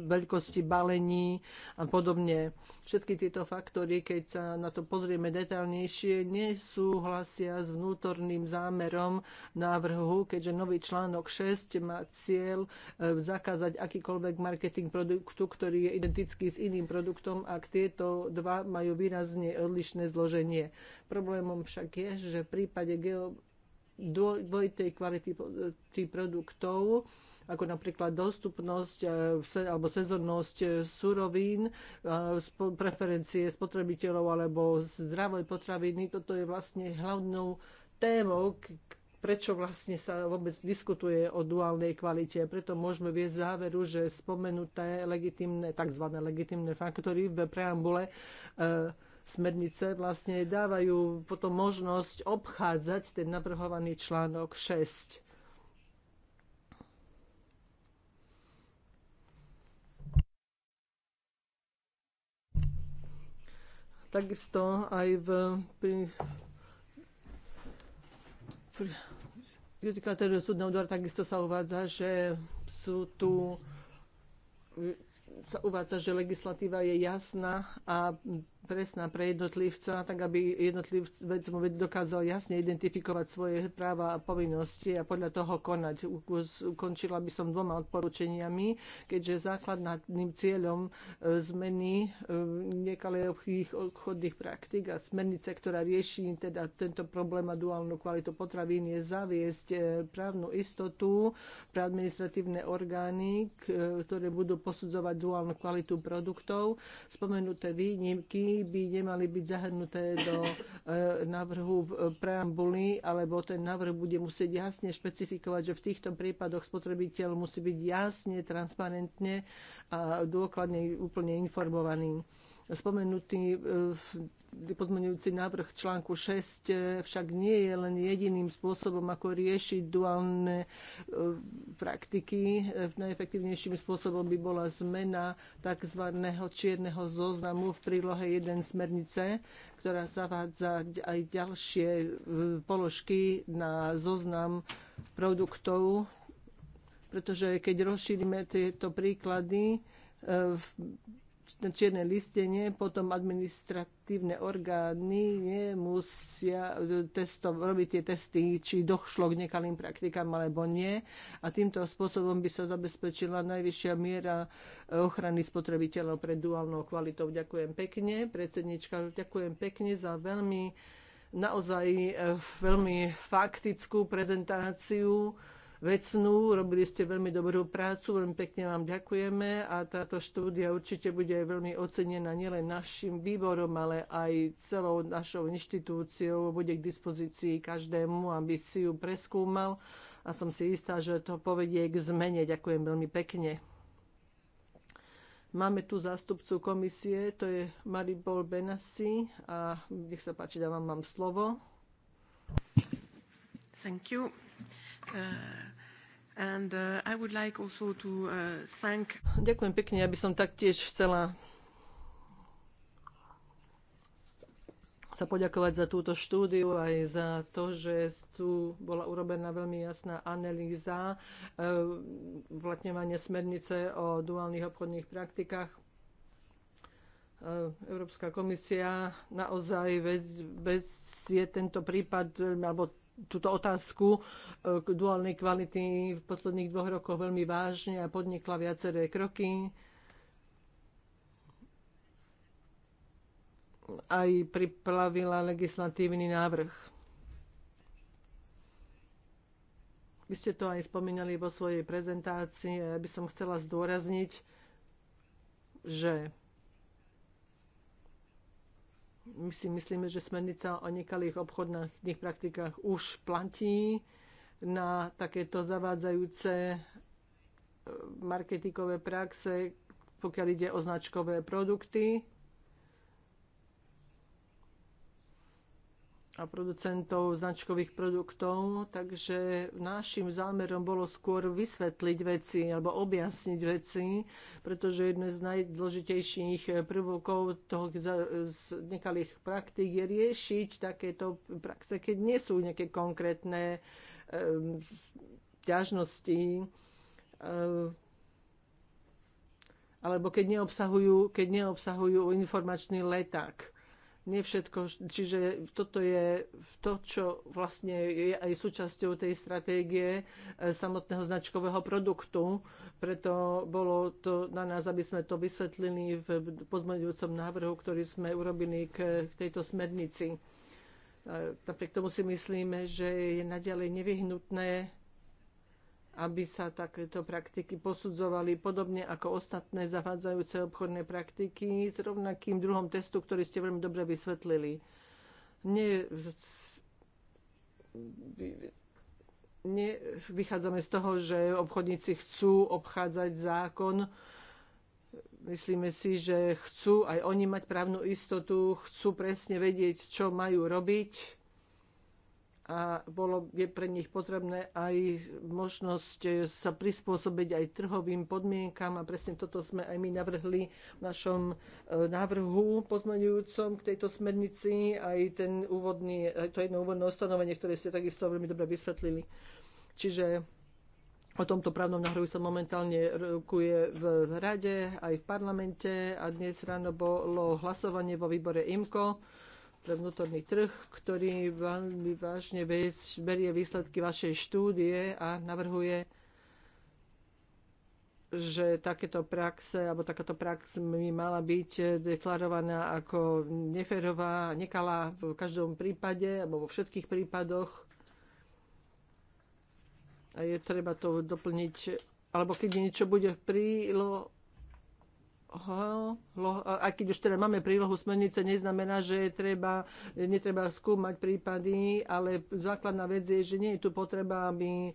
veľkosti veľkosti balení a podobne. Všetky tieto faktory, keď sa na to pozrieme detaľnejšie, nesúhlasia s vnútorným zámerom návrhu, keďže nový článok 6 má cieľ e, zakázať akýkoľvek marketing produktu, ktorý je identický s iným produktom, ak tieto dva majú výrazne odlišné zloženie. Problémom však je, že v prípade geo dvojitej kvality tých produktov, ako napríklad dostupnosť e, alebo sezonnosť e, surovín, e, preferencie spotrebiteľov alebo zdravé potraviny. Toto je vlastne hlavnou témou, prečo vlastne sa vôbec diskutuje o duálnej kvalite. Preto môžeme viesť záveru, že spomenuté legitimné, tzv. legitimné faktory v preambule smernice vlastne dávajú potom možnosť obchádzať ten navrhovaný článok 6. Takisto aj v, pri, pri teda súdneho dvora takisto sa uvádza, že sú tu sa uvádza, že legislatíva je jasná a presná pre jednotlivca, tak aby jednotlivec mu dokázal jasne identifikovať svoje práva a povinnosti a podľa toho konať. Ukončila by som dvoma odporúčeniami, keďže základným cieľom e, zmeny e, nekalých obchodných praktik a smernice, ktorá rieši teda tento problém a duálnu kvalitu potravín, je zaviesť e, právnu istotu pre administratívne orgány, ktoré budú posudzovať individuálnu kvalitu produktov. Spomenuté výnimky by nemali byť zahrnuté do e, návrhu e, preambuly, alebo ten návrh bude musieť jasne špecifikovať, že v týchto prípadoch spotrebiteľ musí byť jasne, transparentne a dôkladne úplne informovaný. Spomenutý e, pozmenujúci návrh článku 6 e, však nie je len jediným spôsobom, ako riešiť duálne e, praktiky. Najefektívnejším spôsobom by bola zmena tzv. čierneho zoznamu v prílohe 1 smernice, ktorá zavádza aj ďalšie položky na zoznam produktov, pretože keď rozšírime tieto príklady, čierne listenie, potom administratívne orgány musia e, testov, robiť tie testy, či došlo k nekalým praktikám alebo nie. A týmto spôsobom by sa zabezpečila najvyššia miera e, ochrany spotrebiteľov pred duálnou kvalitou. Ďakujem pekne, predsednička, ďakujem pekne za veľmi naozaj e, veľmi faktickú prezentáciu vecnú, robili ste veľmi dobrú prácu, veľmi pekne vám ďakujeme a táto štúdia určite bude veľmi ocenená nielen našim výborom, ale aj celou našou inštitúciou. Bude k dispozícii každému, aby si ju preskúmal a som si istá, že to povedie k zmene. Ďakujem veľmi pekne. Máme tu zástupcu komisie, to je Maribol Benassi a nech sa páči, dávam vám slovo. Thank you. Uh, uh, uh, Ďakujem pekne, ja by som taktiež chcela sa poďakovať za túto štúdiu aj za to, že tu bola urobená veľmi jasná analýza uplatňovania smernice o duálnych obchodných praktikách. Európska komisia naozaj bez, bez je tento prípad, alebo túto otázku e, duálnej kvality v posledných dvoch rokoch veľmi vážne a podnikla viaceré kroky. Aj pripravila legislatívny návrh. Vy ste to aj spomínali vo svojej prezentácii. Ja by som chcela zdôrazniť, že my si myslíme, že smernica o nekalých obchodných praktikách už platí na takéto zavádzajúce e, marketingové praxe, pokiaľ ide o značkové produkty. a producentov značkových produktov, takže našim zámerom bolo skôr vysvetliť veci alebo objasniť veci, pretože jedno z najdôležitejších prvokov toho z nekalých praktík je riešiť takéto praxe, keď nie sú nejaké konkrétne ehm, ťažnosti ehm, alebo keď neobsahujú, keď neobsahujú informačný leták všetko. čiže toto je to, čo vlastne je aj súčasťou tej stratégie e, samotného značkového produktu. Preto bolo to na nás, aby sme to vysvetlili v pozmeňujúcom návrhu, ktorý sme urobili k tejto smernici. E, napriek tomu si myslíme, že je naďalej nevyhnutné aby sa takéto praktiky posudzovali podobne ako ostatné zavádzajúce obchodné praktiky s rovnakým druhom testu, ktorý ste veľmi dobre vysvetlili. Nie, nie, vychádzame z toho, že obchodníci chcú obchádzať zákon. Myslíme si, že chcú aj oni mať právnu istotu, chcú presne vedieť, čo majú robiť a bolo, je pre nich potrebné aj možnosť sa prispôsobiť aj trhovým podmienkam a presne toto sme aj my navrhli v našom e, návrhu pozmeňujúcom k tejto smernici aj ten úvodný, aj to jedno úvodné ustanovenie, ktoré ste takisto veľmi dobre vysvetlili. Čiže O tomto právnom návrhu sa momentálne rokuje v rade, aj v parlamente a dnes ráno bolo hlasovanie vo výbore IMKO pre vnútorný trh, ktorý veľmi vážne berie výsledky vašej štúdie a navrhuje, že takéto praxe, alebo takáto prax by mala byť deklarovaná ako neferová, nekalá v každom prípade, alebo vo všetkých prípadoch. A je treba to doplniť, alebo keď niečo bude v prílohe, a keď už teda máme prílohu smernice, neznamená, že treba, netreba skúmať prípady, ale základná vec je, že nie je tu potreba, aby e,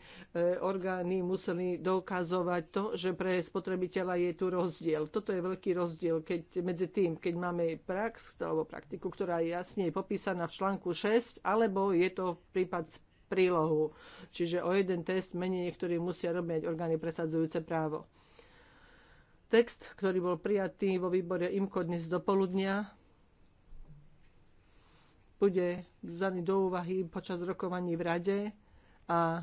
orgány museli dokazovať to, že pre spotrebiteľa je tu rozdiel. Toto je veľký rozdiel keď, medzi tým, keď máme prax alebo praktiku, ktorá je jasne popísaná v článku 6, alebo je to prípad prílohu. Čiže o jeden test menej niektorí musia robiť orgány presadzujúce právo. Text, ktorý bol prijatý vo výbore IMKO dnes do poludnia, bude vzaný do úvahy počas rokovaní v rade a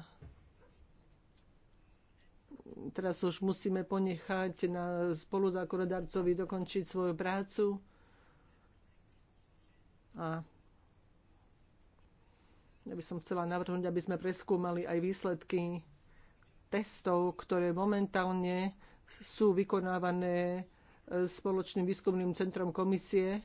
teraz už musíme ponechať na spoluzákonodarcovi dokončiť svoju prácu a ja by som chcela navrhnúť, aby sme preskúmali aj výsledky testov, ktoré momentálne sú vykonávané e, spoločným výskumným centrom komisie,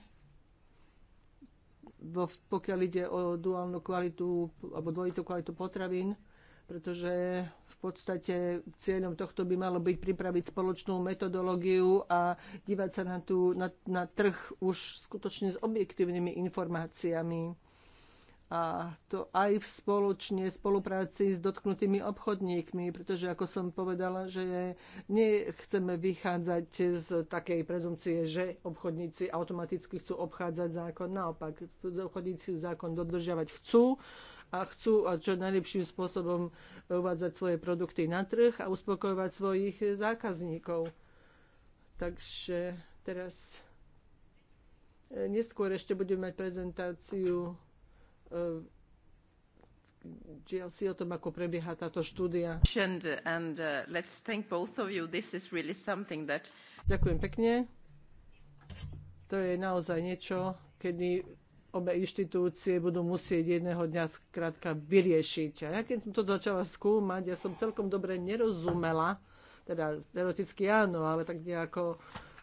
pokiaľ ide o duálnu kvalitu alebo dvojitú kvalitu potravín, pretože v podstate cieľom tohto by malo byť pripraviť spoločnú metodológiu a dívať sa na, tú, na, na trh už skutočne s objektívnymi informáciami a to aj v spoločne spolupráci s dotknutými obchodníkmi, pretože ako som povedala, že nechceme vychádzať z takej prezumcie, že obchodníci automaticky chcú obchádzať zákon. Naopak, obchodníci zákon dodržiavať chcú a chcú a čo najlepším spôsobom uvádzať svoje produkty na trh a uspokojovať svojich zákazníkov. Takže teraz e, neskôr ešte budeme mať prezentáciu GLC ehm, o tom, ako prebieha táto štúdia. And, uh, let's thank both of you. This is really something that... Ďakujem pekne. To je naozaj niečo, kedy obe inštitúcie budú musieť jedného dňa skrátka vyriešiť. A ja keď som to začala skúmať, ja som celkom dobre nerozumela, teda teoreticky áno, ale tak nejako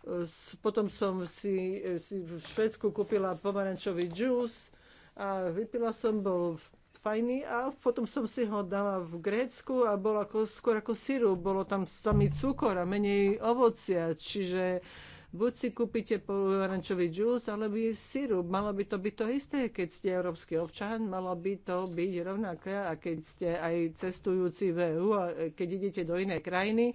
e, potom som si, e, si v Švedsku kúpila pomarančový džús, a vypila som, bol fajný a potom som si ho dala v Grécku a bol ako, skôr ako syru, bolo tam samý cukor a menej ovocia, čiže buď si kúpite pomarančový džús, alebo syru. Malo by to byť to isté, keď ste európsky občan, malo by to byť rovnaké a keď ste aj cestujúci v EU a keď idete do inej krajiny,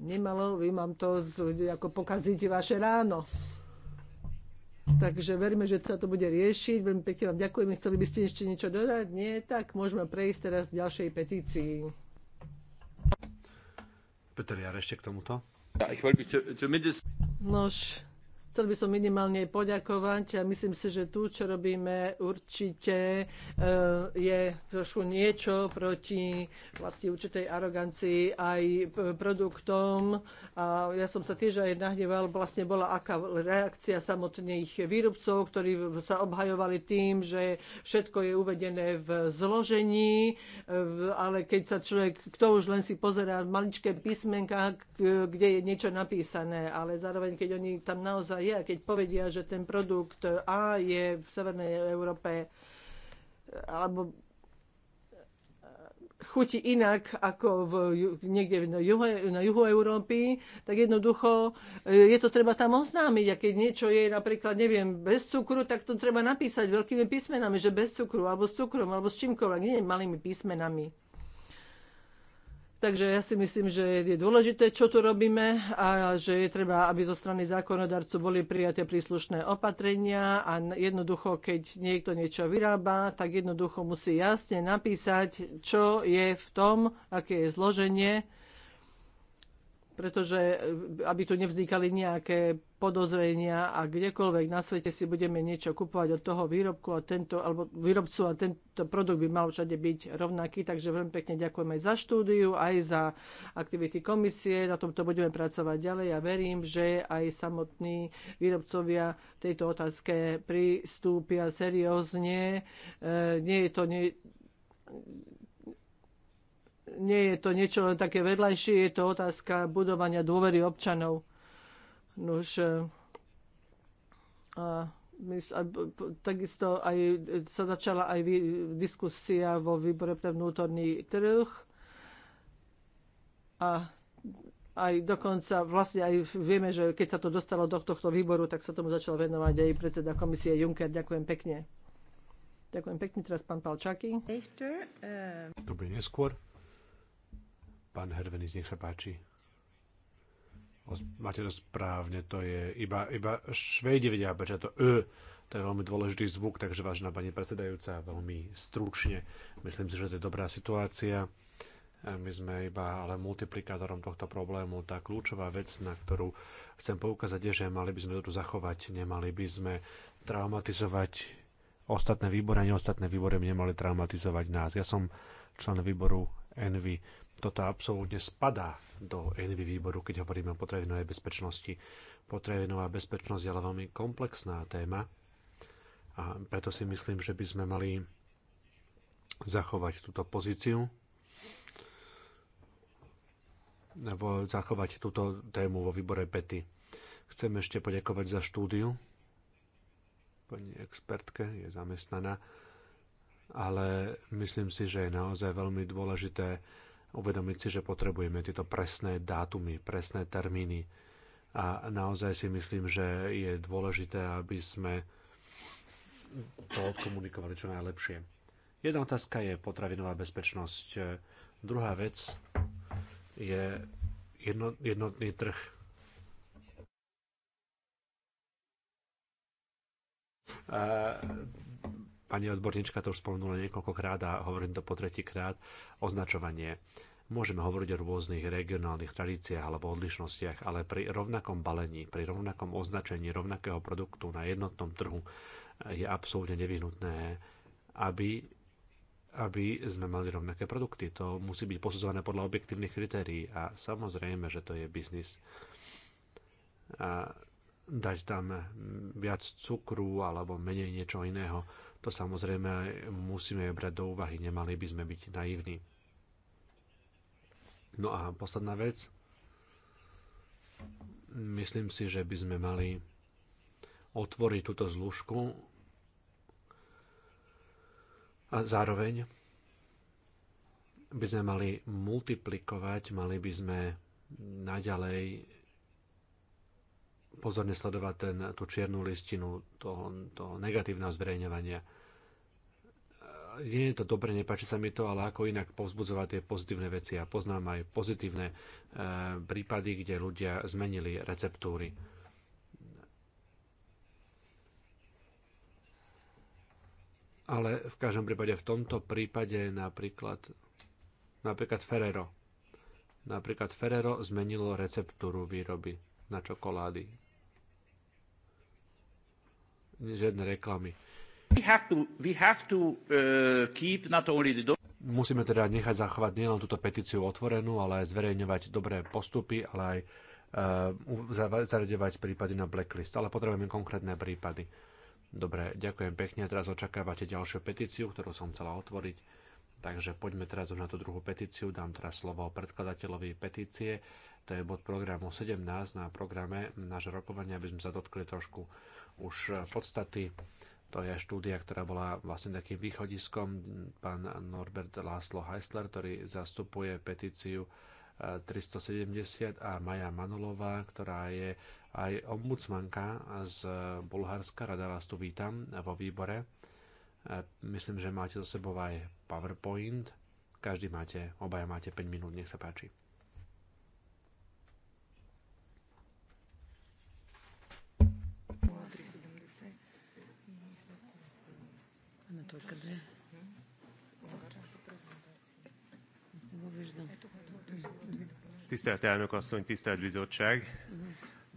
nemalo by vám to ako pokaziť vaše ráno. Takže veríme, že sa to bude riešiť. Veľmi pekne vám ďakujeme. Chceli by ste ešte niečo dodať? Nie? Tak môžeme prejsť teraz k ďalšej petícii. Peter Jar ešte k tomuto. Ja, ich veľmi, čo mich zumindest... Nož, Chcel by som minimálne poďakovať a myslím si, že tu, čo robíme, určite eh, je trošku niečo proti vlastne určitej arogancii aj eh, produktom. A ja som sa tiež aj nahneval, vlastne bola aká reakcia samotných výrobcov, ktorí sa obhajovali tým, že všetko je uvedené v zložení, eh, ale keď sa človek, kto už len si pozerá v maličké písmenka, kde je niečo napísané, ale zároveň, keď oni tam naozaj je. A keď povedia, že ten produkt A je v Severnej Európe e, alebo e, chutí inak ako v, niekde na juhu, na juhu Európy, tak jednoducho e, je to treba tam oznámiť. A keď niečo je napríklad, neviem, bez cukru, tak to treba napísať veľkými písmenami, že bez cukru, alebo s cukrom, alebo s čímkoľvek, nie malými písmenami. Takže ja si myslím, že je dôležité, čo tu robíme a že je treba, aby zo strany zákonodarcu boli prijaté príslušné opatrenia a jednoducho, keď niekto niečo vyrába, tak jednoducho musí jasne napísať, čo je v tom, aké je zloženie pretože e, aby tu nevznikali nejaké podozrenia a kdekoľvek na svete si budeme niečo kupovať od toho výrobku a tento, alebo výrobcu a tento produkt by mal všade byť rovnaký. Takže veľmi pekne ďakujem aj za štúdiu, aj za aktivity komisie. Na tomto budeme pracovať ďalej a verím, že aj samotní výrobcovia tejto otázke pristúpia seriózne. E, nie je to... Nie, nie je to niečo len také vedľajšie, je to otázka budovania dôvery občanov. Nož, e, a my, a, takisto aj, sa začala aj vý, diskusia vo výbore pre vnútorný trh a aj dokonca vlastne aj vieme, že keď sa to dostalo do tohto výboru, tak sa tomu začal venovať aj predseda komisie Juncker. Ďakujem pekne. Ďakujem pekne. Teraz pán Palčaky. Dobre, neskôr. Pán Hervenis, nech sa páči. Máte to správne, to je iba, iba Švejdi vedia prečo to Ö. To je veľmi dôležitý zvuk, takže vážna pani predsedajúca, veľmi stručne. Myslím si, že to je dobrá situácia. My sme iba ale multiplikátorom tohto problému. Tá kľúčová vec, na ktorú chcem poukázať, je, že mali by sme to tu zachovať. Nemali by sme traumatizovať ostatné výbory, ani ostatné výbory nemali traumatizovať nás. Ja som člen výboru Envy toto absolútne spadá do ENVY výboru, keď hovoríme o potravinovej bezpečnosti. Potravinová bezpečnosť je ale veľmi komplexná téma a preto si myslím, že by sme mali zachovať túto pozíciu, zachovať túto tému vo výbore PETY. Chcem ešte poďakovať za štúdiu. Pani expertke je zamestnaná, ale myslím si, že je naozaj veľmi dôležité uvedomiť si, že potrebujeme tieto presné dátumy, presné termíny. A naozaj si myslím, že je dôležité, aby sme to odkomunikovali čo najlepšie. Jedna otázka je potravinová bezpečnosť. Druhá vec je jedno, jednotný trh. A Pani odborníčka to už spomenula niekoľkokrát a hovorím to po tretíkrát, označovanie. Môžeme hovoriť o rôznych regionálnych tradíciách alebo odlišnostiach, ale pri rovnakom balení, pri rovnakom označení rovnakého produktu na jednotnom trhu je absolútne nevyhnutné, aby aby sme mali rovnaké produkty. To musí byť posudzované podľa objektívnych kritérií a samozrejme, že to je biznis. A dať tam viac cukru alebo menej niečo iného to samozrejme musíme brať do úvahy, nemali by sme byť naivní. No a posledná vec. Myslím si, že by sme mali otvoriť túto zlúžku a zároveň by sme mali multiplikovať, mali by sme naďalej pozorne sledovať ten, tú čiernu listinu toho, toho negatívneho zverejňovania. Nie je to dobre, nepáči sa mi to, ale ako inak povzbudzovať tie pozitívne veci. Ja poznám aj pozitívne e, prípady, kde ľudia zmenili receptúry. Ale v každom prípade, v tomto prípade napríklad, napríklad Ferrero. Napríklad Ferrero zmenilo receptúru výroby na čokolády žiadne reklamy. Musíme teda nechať zachovať nielen túto petíciu otvorenú, ale aj zverejňovať dobré postupy, ale aj uh, zaradevať prípady na blacklist. Ale potrebujeme konkrétne prípady. Dobre, ďakujem pekne. Teraz očakávate ďalšiu petíciu, ktorú som chcela otvoriť. Takže poďme teraz už na tú druhú petíciu. Dám teraz slovo predkladateľovi petície. To je bod programu 17 na programe nášho rokovania, aby sme sa dotkli trošku uh, už e, podstaty. To je štúdia, ktorá bola vlastne takým východiskom. Pán Norbert Láslo Heisler, ktorý zastupuje petíciu 370 e, a Maja Manolová, ktorá je aj ombudsmanka z Bulharska. Rada vás tu vítam vo výbore. E, myslím, že máte za sebou aj PowerPoint. Každý máte, obaja máte 5 minút, nech sa páči. Tisztelt elnök asszony, tisztelt bizottság!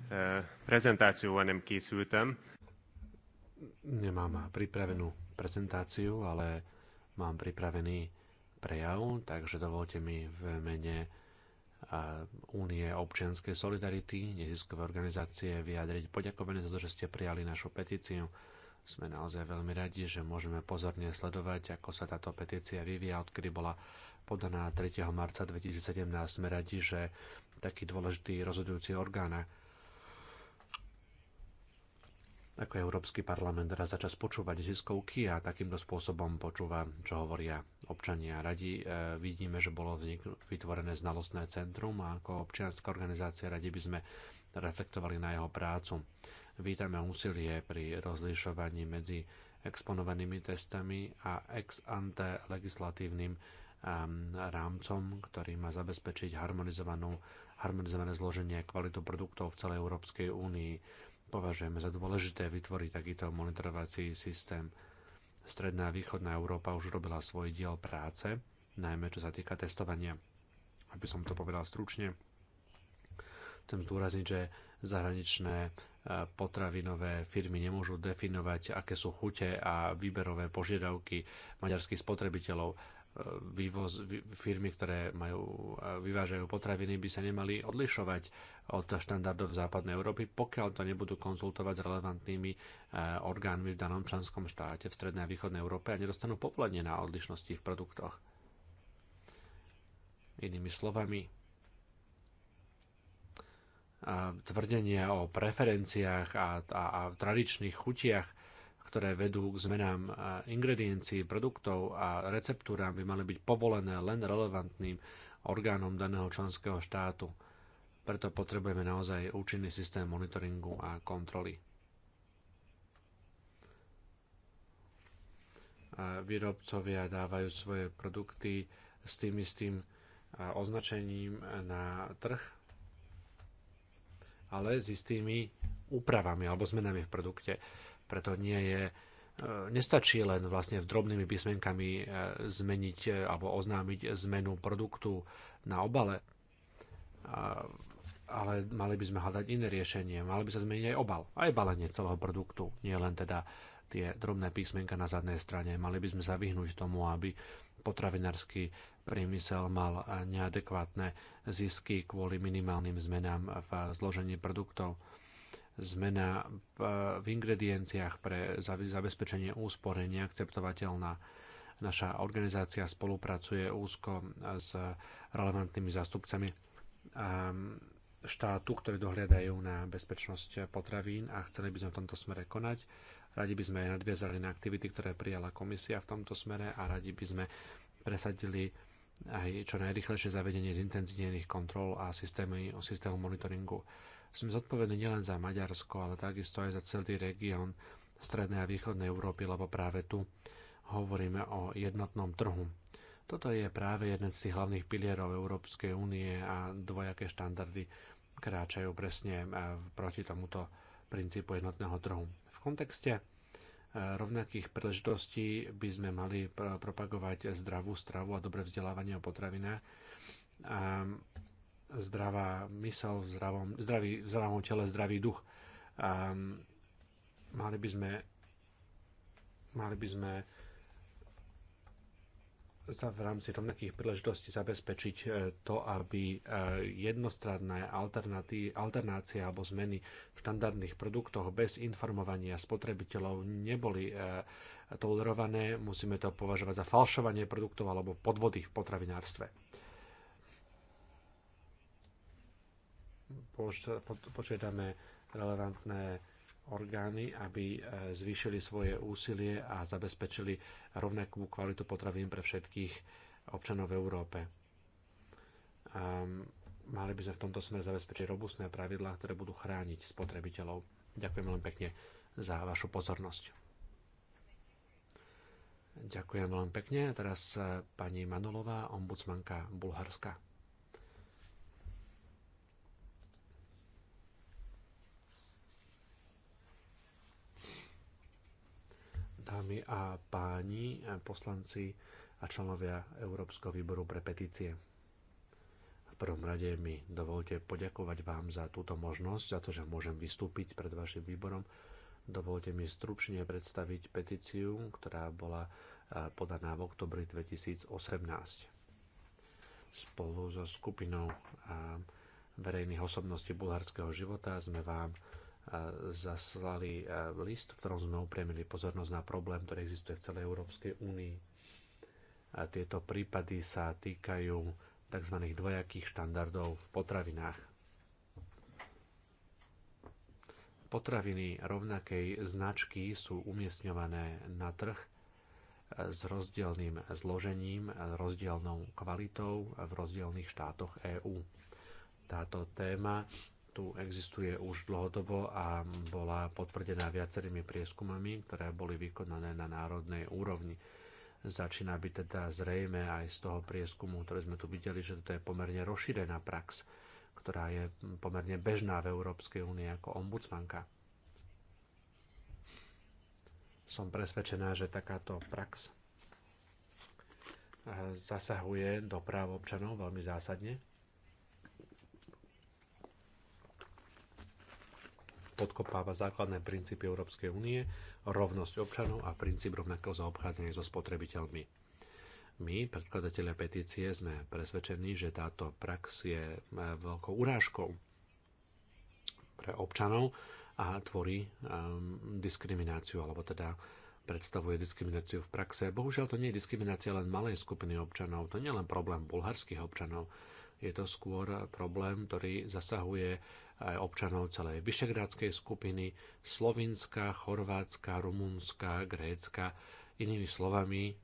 Eh, prezentációval nem készültem. Nemám pripravenú prezentáciu, ale mám pripravený prejav, takže dovolte mi v mene eh, Únie občianskej solidarity, neziskové organizácie vyjadriť poďakovanie za to, že ste prijali našu petíciu sme naozaj veľmi radi, že môžeme pozorne sledovať, ako sa táto petícia vyvíja, odkedy bola podaná 3. marca 2017. Sme radi, že taký dôležitý rozhodujúci orgán ako Európsky parlament raz za čas počúvať ziskovky a takýmto spôsobom počúva, čo hovoria občania. Radi e, vidíme, že bolo vytvorené znalostné centrum a ako občianská organizácia radi by sme reflektovali na jeho prácu. Vítame úsilie pri rozlišovaní medzi exponovanými testami a ex ante legislatívnym ehm, rámcom, ktorý má zabezpečiť harmonizované zloženie a kvalitu produktov v celej Európskej únii. Považujeme za dôležité vytvoriť takýto monitorovací systém. Stredná a východná Európa už robila svoj diel práce, najmä čo sa týka testovania. Aby som to povedal stručne, chcem zdôrazniť, že zahraničné potravinové firmy nemôžu definovať, aké sú chute a výberové požiadavky maďarských spotrebiteľov. E, vývoz, firmy, ktoré majú, e, vyvážajú potraviny, by sa nemali odlišovať od štandardov západnej Európy, pokiaľ to nebudú konzultovať s relevantnými e, orgánmi v danom členskom štáte v strednej a východnej Európe a nedostanú povolenie na odlišnosti v produktoch. Inými slovami, tvrdenia o preferenciách a, a, a tradičných chutiach, ktoré vedú k zmenám ingrediencií, produktov a receptúram by mali byť povolené len relevantným orgánom daného členského štátu. Preto potrebujeme naozaj účinný systém monitoringu a kontroly. Výrobcovia dávajú svoje produkty s tým istým označením na trh, ale s istými úpravami alebo zmenami v produkte. Preto nie je e, Nestačí len vlastne v drobnými písmenkami e, zmeniť e, alebo oznámiť zmenu produktu na obale, ale mali by sme hľadať iné riešenie. Mali by sa zmeniť aj obal, aj balenie celého produktu, nie len teda tie drobné písmenka na zadnej strane. Mali by sme sa vyhnúť tomu, aby potravinársky priemysel mal neadekvátne zisky kvôli minimálnym zmenám v zložení produktov. Zmena v ingredienciách pre zabezpečenie úspory neakceptovateľná. Naša organizácia spolupracuje úzko s relevantnými zástupcami ehm, štátu, ktorí dohliadajú na bezpečnosť potravín a chceli by sme v tomto smere konať. Radi by sme nadviazali na aktivity, ktoré prijala komisia v tomto smere a radi by sme presadili aj čo najrychlejšie zavedenie zintenzívnených kontrol a systémy, o systému monitoringu. Sme zodpovední nielen za Maďarsko, ale takisto aj za celý región Strednej a Východnej Európy, lebo práve tu hovoríme o jednotnom trhu. Toto je práve jeden z tých hlavných pilierov Európskej únie a dvojaké štandardy kráčajú presne eh, proti tomuto princípu jednotného trhu. V kontexte rovnakých príležitostí by sme mali propagovať zdravú stravu a dobré vzdelávanie o potravinách. A zdravá mysel, v zdravom, zdravý, v zdravom tele, zdravý duch. A mali by sme, mali by sme sa v rámci rovnakých príležitostí zabezpečiť e, to, aby e, jednostranné alternácie alebo zmeny v štandardných produktoch bez informovania spotrebiteľov neboli e, tolerované. Musíme to považovať za falšovanie produktov alebo podvody v potravinárstve. Počítame relevantné orgány, aby e, zvýšili svoje úsilie a zabezpečili rovnakú kvalitu potravín pre všetkých občanov v Európe. Um, mali by sme v tomto smere zabezpečiť robustné pravidlá, ktoré budú chrániť spotrebiteľov. Ďakujem veľmi pekne za vašu pozornosť. Ďakujem veľmi pekne. Teraz e, pani Manolová, ombudsmanka Bulharska. dámy a páni, poslanci a členovia Európskeho výboru pre petície. V prvom rade mi dovolte poďakovať vám za túto možnosť, za to, že môžem vystúpiť pred vašim výborom. Dovolte mi stručne predstaviť petíciu, ktorá bola podaná v oktobri 2018. Spolu so skupinou verejných osobností bulharského života sme vám zaslali e, list, v ktorom sme upriemili pozornosť na problém, ktorý existuje v celej Európskej únii. A tieto prípady sa týkajú tzv. dvojakých štandardov v potravinách. Potraviny rovnakej značky sú umiestňované na trh e, s rozdielným zložením, rozdielnou kvalitou v rozdielných štátoch EÚ. Táto téma tu existuje už dlhodobo a bola potvrdená viacerými prieskumami, ktoré boli vykonané na národnej úrovni. Začína byť teda zrejme aj z toho prieskumu, ktoré sme tu videli, že toto je pomerne rozšírená prax, ktorá je pomerne bežná v Európskej únie ako ombudsmanka. Som presvedčená, že takáto prax eh, zasahuje do práv občanov veľmi zásadne podkopáva základné princípy Európskej únie, rovnosť občanov a princíp rovnakého zaobchádzania so spotrebiteľmi. My, predkladatelia petície, sme presvedčení, že táto prax je e, veľkou urážkou pre občanov a tvorí e, diskrimináciu, alebo teda predstavuje diskrimináciu v praxe. Bohužiaľ to nie je diskriminácia len malej skupiny občanov, to nie je len problém bulharských občanov, je to skôr problém, ktorý zasahuje aj občanov celej Vyšegrádskej skupiny, Slovinska, Chorvátska, Rumunska, Grécka. Inými slovami,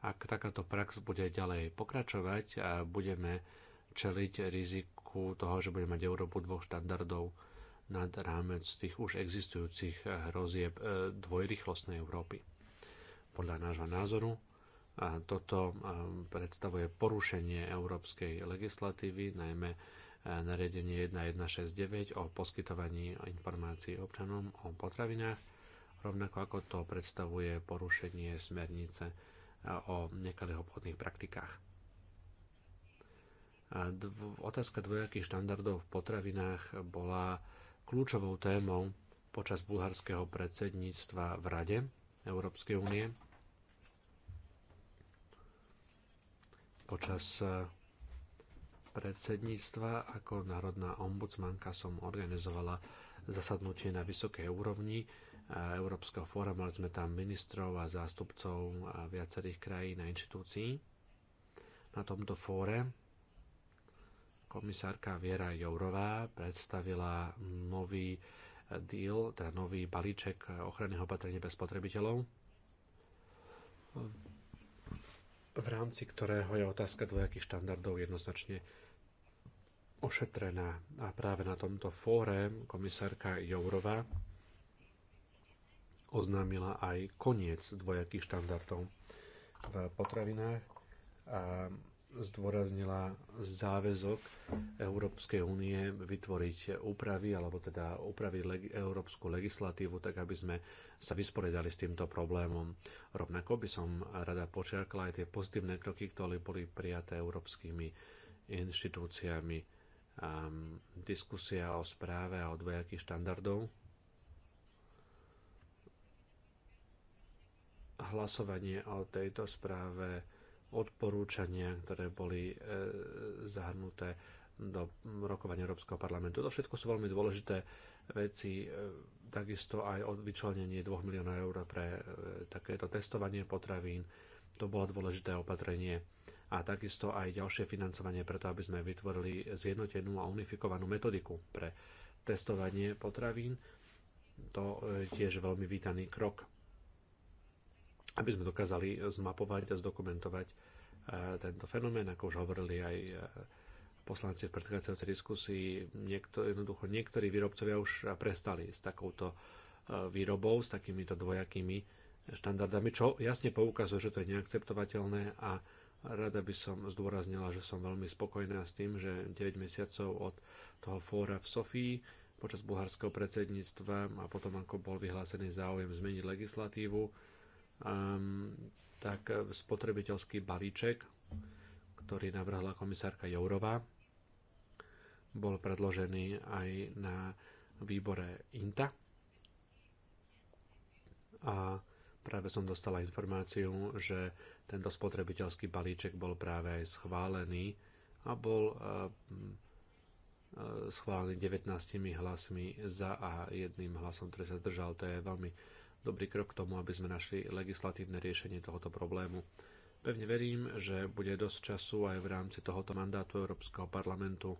ak takáto prax bude ďalej pokračovať, a budeme čeliť riziku toho, že budeme mať Európu dvoch štandardov nad rámec tých už existujúcich hrozieb e, dvojrychlostnej Európy. Podľa nášho názoru a toto e, predstavuje porušenie európskej legislatívy, najmä nariadenie 1169 o poskytovaní informácií občanom o potravinách, rovnako ako to predstavuje porušenie smernice o nekalých obchodných praktikách. Otázka dvojakých štandardov v potravinách bola kľúčovou témou počas bulharského predsedníctva v Rade Európskej únie. Počas predsedníctva ako národná ombudsmanka som organizovala zasadnutie na vysokej úrovni e, Európskeho fóra. Mali sme tam ministrov a zástupcov e, viacerých krajín a inštitúcií. Na tomto fóre komisárka Viera Jourová predstavila nový e, deal, teda nový balíček ochranných opatrení bez spotrebiteľov, v rámci ktorého je otázka dvojakých štandardov jednoznačne ošetrená. A práve na tomto fóre komisárka Jourova oznámila aj koniec dvojakých štandardov v potravinách a zdôraznila záväzok Európskej únie vytvoriť úpravy, alebo teda upraviť leg- európsku legislatívu, tak aby sme sa vysporiadali s týmto problémom. Rovnako by som rada počiarkla aj tie pozitívne kroky, ktoré boli prijaté európskymi inštitúciami um, diskusia o správe a o dvojakých štandardov. Hlasovanie o tejto správe, odporúčania, ktoré boli e, zahrnuté do rokovania Európskeho parlamentu. To všetko sú veľmi dôležité veci, e, takisto aj od vyčlenenie 2 miliónov eur pre e, takéto testovanie potravín. To bolo dôležité opatrenie a takisto aj ďalšie financovanie preto, aby sme vytvorili zjednotenú a unifikovanú metodiku pre testovanie potravín. To je tiež veľmi vítaný krok, aby sme dokázali zmapovať a zdokumentovať e, tento fenomén, ako už hovorili aj e, poslanci v predchádzajúcej diskusii, niekto, jednoducho niektorí výrobcovia už prestali s takouto e, výrobou, s takýmito dvojakými štandardami, čo jasne poukazuje, že to je neakceptovateľné a Rada by som zdôraznila, že som veľmi spokojná s tým, že 9 mesiacov od toho fóra v Sofii počas bulharského predsedníctva a potom ako bol vyhlásený záujem zmeniť legislatívu, um, tak spotrebiteľský balíček, ktorý navrhla komisárka Jourová, bol predložený aj na výbore INTA. A Práve som dostala informáciu, že tento spotrebiteľský balíček bol práve aj schválený a bol eh, eh, schválený 19 hlasmi za a jedným hlasom, ktorý sa zdržal. To je veľmi dobrý krok k tomu, aby sme našli legislatívne riešenie tohoto problému. Pevne verím, že bude dosť času aj v rámci tohoto mandátu Európskeho parlamentu,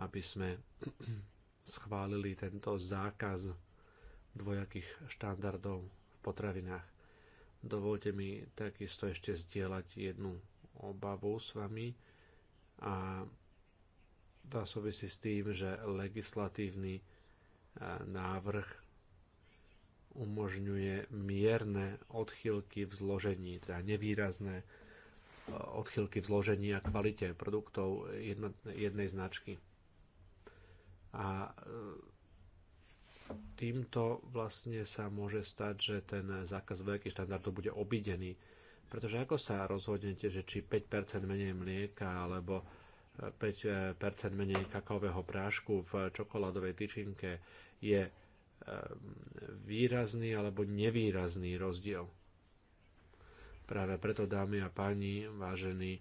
aby sme (clears throat) schválili tento zákaz dvojakých štandardov potravinách. Dovolte mi takisto ešte zdieľať jednu obavu s vami a tá súvisí s tým, že legislatívny e, návrh umožňuje mierne odchylky v zložení, teda nevýrazné e, odchylky v zložení a kvalite produktov jednej značky. A e, týmto vlastne sa môže stať, že ten zákaz veľkých štandardov bude obidený. Pretože ako sa rozhodnete, že či 5% menej mlieka alebo 5% e, menej kakaového prášku v čokoládovej tyčinke je e, výrazný alebo nevýrazný rozdiel. Práve preto, dámy a páni, vážení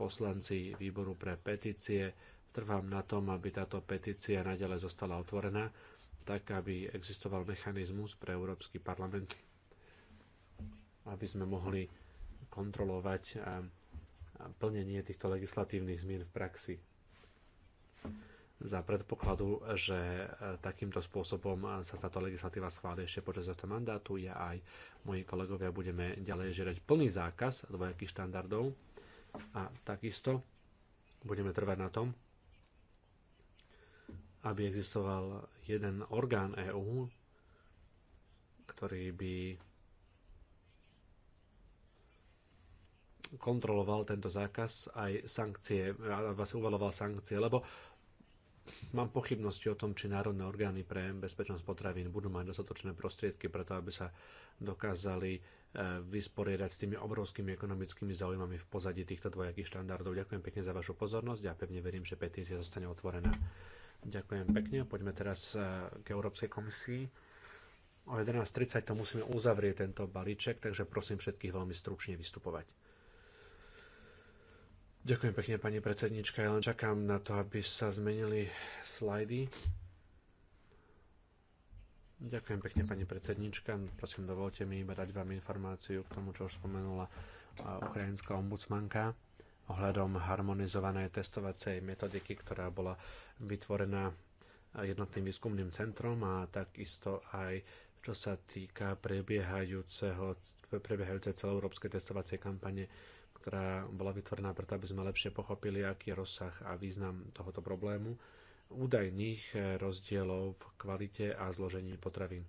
poslanci výboru pre petície, trvám na tom, aby táto petícia naďalej zostala otvorená tak aby existoval mechanizmus pre Európsky parlament, aby sme mohli kontrolovať eh, plnenie týchto legislatívnych zmien v praxi za predpokladu, že eh, takýmto spôsobom eh, sa táto legislatíva schváli ešte počas tohto mandátu. Ja aj moji kolegovia budeme ďalej žiadať plný zákaz dvojakých štandardov a takisto budeme trvať na tom, aby existoval jeden orgán EÚ, ktorý by kontroloval tento zákaz aj sankcie, vlastne uvaloval sankcie, lebo mám pochybnosti o tom, či národné orgány pre bezpečnosť potravín budú mať dostatočné prostriedky preto, aby sa dokázali e, vysporiadať s tými obrovskými ekonomickými zaujímami v pozadí týchto dvojakých štandardov. Ďakujem pekne za vašu pozornosť a ja pevne verím, že petícia zostane otvorená. Ďakujem pekne. Poďme teraz eh, k Európskej komisii. O 11.30 to musíme uzavrieť tento balíček, takže prosím všetkých veľmi stručne vystupovať. Ďakujem pekne, pani predsednička. Ja len čakám na to, aby sa zmenili slajdy. Ďakujem pekne, pani predsednička. Prosím, dovolte mi iba dať vám informáciu k tomu, čo už spomenula eh, ukrajinská ombudsmanka ohľadom harmonizovanej testovacej metodiky, ktorá bola vytvorená jednotným výskumným centrom a takisto aj čo sa týka prebiehajúceho, prebiehajúcej celoeurópskej testovacej kampane, ktorá bola vytvorená preto, aby sme lepšie pochopili, aký je rozsah a význam tohoto problému, údajných rozdielov v kvalite a zložení potravín.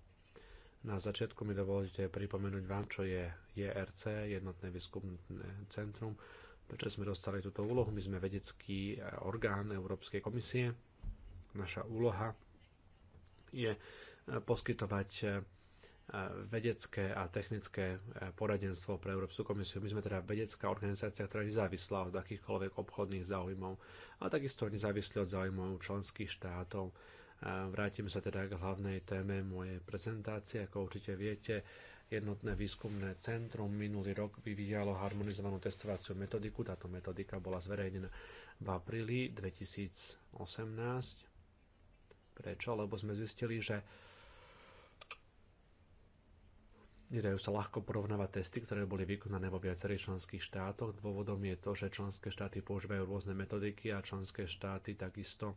Na začiatku mi dovolíte pripomenúť vám, čo je JRC, jednotné výskumné centrum, prečo sme dostali túto úlohu. My sme vedecký orgán Európskej komisie. Naša úloha je eh, poskytovať eh, vedecké a technické eh, poradenstvo pre Európsku komisiu. My sme teda vedecká organizácia, ktorá je nezávislá od akýchkoľvek obchodných záujmov a takisto nezávislá od záujmov členských štátov. Vrátim sa teda k hlavnej téme mojej prezentácie. Ako určite viete, Jednotné výskumné centrum minulý rok vyvíjalo harmonizovanú testovaciu metodiku. Táto metodika bola zverejnená v apríli 2018. Prečo? Lebo sme zistili, že Nedajú sa ľahko porovnávať testy, ktoré boli vykonané vo viacerých členských štátoch. Dôvodom je to, že členské štáty používajú rôzne metodiky a členské štáty takisto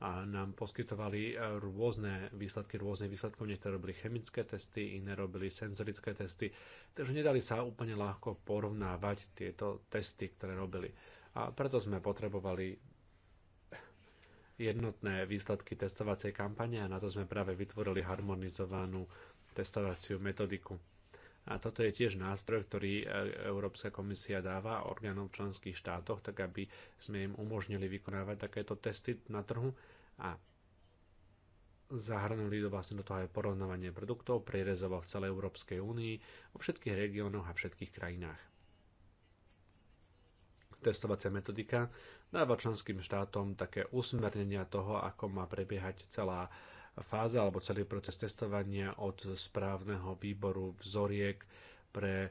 a nám poskytovali e, rôzne výsledky, rôzne výsledkov. Niektoré robili chemické testy, iné robili senzorické testy, takže nedali sa úplne ľahko porovnávať tieto testy, ktoré robili. A preto sme potrebovali jednotné výsledky testovacej kampane a na to sme práve vytvorili harmonizovanú testovaciu metodiku. A toto je tiež nástroj, ktorý e, Európska komisia dáva orgánom členských štátoch, tak aby sme im umožnili vykonávať takéto testy na trhu a zahrnuli do vlastne do toho aj porovnávanie produktov prierezovo v celej Európskej únii, vo všetkých regiónoch a všetkých krajinách. Testovacia metodika dáva členským štátom také usmernenia toho, ako má prebiehať celá fáza alebo celý proces testovania od správneho výboru vzoriek pre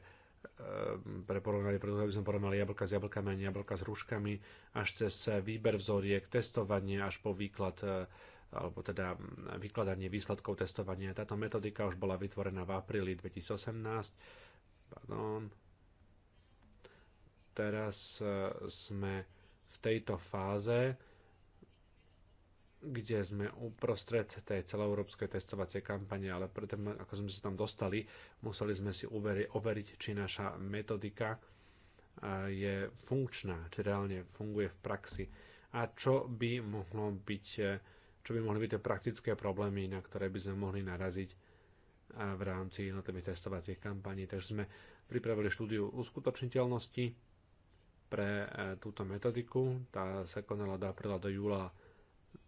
pre porovnanie, produktov, aby sme porovnali jablka s jablkami a jablka s rúškami, až cez výber vzoriek, testovanie, až po výklad e, alebo teda vykladanie výsledkov testovania. Táto metodika už bola vytvorená v apríli 2018. Pardon. Teraz e, sme v tejto fáze kde sme uprostred tej celoeurópskej testovacej kampane, ale preto, ako sme sa tam dostali, museli sme si uveri, overiť, či naša metodika e, je funkčná, či reálne funguje v praxi a čo by mohlo byť, e, čo by mohli byť tie praktické problémy, na ktoré by sme mohli naraziť e, v rámci jednotlivých testovacích kampaní. Takže sme pripravili štúdiu uskutočniteľnosti pre túto metodiku. Tá sa konala od apríla do júla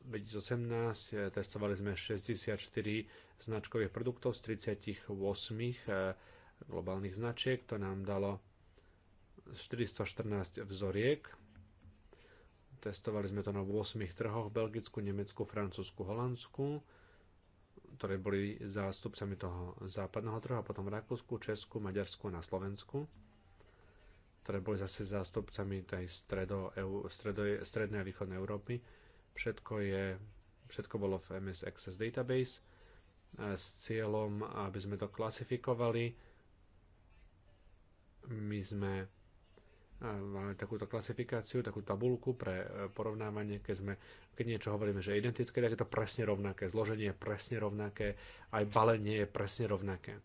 2018 eh, testovali sme 64 značkových produktov z 38 eh, globálnych značiek. To nám dalo 414 vzoriek. Testovali sme to na 8 trhoch Belgicku, Nemecku, Francúzsku, Holandsku ktoré boli zástupcami toho západného trhu a potom Rakúsku, Česku, Maďarsku a na Slovensku ktoré boli zase zástupcami tej stredo, stredo, strednej a východnej Európy Všetko, je, všetko bolo v MS Access Database s cieľom, aby sme to klasifikovali. My sme máme takúto klasifikáciu, takú tabulku pre e, porovnávanie, keď, sme, keď niečo hovoríme, že je identické, tak je to presne rovnaké, zloženie je presne rovnaké, aj balenie je presne rovnaké.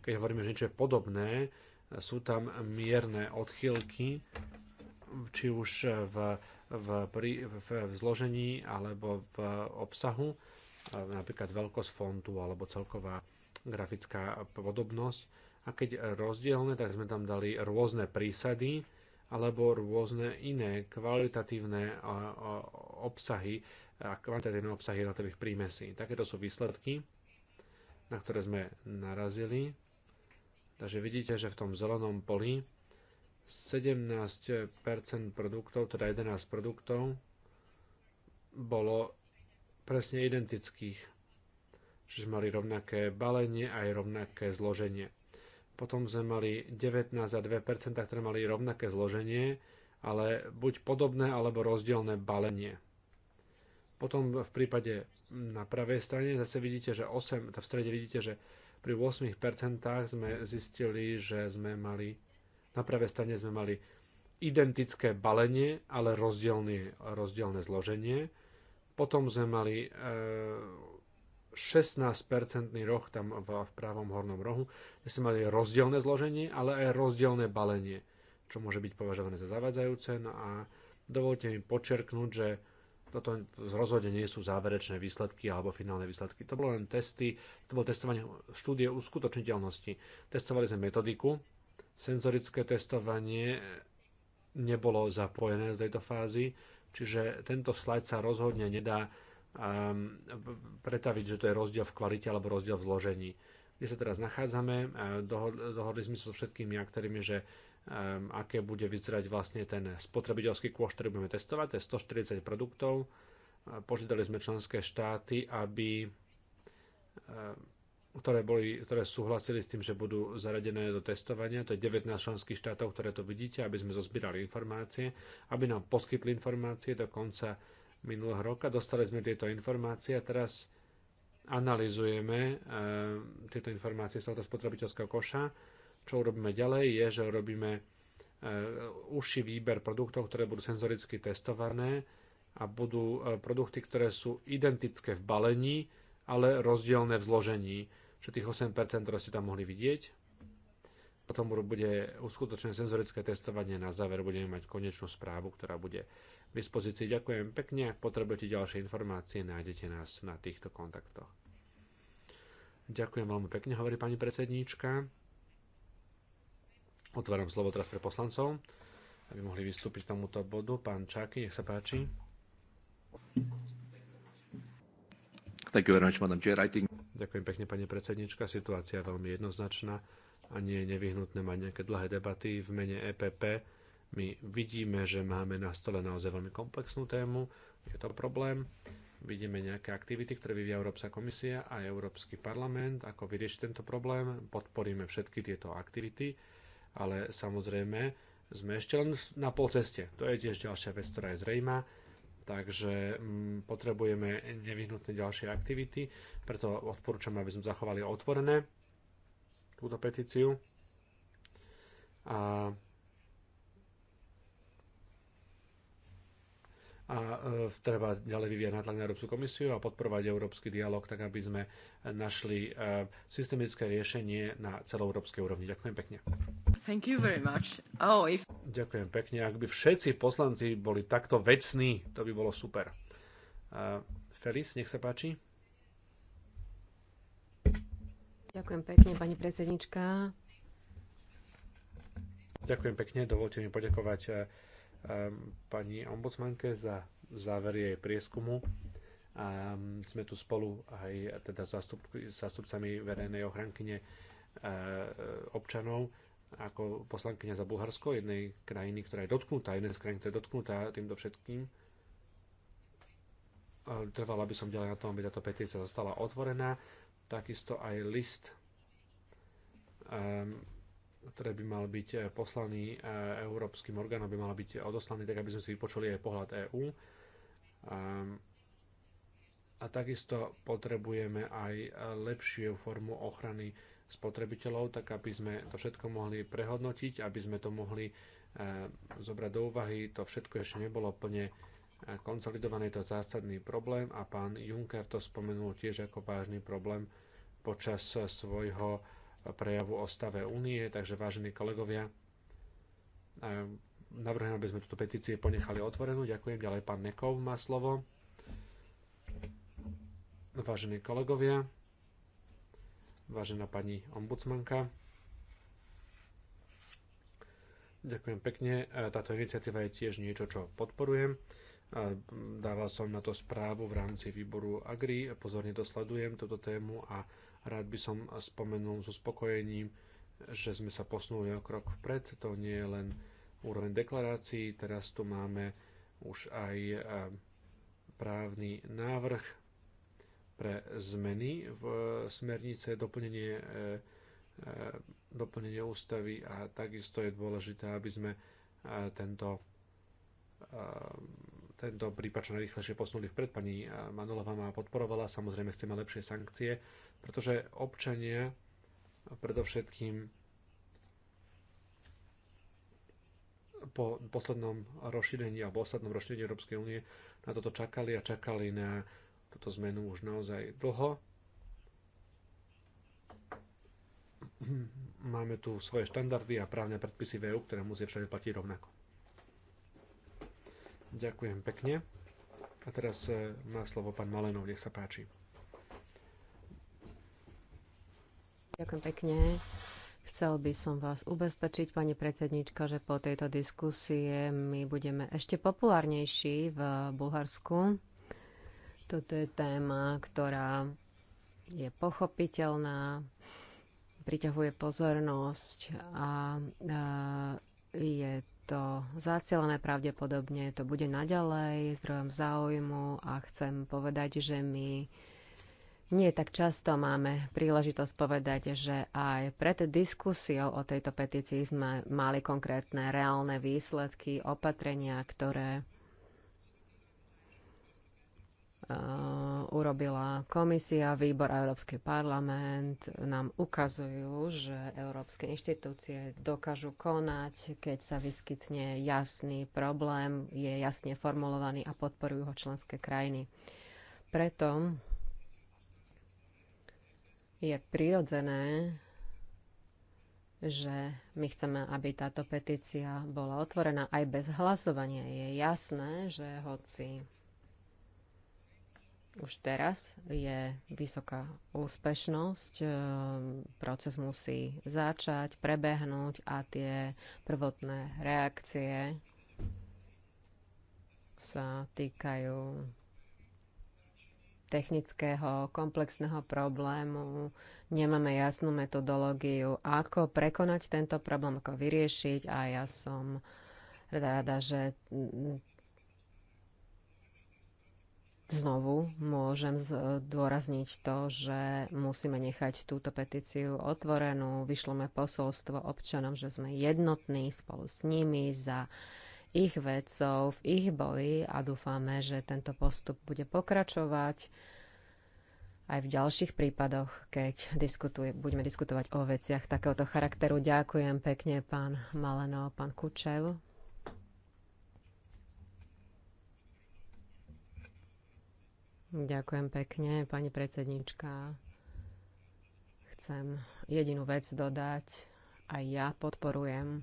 Keď hovoríme, že niečo je podobné, sú tam mierne odchylky či už v v, pri, v, v zložení alebo v obsahu, e, napríklad veľkosť fontu alebo celková grafická podobnosť. A keď rozdielne, tak sme tam dali rôzne prísady alebo rôzne iné kvalitatívne e, e, obsahy a kvantitatívne obsahy jednotlivých prímesí. Takéto sú výsledky, na ktoré sme narazili. Takže vidíte, že v tom zelenom poli 17 produktov, teda 11 produktov, bolo presne identických. Čiže mali rovnaké balenie a aj rovnaké zloženie. Potom sme mali 19 a 2 ktoré mali rovnaké zloženie, ale buď podobné alebo rozdielne balenie. Potom v prípade na pravej strane zase vidíte, že 8, v strede vidíte, že pri 8% sme zistili, že sme mali na pravé strane sme mali identické balenie, ale rozdielne, rozdielne zloženie. Potom sme mali e, 16-percentný roh tam v, v pravom hornom rohu, My sme mali rozdielne zloženie, ale aj rozdielne balenie, čo môže byť považované za zavádzajúce. No a dovolte mi počerknúť, že toto rozhodne nie sú záverečné výsledky alebo finálne výsledky. To bolo len testy, to bolo testovanie štúdie uskutočniteľnosti. Testovali sme metodiku, senzorické testovanie nebolo zapojené do tejto fázy, čiže tento slajd sa rozhodne nedá um, pretaviť, že to je rozdiel v kvalite alebo rozdiel v zložení. Kde sa teraz nachádzame, dohodli sme sa so všetkými aktérmi, že um, aké bude vyzerať vlastne ten spotrebiteľský kôš, ktorý budeme testovať, to je 140 produktov. Požiadali sme členské štáty, aby um, ktoré, boli, ktoré súhlasili s tým, že budú zaradené do testovania. To je 19 členských štátov, ktoré to vidíte, aby sme zozbírali informácie, aby nám poskytli informácie do konca minulého roka. Dostali sme tieto informácie a teraz analizujeme e, eh, tieto informácie z tohto spotrebiteľského koša. Čo urobíme ďalej je, že urobíme e, užší výber produktov, ktoré budú senzoricky testované a budú e, produkty, ktoré sú identické v balení, ale rozdielne v zložení, že tých 8%, ktoré ste tam mohli vidieť. Potom bude uskutočné senzorické testovanie na záver budeme mať konečnú správu, ktorá bude k dispozícii. Ďakujem pekne, ak potrebujete ďalšie informácie, nájdete nás na týchto kontaktoch. Ďakujem veľmi pekne, hovorí pani predsedníčka. Otváram slovo teraz pre poslancov, aby mohli vystúpiť k tomuto bodu. Pán Čaky, nech sa páči. Thank you very much, Madam Chair. I think... Ďakujem pekne, pani predsednička. Situácia je veľmi jednoznačná a nie je nevyhnutné mať nejaké dlhé debaty v mene EPP. My vidíme, že máme na stole naozaj veľmi komplexnú tému, je to problém. Vidíme nejaké aktivity, ktoré vyvíja Európska komisia a Európsky parlament, ako vyriešiť tento problém. Podporíme všetky tieto aktivity, ale samozrejme sme ešte len na pol ceste. To je tiež ďalšia vec, ktorá je zrejma. Takže mm, potrebujeme nevyhnutné ďalšie aktivity, preto odporúčam, aby sme zachovali otvorené túto petíciu. A a e, treba ďalej vyvíjať nátlak na Európsku komisiu a podporovať európsky dialog, tak aby sme našli e, systemické riešenie na celoeurópskej úrovni. Ďakujem pekne. Thank you very much. Oh, if... Ďakujem pekne. Ak by všetci poslanci boli takto vecní, to by bolo super. E, Felis, nech sa páči. Ďakujem pekne, pani predsednička. Ďakujem pekne, dovolte mi poďakovať pani ombudsmanke za záver jej prieskumu. A sme tu spolu aj teda zástup, zastupcami verejnej ochrankyne e, e, občanov ako poslankyňa za Bulharsko, jednej krajiny, ktorá je dotknutá, jednej z krajín, ktorá je dotknutá týmto všetkým. E, trvala by som ďalej na tom, aby táto petícia zostala otvorená. Takisto aj list um, ktoré by mal byť eh, poslaný eh, európskym orgánom, by mal byť odoslaný, tak aby sme si vypočuli aj pohľad EÚ. Ehm, a takisto potrebujeme aj eh, lepšiu formu ochrany spotrebiteľov, tak aby sme to všetko mohli prehodnotiť, aby sme to mohli zobrať do úvahy. To všetko ešte nebolo plne je to zásadný problém a pán Juncker to spomenul tiež ako vážny problém počas svojho prejavu o stave únie, takže vážení kolegovia, e, navrhujem, aby sme túto petície ponechali otvorenú. Ďakujem. Ďalej pán Nekov má slovo. Vážení kolegovia, vážená pani ombudsmanka, Ďakujem pekne. E, táto iniciatíva je tiež niečo, čo podporujem. E, Dával som na to správu v rámci výboru Agri, pozorne to sledujem, túto tému a Rád by som spomenul so spokojením, že sme sa posunuli o krok vpred. To nie je len úroveň deklarácií, teraz tu máme už aj eh, právny návrh pre zmeny v eh, smernice, doplnenie, eh, doplnenie ústavy a takisto je dôležité, aby sme tento tento prípad čo najrychlejšie posunuli vpred. Pani Manolová ma podporovala, samozrejme chceme lepšie sankcie, pretože občania predovšetkým po poslednom rozšírení alebo ostatnom rozšírení Európskej únie na toto čakali a čakali na túto zmenu už naozaj dlho. Máme tu svoje štandardy a právne predpisy v EU, ktoré musia všade platiť rovnako. Ďakujem pekne. A teraz e, má slovo pán Malenov, nech sa páči. Ďakujem pekne. Chcel by som vás ubezpečiť, pani predsednička, že po tejto diskusie my budeme ešte populárnejší v Bulharsku. Toto je téma, ktorá je pochopiteľná, priťahuje pozornosť a, a je to zacielené pravdepodobne, to bude naďalej zdrojom záujmu a chcem povedať, že my nie tak často máme príležitosť povedať, že aj pred diskusiou o tejto petícii sme mali konkrétne reálne výsledky, opatrenia, ktoré urobila komisia, výbor a Európsky parlament nám ukazujú, že európske inštitúcie dokážu konať, keď sa vyskytne jasný problém, je jasne formulovaný a podporujú ho členské krajiny. Preto je prirodzené, že my chceme, aby táto petícia bola otvorená aj bez hlasovania. Je jasné, že hoci už teraz je vysoká úspešnosť. E, proces musí začať, prebehnúť a tie prvotné reakcie sa týkajú technického komplexného problému. Nemáme jasnú metodológiu, ako prekonať tento problém, ako vyriešiť a ja som rada, že Znovu môžem zdôrazniť to, že musíme nechať túto petíciu otvorenú, vyšlome posolstvo občanom, že sme jednotní spolu s nimi za ich vedcov v ich boji a dúfame, že tento postup bude pokračovať aj v ďalších prípadoch, keď diskutuje, budeme diskutovať o veciach takéhoto charakteru. Ďakujem pekne, pán Maleno, pán Kučev. Ďakujem pekne, pani predsednička. Chcem jedinú vec dodať. Aj ja podporujem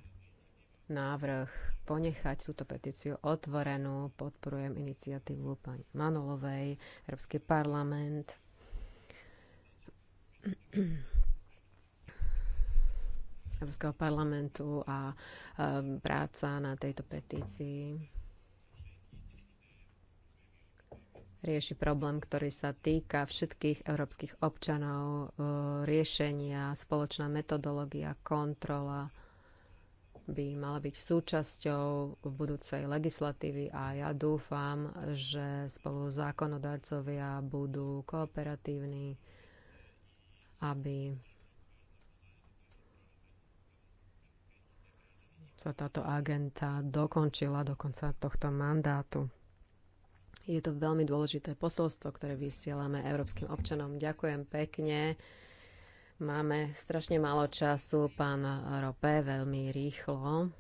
návrh ponechať túto petíciu otvorenú. Podporujem iniciatívu pani Manolovej, Európsky parlament. Európskeho parlamentu a práca na tejto petícii rieši problém, ktorý sa týka všetkých európskych občanov, e, riešenia, spoločná metodológia, kontrola by mala byť súčasťou budúcej legislatívy a ja dúfam, že spolu zákonodarcovia budú kooperatívni, aby sa táto agenta dokončila do konca tohto mandátu. Je to veľmi dôležité posolstvo, ktoré vysielame európskym občanom. Ďakujem pekne. Máme strašne málo času, pán Rope, veľmi rýchlo.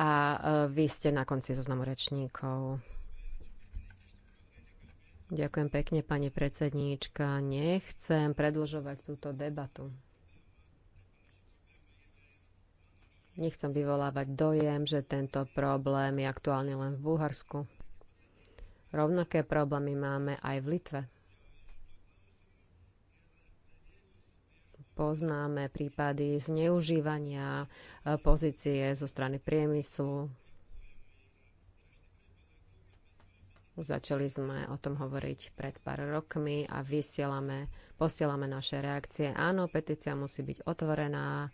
A e, vy ste na konci zoznamu rečníkov. Ďakujem pekne, pani predsedníčka. Nechcem predlžovať túto debatu. Nechcem vyvolávať dojem, že tento problém je aktuálny len v Bulharsku. Rovnaké problémy máme aj v Litve. Poznáme prípady zneužívania eh, pozície zo strany priemyslu. Začali sme o tom hovoriť pred pár rokmi a vysielame, posielame naše reakcie. Áno, petícia musí byť otvorená,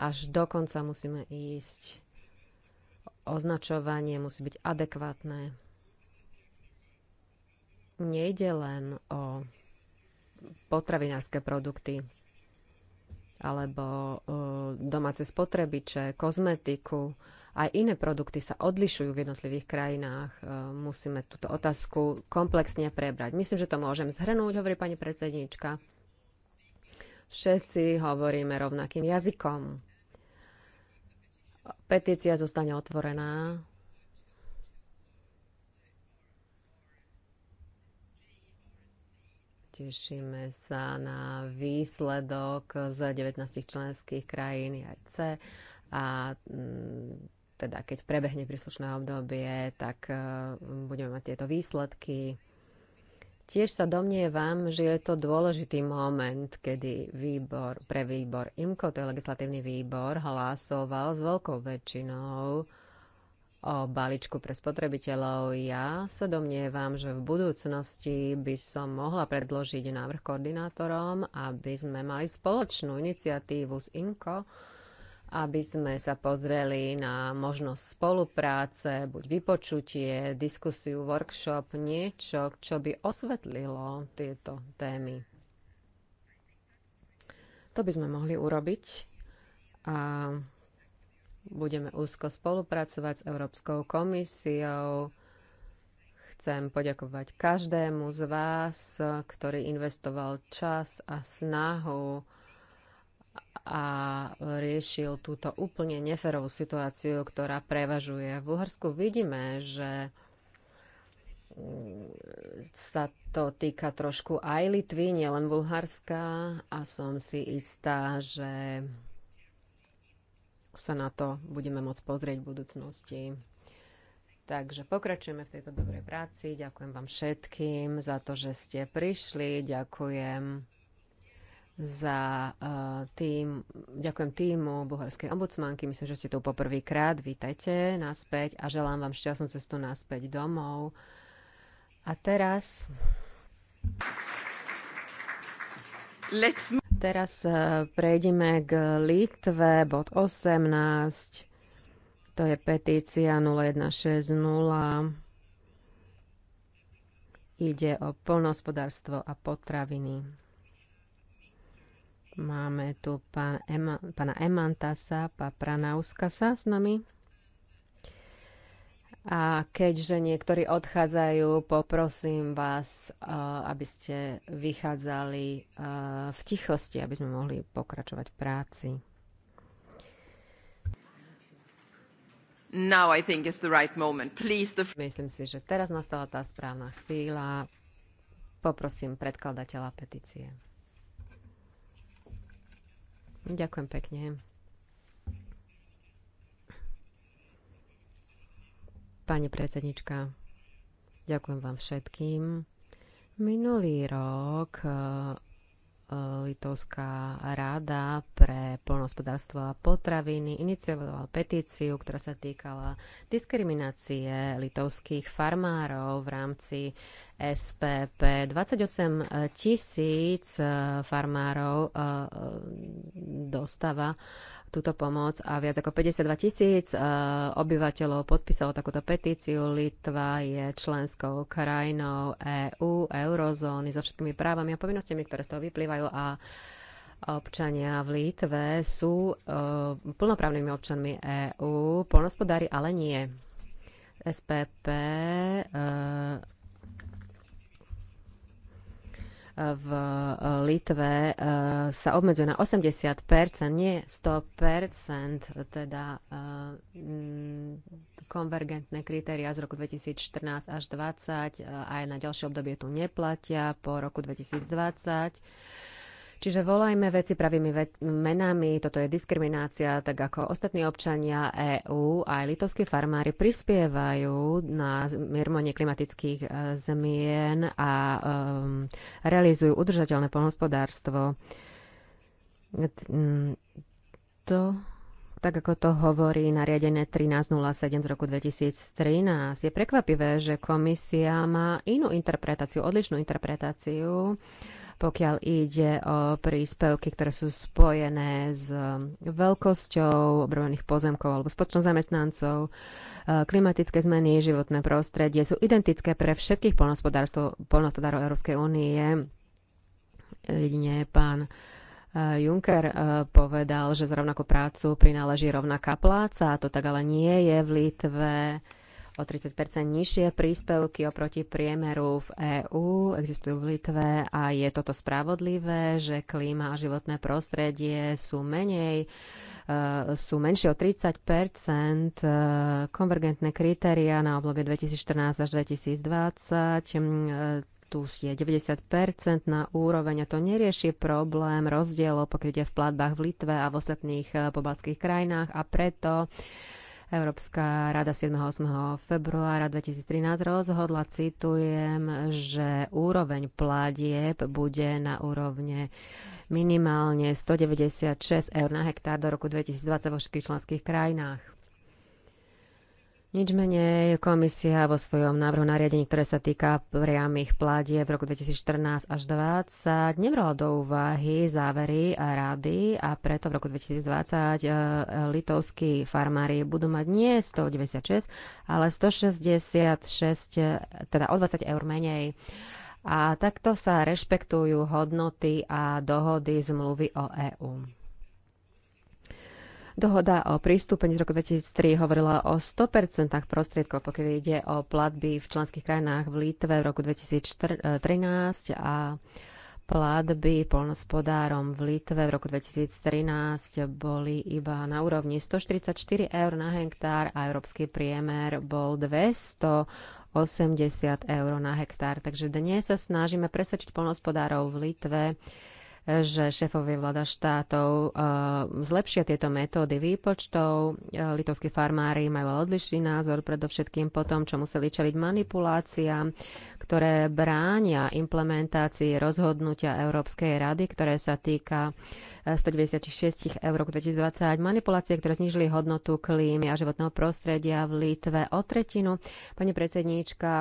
až do konca musíme ísť. Označovanie musí byť adekvátne nejde len o potravinárske produkty alebo e, domáce spotrebiče, kozmetiku. Aj iné produkty sa odlišujú v jednotlivých krajinách. E, musíme túto otázku komplexne prebrať. Myslím, že to môžem zhrnúť, hovorí pani predsednička. Všetci hovoríme rovnakým jazykom. Petícia zostane otvorená Tešíme sa na výsledok z 19 členských krajín IRC a mm, teda keď prebehne príslušné obdobie, tak e, budeme mať tieto výsledky. Tiež sa domnievam, že je to dôležitý moment, kedy výbor, pre výbor IMCO, to je legislatívny výbor, hlasoval s veľkou väčšinou o balíčku pre spotrebiteľov. Ja sa domnievam, že v budúcnosti by som mohla predložiť návrh koordinátorom, aby sme mali spoločnú iniciatívu s INKO, aby sme sa pozreli na možnosť spolupráce, buď vypočutie, diskusiu, workshop, niečo, čo by osvetlilo tieto témy. To by sme mohli urobiť. A Budeme úzko spolupracovať s Európskou komisiou. Chcem poďakovať každému z vás, ktorý investoval čas a snahu a riešil túto úplne neferovú situáciu, ktorá prevažuje. V Bulharsku vidíme, že sa to týka trošku aj Litvy, nielen Bulharska a som si istá, že sa na to budeme môcť pozrieť v budúcnosti. Takže pokračujeme v tejto dobrej práci. Ďakujem vám všetkým za to, že ste prišli. Ďakujem za eh, tým, ďakujem týmu bulharskej ombudsmanky. Myslím, že ste tu poprvýkrát. Vítajte naspäť a želám vám šťastnú cestu naspäť domov. A teraz... Let's Teraz e, prejdeme k Litve, bod 18. To je petícia 0160. Ide o polnohospodárstvo a potraviny. Máme tu pána Emantasa, pána Pranauskasa s nami. A keďže niektorí odchádzajú, poprosím vás, eh, aby ste vychádzali eh, v tichosti, aby sme mohli pokračovať v práci. Now I think it's the right moment. Please the... Myslím si, že teraz nastala tá správna chvíľa. Poprosím predkladateľa petície. Ďakujem pekne. Pani predsednička, ďakujem vám všetkým. Minulý rok e, e, Litovská rada pre polnohospodárstvo a potraviny iniciovala petíciu, ktorá sa týkala diskriminácie litovských farmárov v rámci SPP. 28 tisíc e, farmárov dostáva túto pomoc a viac ako 52 tisíc eh, obyvateľov podpísalo takúto petíciu. Litva je členskou krajinou EÚ, eurozóny so všetkými právami a povinnostiami, ktoré z toho vyplývajú a občania v Litve sú eh, plnoprávnymi občanmi EÚ, polnospodári ale nie. SPP v eh, Litve eh, sa obmedzuje na 80%, nie 100%, teda eh, mm, konvergentné kritéria z roku 2014 až 2020 aj na ďalšie obdobie tu neplatia po roku 2020 Čiže volajme veci pravými ve- menami, toto je diskriminácia, tak ako ostatní občania EÚ aj litovskí farmári prispievajú na miermonie klimatických e, zmien a um, realizujú udržateľné polnospodárstvo. To tak ako to hovorí nariadenie 1307 z roku 2013. Je prekvapivé, že komisia má inú interpretáciu, odlišnú interpretáciu pokiaľ ide o príspevky, ktoré sú spojené s um, veľkosťou obrovených pozemkov alebo spočtom zamestnancov. Uh, klimatické zmeny, životné prostredie sú identické pre všetkých polnohospodárov Európskej únie. Jedine pán uh, Juncker uh, povedal, že za rovnakú prácu prináleží rovnaká pláca. To tak ale nie je v Litve o 30 nižšie príspevky oproti priemeru v EÚ. Existujú v Litve a je toto spravodlivé, že klíma a životné prostredie sú menej e, sú menšie o 30 e, konvergentné kritéria na obdobie 2014 až 2020 e, tu je 90% na úroveň a to nerieši problém rozdielov pokrytie v platbách v Litve a v ostatných pobalských krajinách a preto Európska rada 7. 8. februára 2013 rozhodla, citujem, že úroveň pladieb bude na úrovne minimálne 196 eur na hektár do roku 2020 vo všetkých členských krajinách. Nič menej komisia vo svojom návrhu nariadení, ktoré sa týka priamých pladie v roku 2014 až 2020, nebrala do úvahy závery a rady a preto v roku 2020 e, litovskí farmári budú mať nie 196, ale 166, e, teda o 20 eur menej. A takto sa rešpektujú hodnoty a dohody zmluvy o EÚ. Dohoda o prístupení z roku 2003 hovorila o 100% prostriedkov, pokiaľ ide o platby v členských krajinách v Litve v roku 2013 eh, a platby polnospodárom v Litve v roku 2013 boli iba na úrovni 144 eur na hektár a európsky priemer bol 280 eur na hektár. Takže dnes sa snažíme presvedčiť polnospodárov v Litve, že šéfovie vláda štátov eh, zlepšia tieto metódy výpočtov. Eh, litovskí farmári majú ale odlišný názor, predovšetkým po tom, čo museli čeliť manipuláciám, ktoré bránia implementácii rozhodnutia Európskej rady, ktoré sa týka 196 eur v 2020, manipulácie, ktoré znižili hodnotu klímy a životného prostredia v Litve o tretinu. Pani predsedníčka,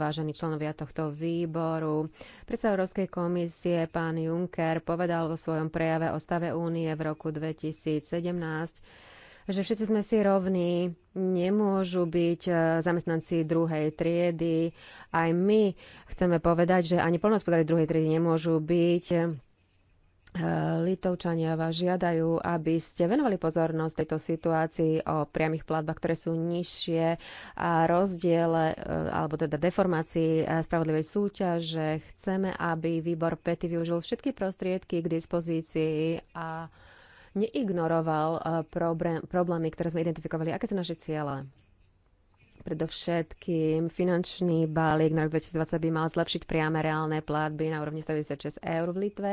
vážení členovia tohto výboru, predseda Európskej komisie pán Juncker povedal vo svojom prejave o stave únie v roku 2017, že všetci sme si rovní, nemôžu byť eh, zamestnanci druhej triedy. Aj my chceme povedať, že ani plnohospodári druhej triedy nemôžu byť Litovčania vás žiadajú, aby ste venovali pozornosť tejto situácii o priamých platbách, ktoré sú nižšie a rozdiele, e, alebo teda deformácii spravodlivej súťaže. Chceme, aby výbor PETI využil všetky prostriedky k dispozícii a neignoroval e, problémy, ktoré sme identifikovali. Aké sú naše ciele? Predovšetkým finančný balík na rok 2020 by mal zlepšiť priame reálne platby na úrovni 196 eur v Litve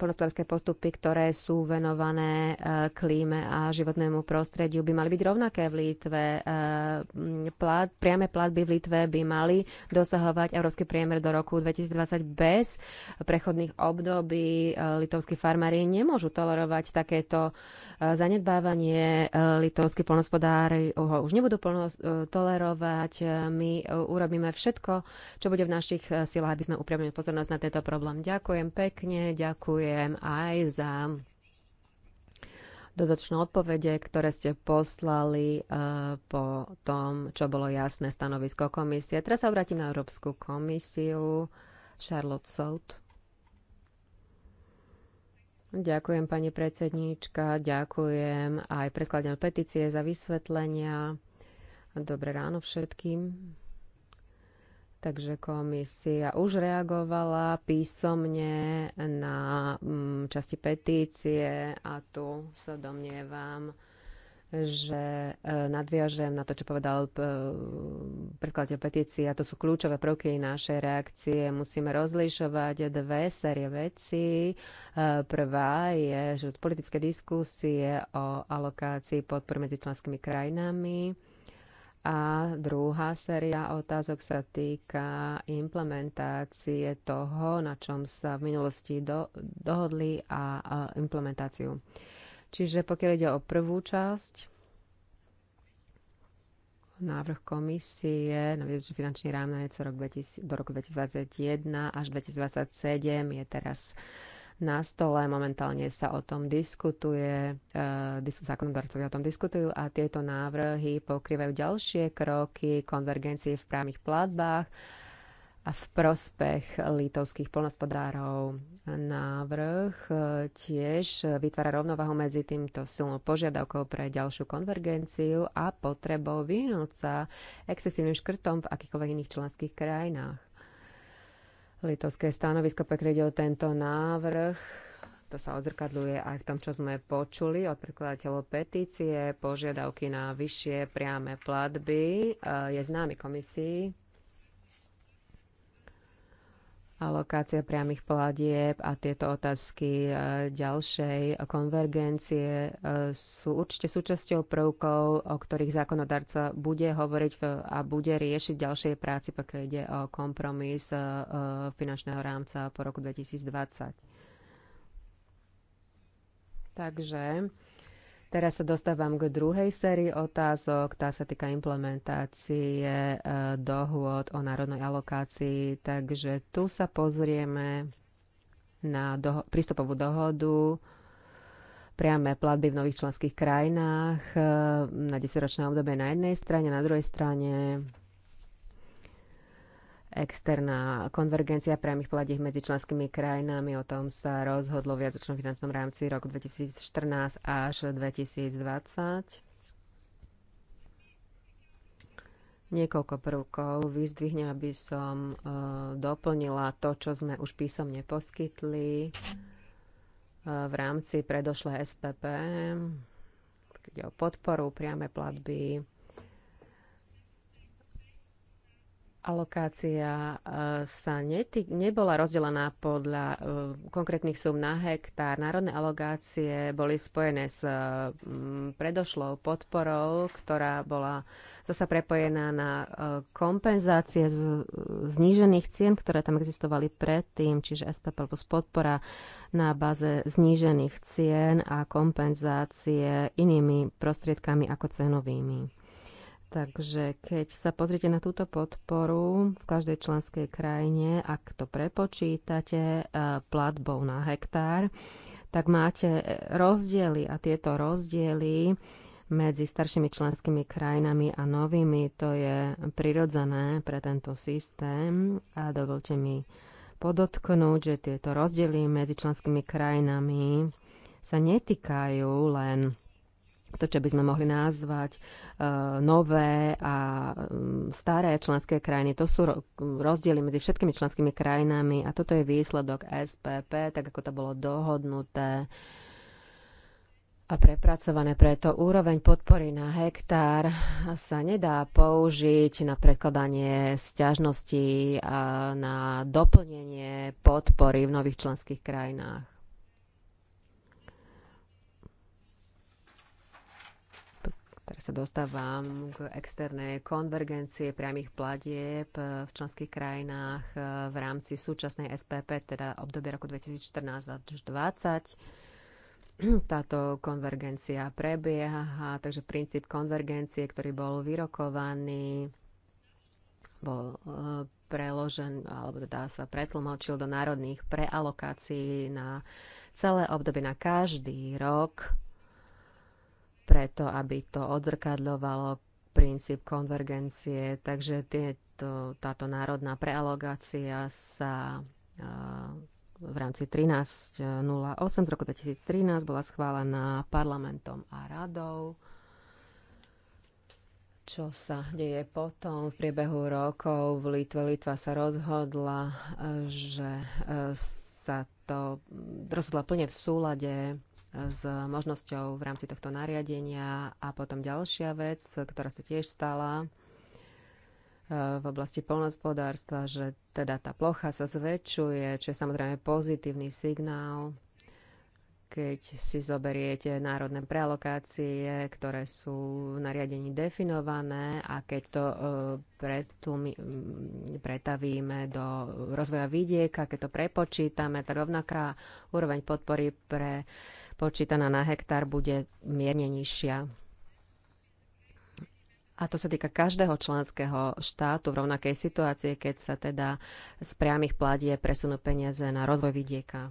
poľnohospodárske postupy, ktoré sú venované e, klíme a životnému prostrediu, by mali byť rovnaké v Litve. E, Plat, priame platby v Litve by mali dosahovať európsky priemer do roku 2020 bez prechodných období. E, litovskí farmári nemôžu tolerovať takéto zanedbávanie. Litovskí poľnohospodári ho už nebudú tolerovať. My urobíme všetko, čo bude v našich silách, aby sme upriamili pozornosť na tento problém. Ďakujem pekne. Ďakujem ďakujem aj za dodatočné odpovede, ktoré ste poslali eh, po tom, čo bolo jasné stanovisko komisie. Teraz sa obratím na Európsku komisiu. Charlotte Sout. Ďakujem, pani predsedníčka, ďakujem aj predkladateľ petície za vysvetlenia. Dobré ráno všetkým. Takže komisia už reagovala písomne na mm, časti petície a tu sa domnievam, že e, nadviažem na to, čo povedal e, predkladateľ petície a to sú kľúčové prvky našej reakcie. Musíme rozlišovať dve série veci. E, prvá je, že z politické diskusie o alokácii podpor medzi členskými krajinami a druhá séria otázok sa týka implementácie toho, na čom sa v minulosti do, dohodli a, a implementáciu. Čiže pokiaľ ide o prvú časť, návrh komisie na výročný finančný rámec rok do roku 2021 až 2027 je teraz na stole, momentálne sa o tom diskutuje, e, zákonodarcovia o tom diskutujú a tieto návrhy pokrývajú ďalšie kroky konvergencie v právnych platbách a v prospech litovských polnospodárov. Návrh e, tiež vytvára rovnovahu medzi týmto silnou požiadavkou pre ďalšiu konvergenciu a potrebou vyhnúť sa excesívnym škrtom v akýchkoľvek iných členských krajinách litovské stanovisko, pokiaľ tento návrh. To sa odzrkadľuje aj v tom, čo sme počuli od predkladateľov petície, požiadavky na vyššie priame platby. Eh, je známy komisii, alokácia priamých platieb a tieto otázky e, ďalšej konvergencie e, sú určite súčasťou prvkov, o ktorých zákonodarca bude hovoriť a bude riešiť ďalšej práci, pokiaľ ide o kompromis e, finančného rámca po roku 2020. Takže Teraz sa dostávam k druhej sérii otázok. Tá sa týka implementácie e, dohôd o národnej alokácii. Takže tu sa pozrieme na doho- prístupovú dohodu, priame platby v nových členských krajinách e, na 10-ročné obdobie na jednej strane, na druhej strane externá konvergencia priamých platí medzi členskými krajinami. O tom sa rozhodlo v jazyčnom finančnom rámci roku 2014 až 2020. Niekoľko prvkov vyzdvihnem, aby som e, doplnila to, čo sme už písomne poskytli e, v rámci predošlé SPP, kde o podporu priame platby Alokácia e, sa netý, nebola rozdelená podľa e, konkrétnych súm na hektár. Národné alokácie boli spojené s e, predošlou podporou, ktorá bola zasa prepojená na kompenzácie z znížených cien, ktoré tam existovali predtým, čiže SPP plus podpora na báze znížených cien a kompenzácie inými prostriedkami ako cenovými. Takže keď sa pozrite na túto podporu v každej členskej krajine, ak to prepočítate e, platbou na hektár, tak máte rozdiely a tieto rozdiely medzi staršími členskými krajinami a novými, to je prirodzené pre tento systém. A dovolte mi podotknúť, že tieto rozdiely medzi členskými krajinami sa netýkajú len to, čo by sme mohli nazvať e, nové a mm, staré členské krajiny. To sú rozdiely medzi všetkými členskými krajinami a toto je výsledok SPP, tak ako to bolo dohodnuté a prepracované. Preto úroveň podpory na hektár sa nedá použiť na predkladanie sťažností a na doplnenie podpory v nových členských krajinách. sa dostávam k externej konvergencie priamých platieb v členských krajinách e, v rámci súčasnej SPP, teda obdobie roku 2014 až 2020 (clears throat) táto konvergencia prebieha, takže princíp konvergencie, ktorý bol vyrokovaný, bol e, preložen, alebo teda sa pretlmočil do národných prealokácií na celé obdobie, na každý rok preto, aby to odzrkadľovalo princíp konvergencie, takže tieto, táto národná prealogácia sa e, v rámci 13.08 z roku 2013 bola schválená parlamentom a radou čo sa deje potom. V priebehu rokov v Litve Litva sa rozhodla, e, že e, sa to rozhodla plne v súlade s možnosťou v rámci tohto nariadenia. A potom ďalšia vec, ktorá sa tiež stala e, v oblasti polnospodárstva, že teda tá plocha sa zväčšuje, čo je samozrejme pozitívny signál, keď si zoberiete národné prealokácie, ktoré sú v nariadení definované a keď to e, pretavíme do rozvoja vidieka, keď to prepočítame, tá rovnaká úroveň podpory pre počítaná na hektár bude mierne nižšia. A to sa týka každého členského štátu v rovnakej situácii, keď sa teda z priamých pladie presunú peniaze na rozvoj vidieka.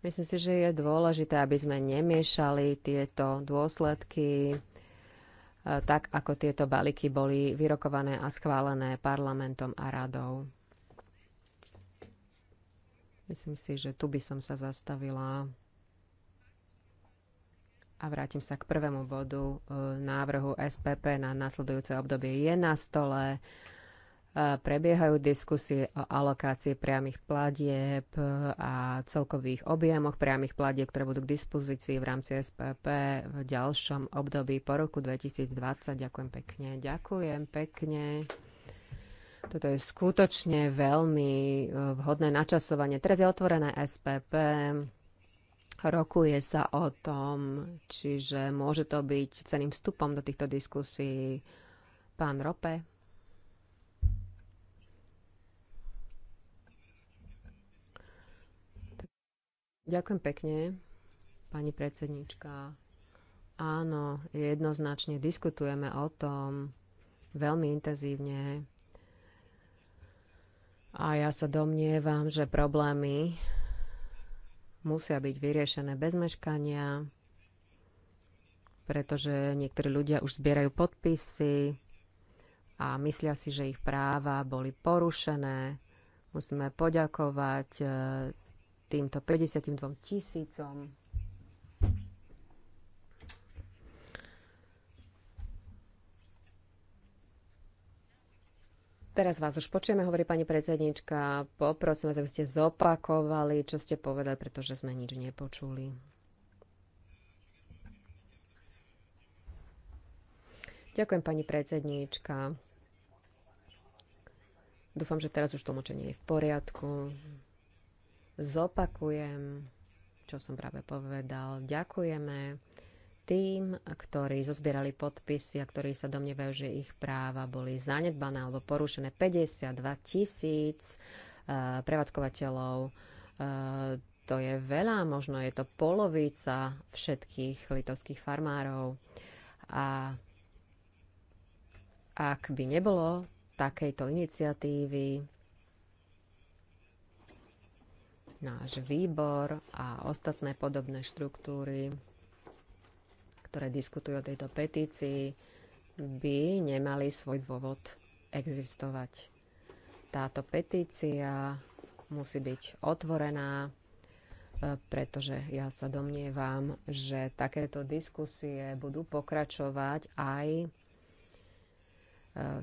Myslím si, že je dôležité, aby sme nemiešali tieto dôsledky e, tak, ako tieto balíky boli vyrokované a schválené parlamentom a radou. Myslím si, že tu by som sa zastavila a vrátim sa k prvému bodu e, návrhu SPP na nasledujúce obdobie. Je na stole, e, prebiehajú diskusie o alokácii priamých platieb e, a celkových objemoch priamých platieb, ktoré budú k dispozícii v rámci SPP v ďalšom období po roku 2020. Ďakujem pekne. Ďakujem pekne. Toto je skutočne veľmi vhodné načasovanie. Teraz je otvorené SPP. Rokuje sa o tom, čiže môže to byť ceným vstupom do týchto diskusí pán Rope. Ďakujem pekne, pani predsednička. Áno, jednoznačne diskutujeme o tom veľmi intenzívne. A ja sa domnievam, že problémy musia byť vyriešené bez meškania, pretože niektorí ľudia už zbierajú podpisy a myslia si, že ich práva boli porušené. Musíme poďakovať eh, týmto 52 tisícom Teraz vás už počujeme, hovorí pani predsednička. Poprosím vás, aby ste zopakovali, čo ste povedali, pretože sme nič nepočuli. Ďakujem, pani predsednička. Dúfam, že teraz už tlmočenie je v poriadku. Zopakujem, čo som práve povedal. Ďakujeme tým, ktorí zozbierali podpisy a ktorí sa domnievajú, že ich práva boli zanedbané alebo porušené. 52 tisíc uh, prevádzkovateľov, uh, to je veľa, možno je to polovica všetkých litovských farmárov. A ak by nebolo takejto iniciatívy, náš výbor a ostatné podobné štruktúry ktoré diskutujú o tejto petícii, by nemali svoj dôvod existovať. Táto petícia musí byť otvorená, e, pretože ja sa domnievam, že takéto diskusie budú pokračovať aj e,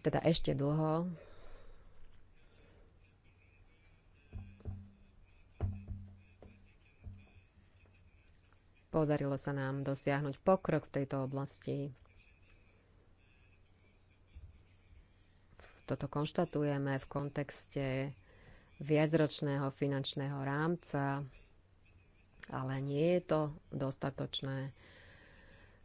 teda ešte dlho Podarilo sa nám dosiahnuť pokrok v tejto oblasti. Toto konštatujeme v kontexte viacročného finančného rámca, ale nie je to dostatočné.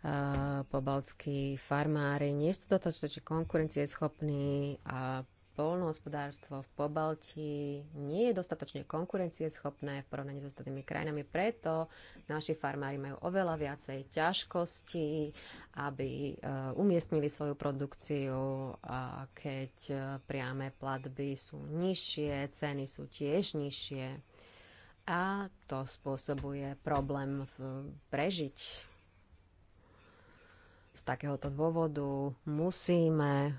Uh, pobaltskí farmári nie sú dostatočne konkurencieschopní a polnohospodárstvo v Pobalti nie je dostatočne konkurencieschopné v porovnaní s so ostatnými krajinami, preto naši farmári majú oveľa viacej ťažkostí, aby e, umiestnili svoju produkciu, a keď e, priame platby sú nižšie, ceny sú tiež nižšie a to spôsobuje problém prežiť. Z takéhoto dôvodu musíme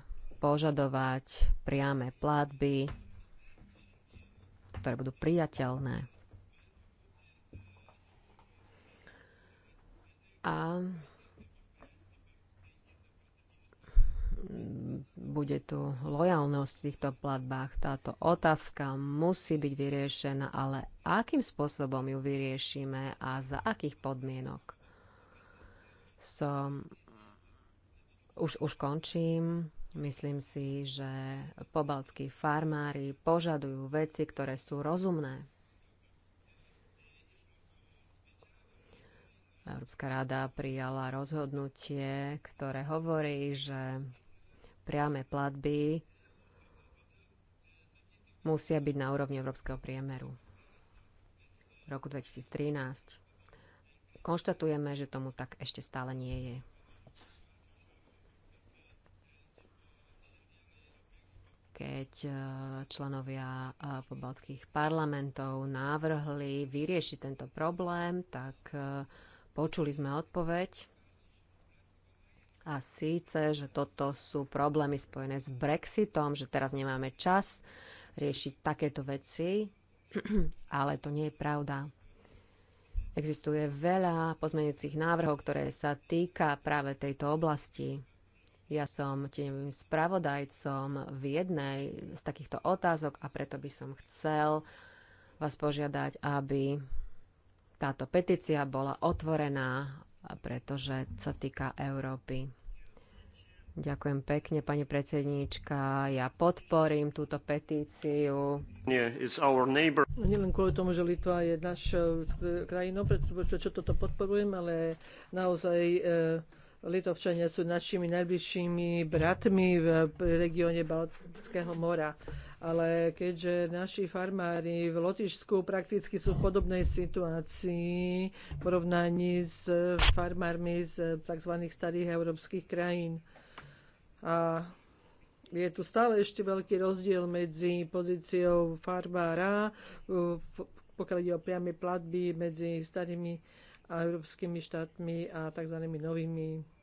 požadovať priame platby, ktoré budú priateľné. A bude tu lojalnosť v týchto platbách. Táto otázka musí byť vyriešená, ale akým spôsobom ju vyriešime a za akých podmienok? Som... Už, už končím. Myslím si, že pobaltskí farmári požadujú veci, ktoré sú rozumné. Európska rada prijala rozhodnutie, ktoré hovorí, že priame platby musia byť na úrovni európskeho priemeru. V roku 2013 konštatujeme, že tomu tak ešte stále nie je. keď e, členovia e, pobaltských parlamentov návrhli vyriešiť tento problém, tak e, počuli sme odpoveď. A síce, že toto sú problémy spojené s Brexitom, že teraz nemáme čas riešiť takéto veci, (clears throat) ale to nie je pravda. Existuje veľa pozmeňujúcich návrhov, ktoré sa týka práve tejto oblasti. Ja som tým spravodajcom v jednej z takýchto otázok a preto by som chcel vás požiadať, aby táto petícia bola otvorená, pretože sa týka Európy. Ďakujem pekne, pani predsedníčka. Ja podporím túto petíciu. Nie, no, len kvôli tomu, že Litva je našou e, krajinou, prečo toto podporujem, ale naozaj e Litovčania sú našimi najbližšími bratmi v regióne Baltického mora. Ale keďže naši farmári v Lotyšsku prakticky sú v podobnej situácii v porovnaní s farmármi z tzv. starých európskych krajín. A je tu stále ešte veľký rozdiel medzi pozíciou farmára, pokiaľ ide o priame platby medzi starými a európskymi štátmi a tzv. novými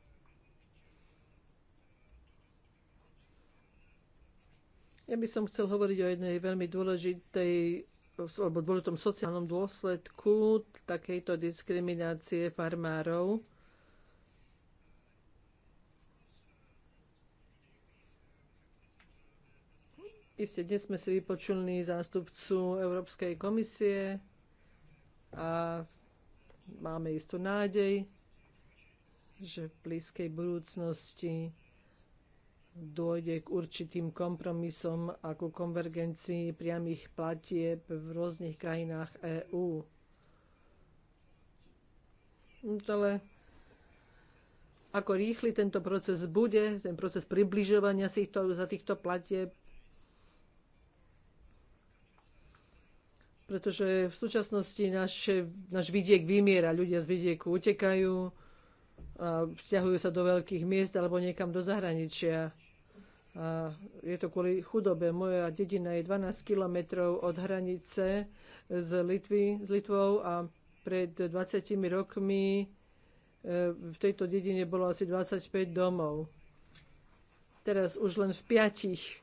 Ja by som chcel hovoriť o jednej veľmi dôležitej alebo dôležitom sociálnom dôsledku takejto diskriminácie farmárov. Isté, dnes sme si vypočuli zástupcu Európskej komisie a máme istú nádej, že v blízkej budúcnosti dôjde k určitým kompromisom a ku konvergencii priamých platieb v rôznych krajinách EÚ. Hm, ale ako rýchly tento proces bude, ten proces približovania si to, za týchto platieb, pretože v súčasnosti náš vidiek vymiera, ľudia z vidieku utekajú, a vzťahujú sa do veľkých miest alebo niekam do zahraničia. A je to kvôli chudobe. Moja dedina je 12 kilometrov od hranice z, Litvy, s Litvou a pred 20 rokmi e, v tejto dedine bolo asi 25 domov. Teraz už len v piatich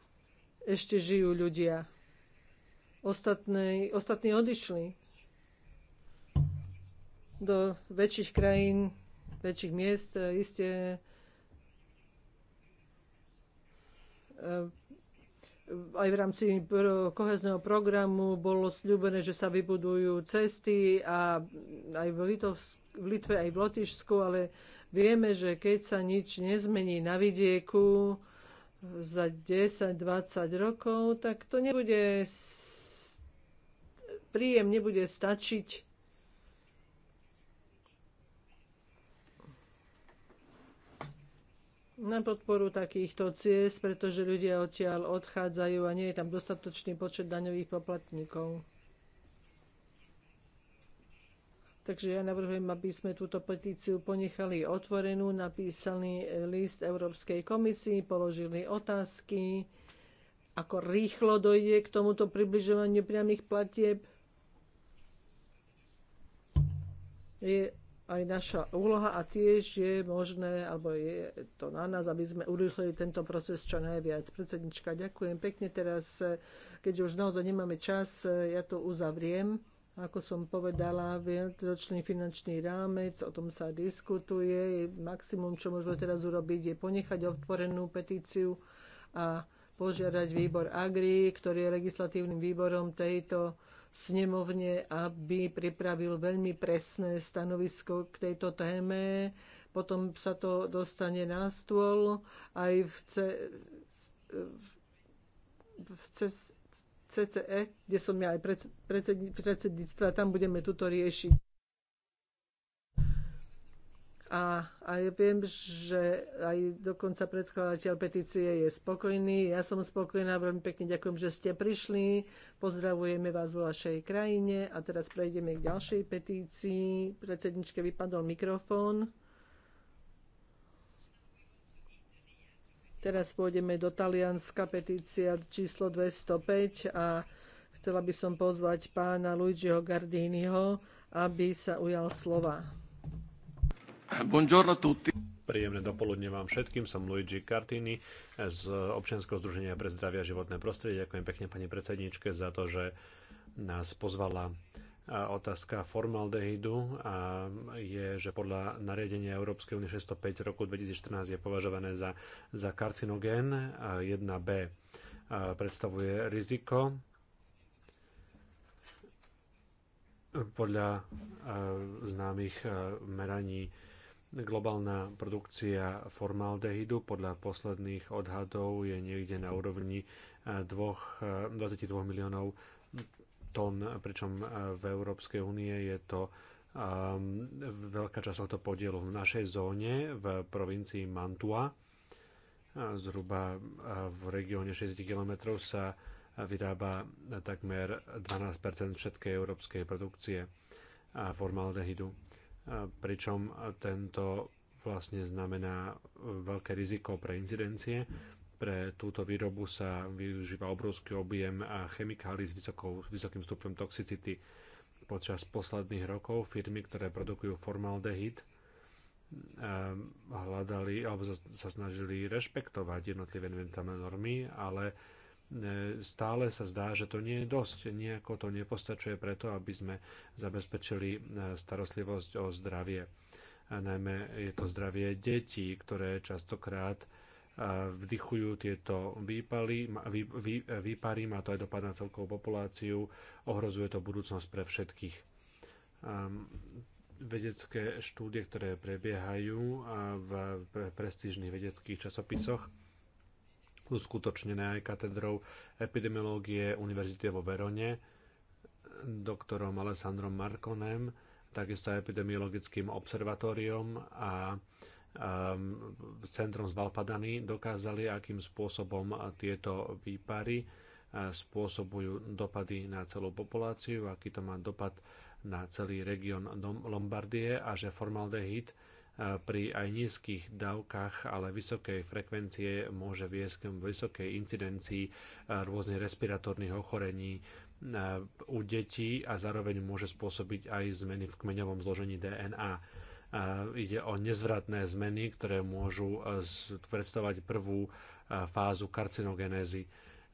ešte žijú ľudia. Ostatné, ostatní odišli do väčších krajín väčších miest. E, Isté e, aj v rámci kohezného programu bolo sľúbené, že sa vybudujú cesty a aj v, Litovsk- v Litve, aj v Lotyšsku, ale vieme, že keď sa nič nezmení na vidieku za 10-20 rokov, tak to nebude príjem nebude stačiť na podporu takýchto ciest, pretože ľudia odtiaľ odchádzajú a nie je tam dostatočný počet daňových poplatníkov. Takže ja navrhujem, aby sme túto petíciu ponechali otvorenú, napísali list Európskej komisii, položili otázky, ako rýchlo dojde k tomuto približovaniu priamých platieb. Je aj naša úloha a tiež je možné, alebo je to na nás, aby sme urýchlili tento proces čo najviac. Predsednička, ďakujem pekne teraz, keď už naozaj nemáme čas, ja to uzavriem. Ako som povedala, viacročný finančný rámec, o tom sa diskutuje. Maximum, čo môžeme teraz urobiť, je ponechať otvorenú petíciu a požiadať výbor AGRI, ktorý je legislatívnym výborom tejto snemovne, aby pripravil veľmi presné stanovisko k tejto téme. Potom sa to dostane na stôl aj v, C, v C, CCE, kde som ja aj predsedníctva, tam budeme tuto riešiť. A, a ja viem, že aj dokonca predkladateľ petície je spokojný. Ja som spokojná, veľmi pekne ďakujem, že ste prišli. Pozdravujeme vás vo vašej krajine. A teraz prejdeme k ďalšej petícii. Predsedničke vypadol mikrofón. Teraz pôjdeme do Talianska, petícia číslo 205 a chcela by som pozvať pána Luigiho Gardiniho, aby sa ujal slova. Buongiorno tutti. Príjemné dopoludne vám všetkým, som Luigi Cartini z Občianského združenia pre zdravie a životné prostredie. Ďakujem pekne pani predsedničke za to, že nás pozvala otázka formaldehydu a je, že podľa nariadenia Európskej únie 605 roku 2014 je považované za, za karcinogén 1B. Predstavuje riziko podľa známych meraní Globálna produkcia formaldehydu podľa posledných odhadov je niekde na úrovni 2, eh, 22 eh, miliónov tón, pričom eh, v Európskej únie je to um, veľká časť tohto podielu v našej zóne v provincii Mantua. Zhruba v regióne 60 km sa vyrába takmer 12 všetkej európskej produkcie formaldehydu pričom tento vlastne znamená e, veľké riziko pre incidencie. Pre túto výrobu sa využíva obrovský objem e, chemikálií s vysokou, vysokým stupňom toxicity. Počas posledných rokov firmy, ktoré produkujú formaldehyd, e, hľadali alebo sa snažili rešpektovať jednotlivé environmentálne normy, ale E, stále sa zdá, že to nie je dosť. Nejako to nepostačuje preto, aby sme zabezpečili e, starostlivosť o zdravie. A najmä je to zdravie detí, ktoré častokrát e, vdychujú tieto výpaly, vý, vý, výpary, má to aj dopad na celkovú populáciu, ohrozuje to budúcnosť pre všetkých. Um, vedecké štúdie, ktoré prebiehajú v prestížnych vedeckých časopisoch, uskutočnené aj katedrou epidemiológie Univerzity vo Verone, doktorom Alessandrom Markonem, takisto epidemiologickým observatóriom a um, centrom z Valpadany dokázali, akým spôsobom tieto výpary uh, spôsobujú dopady na celú populáciu, aký to má dopad na celý región Lombardie a že formaldehyd pri aj nízkych dávkach, ale vysokej frekvencie môže viesť k vysokej incidencii e, rôznych respiratórnych ochorení e, u detí a zároveň môže spôsobiť aj zmeny v kmeňovom zložení DNA. E, ide o nezvratné zmeny, ktoré môžu predstavovať prvú fázu karcinogenézy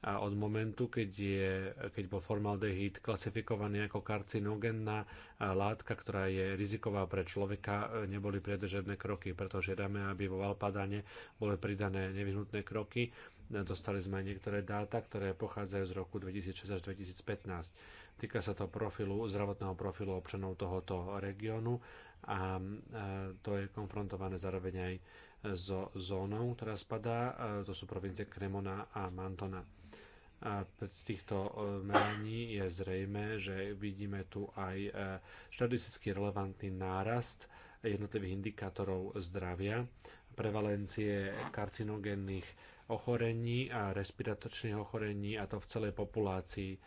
a od momentu, keď, je, keď bol formaldehyd klasifikovaný ako karcinogenná látka, ktorá je riziková pre človeka, neboli predržené kroky, pretože dáme, aby vo Valpadane boli pridané nevyhnutné kroky. Dostali sme aj niektoré dáta, ktoré pochádzajú z roku 2006 až 2015. Týka sa to profilu, zdravotného profilu občanov tohoto regiónu a to je konfrontované zároveň aj so zónou, ktorá spadá. To sú provincie Kremona a Mantona z týchto e, meraní je zrejme, že vidíme tu aj e, štatisticky relevantný nárast jednotlivých indikátorov zdravia, prevalencie karcinogénnych ochorení a respiratočných ochorení a to v celej populácii.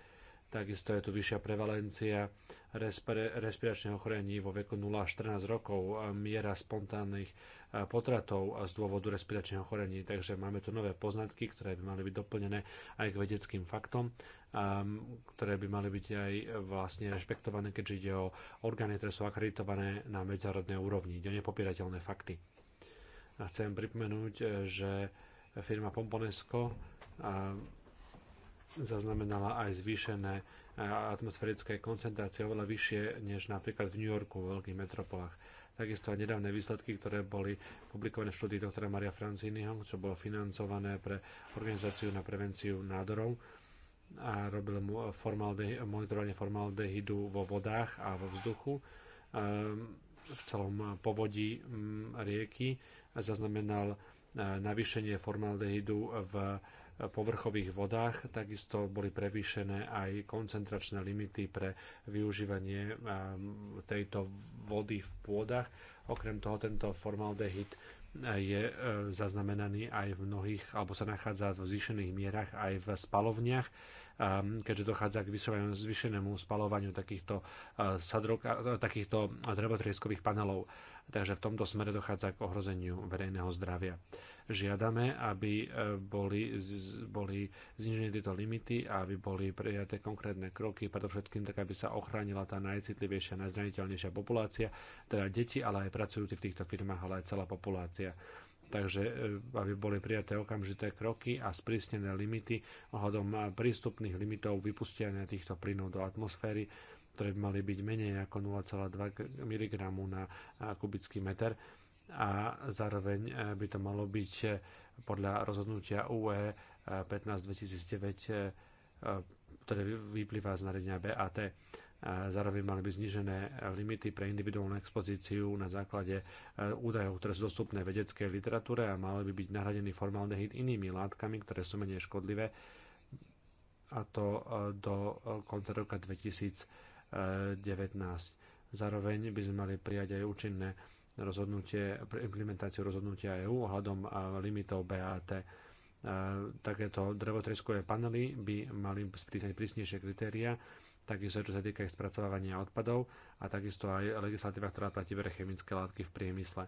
Takisto je tu vyššia prevalencia respiračných ochorení vo veku 0 až 14 rokov, miera spontánnych potratov z dôvodu respiračného chorenia. Takže máme tu nové poznatky, ktoré by mali byť doplnené aj k vedeckým faktom, ktoré by mali byť aj vlastne rešpektované, keďže ide o orgány, ktoré sú akreditované na medzárodnej úrovni. Ide o nepopierateľné fakty. A chcem pripomenúť, e, že firma Pomponesco zaznamenala aj zvýšené e, atmosférické koncentrácie oveľa vyššie než napríklad v New Yorku, v veľkých metropolách takisto aj nedávne výsledky, ktoré boli publikované v štúdii doktora Maria Franciniho, čo bolo financované pre organizáciu na prevenciu nádorov a robil mu formaldehy, monitorovanie formaldehydu vo vodách a vo vzduchu ehm, v celom povodí mm, rieky a zaznamenal eh, navýšenie formaldehydu v povrchových vodách. Takisto boli prevýšené aj koncentračné limity pre využívanie um, tejto vody v pôdach. Okrem toho tento formaldehyd eh, je eh, zaznamenaný aj v mnohých, alebo sa nachádza v zvýšených mierach aj v spalovniach, um, keďže dochádza k zvýšenému spalovaniu takýchto, eh, sadrok, takýchto drevotrieskových panelov. Takže v tomto smere dochádza k ohrozeniu verejného zdravia. Žiadame, aby e, boli, boli znižené tieto limity a aby boli prijaté konkrétne kroky, predovšetkým tak, aby sa ochránila tá najcitlivejšia, najzraniteľnejšia populácia, teda deti, ale aj pracujúci v týchto firmách, ale aj celá populácia. Takže e, aby boli prijaté okamžité kroky a sprísnené limity ohľadom prístupných limitov vypustenia týchto plynov do atmosféry, ktoré by mali byť menej ako 0,2 mg na kubický meter a zároveň eh, by to malo byť eh, podľa rozhodnutia UE 15-2009, eh, ktoré vyplýva z nariadenia BAT. Zároveň mali by znižené limity pre individuálnu expozíciu na základe údajov, ktoré sú dostupné vedeckej literatúre a mali by byť nahradený formaldehyd inými látkami, ktoré sú menej škodlivé a to do konca roka 2020 Zároveň by sme mali prijať aj účinné rozhodnutie, implementáciu rozhodnutia EÚ ohľadom limitov BAT. Takéto drevotreskové panely by mali sprísať prísnejšie kritéria, takisto čo sa týka ich spracovávania odpadov a takisto aj legislatíva, ktorá platí pre chemické látky v priemysle.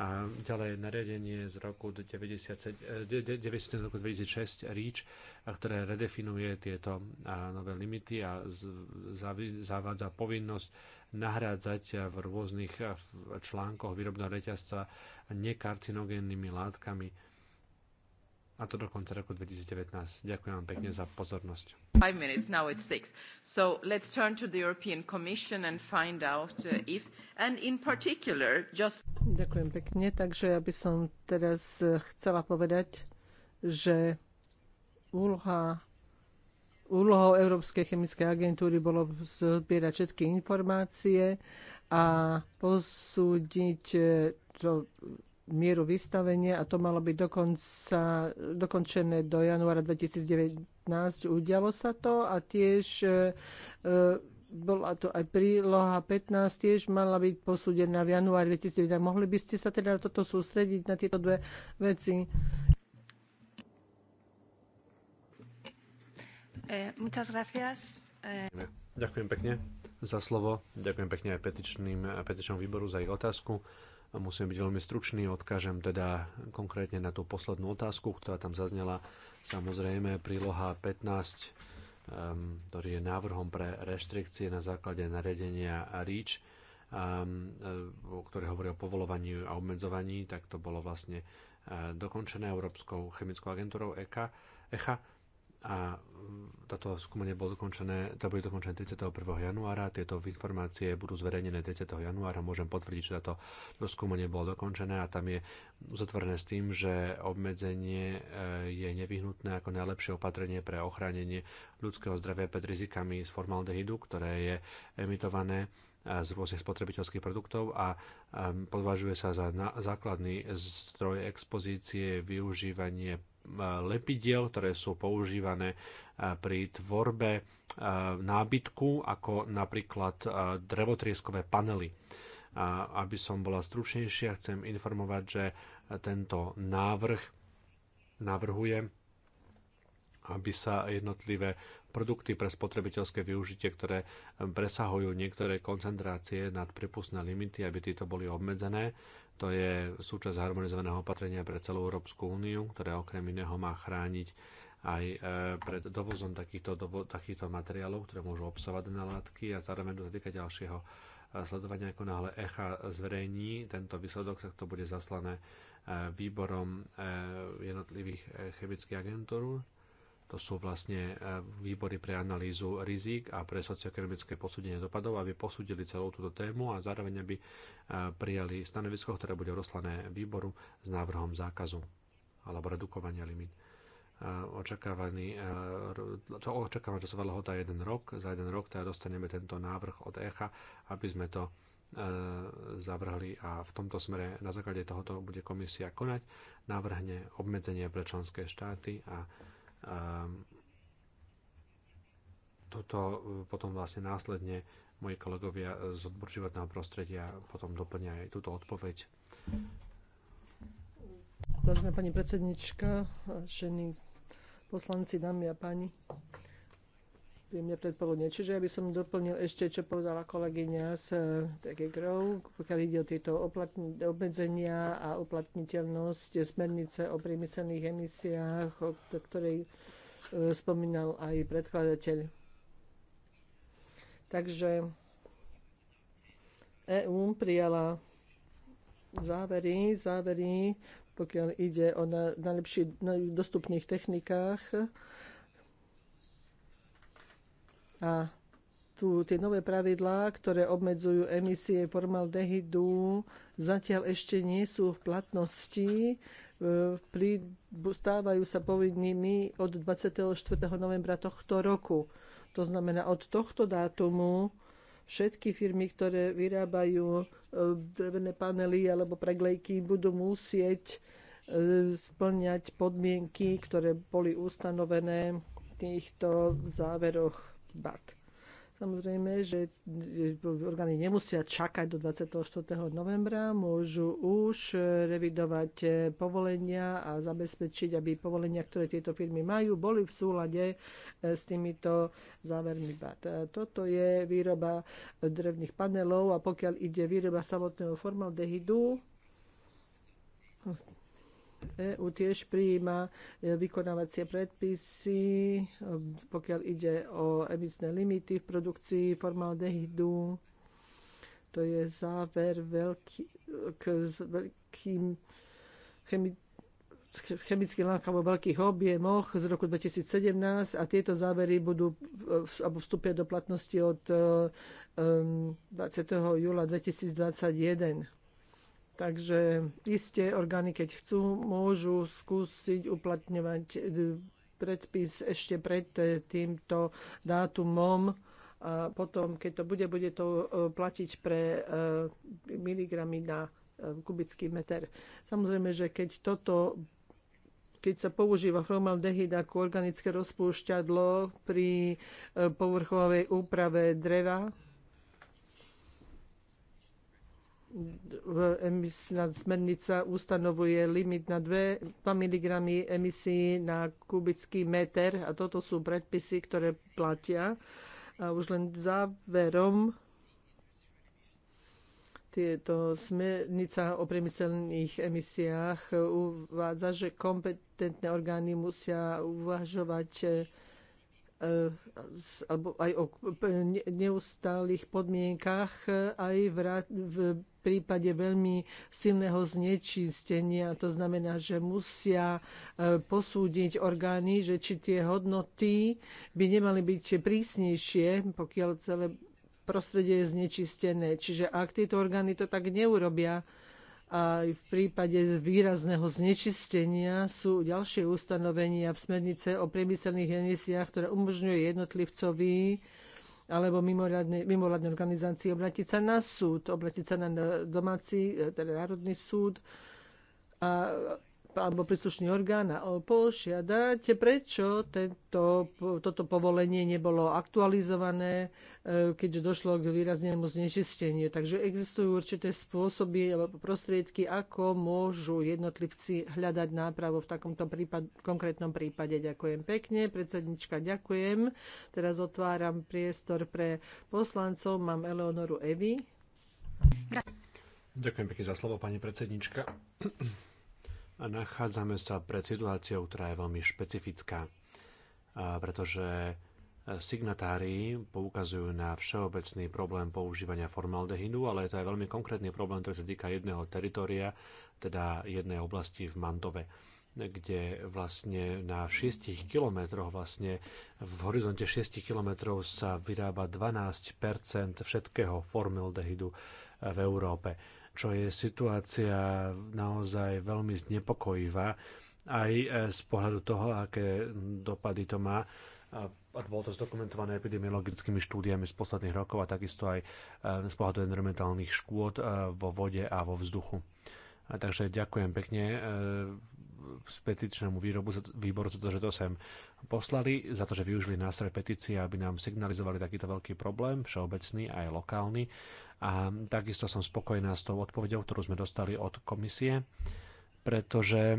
A ďalej nariadenie z roku 1996 90, roku 2006 REACH, ktoré redefinuje tieto nové limity a zavádza povinnosť nahrádzať v rôznych článkoch výrobného reťazca nekarcinogénnymi látkami a to do konca roku 2019. Ďakujem vám pekne za pozornosť. minutes, now it's So let's turn to the European Commission and find out uh, if, and in particular, just... Ďakujem pekne, takže ja by som teraz eh, chcela povedať, že úloha Úlohou Európskej chemickej agentúry bolo zbierať všetky informácie a posúdiť eh, to mieru vystavenia a to malo byť dokonca, dokončené do januára 2019. Udialo sa to a tiež e, e bola to aj príloha 15, tiež mala byť posúdená v januári 2019. Mohli by ste sa teda toto sústrediť na tieto dve veci? E, muchas gracias. E, Ďakujem pekne za slovo. Ďakujem pekne aj petičným, petičnom výboru za ich otázku. Musím byť veľmi stručný, odkážem teda konkrétne na tú poslednú otázku, ktorá tam zaznela. Samozrejme, príloha 15, ehm, ktorý je návrhom pre reštrikcie na základe nariadenia REACH, ehm, e, ktoré hovorí o povolovaní a obmedzovaní, tak to bolo vlastne e, dokončené Európskou chemickou agentúrou ECHA a toto skúmanie bolo dokončené, to bude dokončené 31. januára. Tieto informácie budú zverejnené 30. januára. Môžem potvrdiť, že toto skúmanie bolo dokončené a tam je zatvorené s tým, že obmedzenie e, je nevyhnutné ako najlepšie opatrenie pre ochránenie ľudského zdravia pred rizikami z formaldehydu, ktoré je emitované e, z rôznych spotrebiteľských produktov a e, podvažuje sa za základný zdroj expozície využívanie lepidiel, ktoré sú používané pri tvorbe nábytku, ako napríklad drevotrieskové panely. aby som bola stručnejšia, chcem informovať, že tento návrh navrhuje, aby sa jednotlivé produkty pre spotrebiteľské využitie, ktoré presahujú niektoré koncentrácie nad prípustné limity, aby títo boli obmedzené to je súčasť harmonizovaného opatrenia pre celú Európsku úniu, ktoré okrem iného má chrániť aj e, pred dovozom takýchto, dovo, takýchto materiálov, ktoré môžu obsahovať na látky a zároveň to týka ďalšieho e, sledovania, ako náhle ECHA zverejní tento výsledok, sa to bude zaslané e, výborom jednotlivých chemických agentúr to sú vlastne e, výbory pre analýzu rizik a pre socioekonomické posúdenie dopadov, aby posúdili celú túto tému a zároveň aby e, prijali stanovisko, ktoré bude rozslané výboru s návrhom zákazu alebo redukovania limit. E, očakávaný, to očakávaná časová lehota jeden rok. Za jeden rok teda dostaneme tento návrh od ECHA, aby sme to zavrhli a v tomto smere na základe tohoto bude komisia konať, navrhne obmedzenie pre členské štáty a toto e, potom vlastne následne moji kolegovia z odboru životného prostredia potom doplnia aj túto odpoveď. Vážená pani predsednička, ženy poslanci, dámy a páni, príjemne predpoludne. Čiže ja by som doplnil ešte, čo povedala kolegyňa z eh, TG pokiaľ ide o tieto obmedzenia a uplatniteľnosť smernice o priemyselných emisiách, o ktorej eh, spomínal aj predkladateľ. Takže EÚ prijala závery, závery, pokiaľ ide o najlepších dostupných technikách a tu tie nové pravidlá, ktoré obmedzujú emisie formaldehydu, zatiaľ ešte nie sú v platnosti. E, stávajú sa povinnými od 24. novembra tohto roku. To znamená, od tohto dátumu všetky firmy, ktoré vyrábajú e, drevené panely alebo preglejky, budú musieť e, splňať podmienky, ktoré boli ustanovené v týchto záveroch BAT. Samozrejme, že orgány nemusia čakať do 24. novembra, môžu už revidovať povolenia a zabezpečiť, aby povolenia, ktoré tieto firmy majú, boli v súlade e, s týmito závermi BAT. E, toto je výroba drevných panelov a pokiaľ ide výroba samotného formaldehydu, EU tiež prijíma e, vykonávacie predpisy, e, pokiaľ ide o emisné limity v produkcii formaldehydu. To je záver veľký, k, veľkým chemi, chemickým látkam vo veľkých objemoch z roku 2017 a tieto závery budú e, alebo vstúpia do platnosti od um, 20. júla 2021. Takže isté orgány, keď chcú, môžu skúsiť uplatňovať eh, predpis ešte pred eh, týmto dátumom a potom, keď to bude, bude to eh, platiť pre miligramy na kubický meter. Samozrejme, že keď toto keď sa používa formaldehyd ako organické rozpúšťadlo pri povrchovej úprave dreva, emisná smernica ustanovuje limit na 2 mg emisí na kubický meter a toto sú predpisy, ktoré platia. A už len záverom tieto smernica o priemyselných emisiách uvádza, že kompetentné orgány musia uvažovať Eh, alebo aj o neustálých podmienkach eh, aj v, v prípade veľmi silného znečistenia. To znamená, že musia eh, posúdiť orgány, že či tie hodnoty by nemali byť prísnejšie, pokiaľ celé prostredie je znečistené. Čiže ak tieto orgány to tak neurobia, a v prípade výrazného znečistenia sú ďalšie ustanovenia v smernice o priemyselných emisiách, ktoré umožňuje jednotlivcovi alebo mimoriadne, organizácii obratiť sa na súd, obratiť sa na domáci, e, teda Národný súd a alebo príslušný orgán požiadať, prečo tento, toto povolenie nebolo aktualizované, e, keďže došlo k výraznému znečisteniu. Takže existujú určité spôsoby alebo prostriedky, ako môžu jednotlivci hľadať nápravu v takomto prípad, konkrétnom prípade. Ďakujem pekne. Predsednička, ďakujem. Teraz otváram priestor pre poslancov. Mám Eleonoru Evi. Ďakujem pekne za slovo, pani predsednička a nachádzame sa pred situáciou, ktorá je veľmi špecifická, pretože e, signatári poukazujú na všeobecný problém používania formaldehydu, ale to je veľmi konkrétny problém, ktorý sa týka jedného teritoria, teda jednej oblasti v Mantove kde vlastne na 6 kilometroch vlastne v horizonte 6 kilometrov sa vyrába 12% všetkého formaldehydu v Európe čo je situácia naozaj veľmi znepokojivá aj e, z pohľadu toho, aké dopady to má a bolo to zdokumentované epidemiologickými štúdiami z posledných rokov a takisto aj e, z pohľadu environmentálnych škôd e, vo vode a vo vzduchu. A takže ďakujem pekne z petičnému výrobu, výboru za to, že to sem poslali, za to, že využili nástroj petície, aby nám signalizovali takýto veľký problém, všeobecný aj lokálny, a takisto som spokojná s tou odpovedou, ktorú sme dostali od komisie, pretože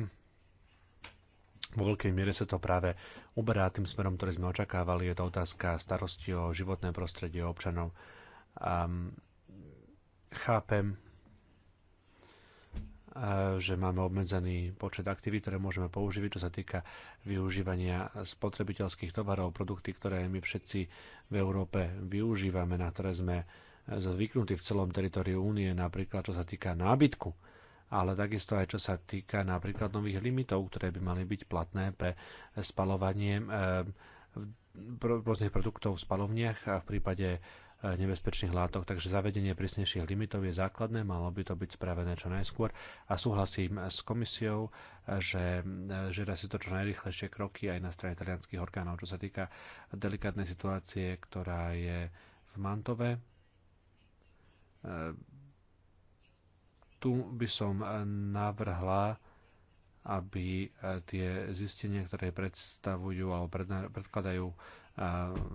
vo veľkej miere sa to práve uberá tým smerom, ktorý sme očakávali. Je to otázka starosti o životné prostredie občanov. Um, chápem, že máme obmedzený počet aktivít, ktoré môžeme použiť, čo sa týka využívania spotrebiteľských tovarov, produkty, ktoré my všetci v Európe využívame, na ktoré sme zvyknutí v celom teritoriu únie, napríklad čo sa týka nábytku, ale takisto aj čo sa týka napríklad nových limitov, ktoré by mali byť platné pre spalovanie eh, rôznych produktov v spalovniach a v prípade eh, nebezpečných látok, takže zavedenie prísnejších limitov je základné, malo by to byť spravené čo najskôr a súhlasím s komisiou, že eh, žiada si to čo najrychlejšie kroky aj na strane talianských orgánov, čo sa týka delikátnej situácie, ktorá je v Mantove, tu by som navrhla, aby e, tie zistenia, ktoré predstavujú alebo predkladajú e,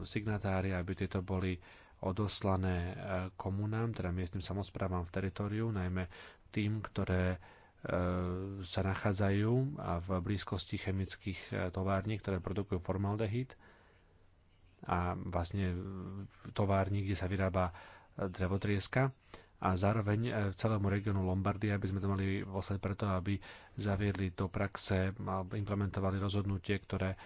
signatári, aby tieto boli odoslané e, komunám, teda miestnym samozprávam v teritoriu, najmä tým, ktoré sa nachádzajú v blízkosti chemických tovární, ktoré produkujú formaldehyd a vlastne tovární, kde sa vyrába drevotrieska a zároveň v e, celému regiónu Lombardy, aby sme to mali vlastne preto, aby zaviedli do praxe a implementovali rozhodnutie, ktoré e,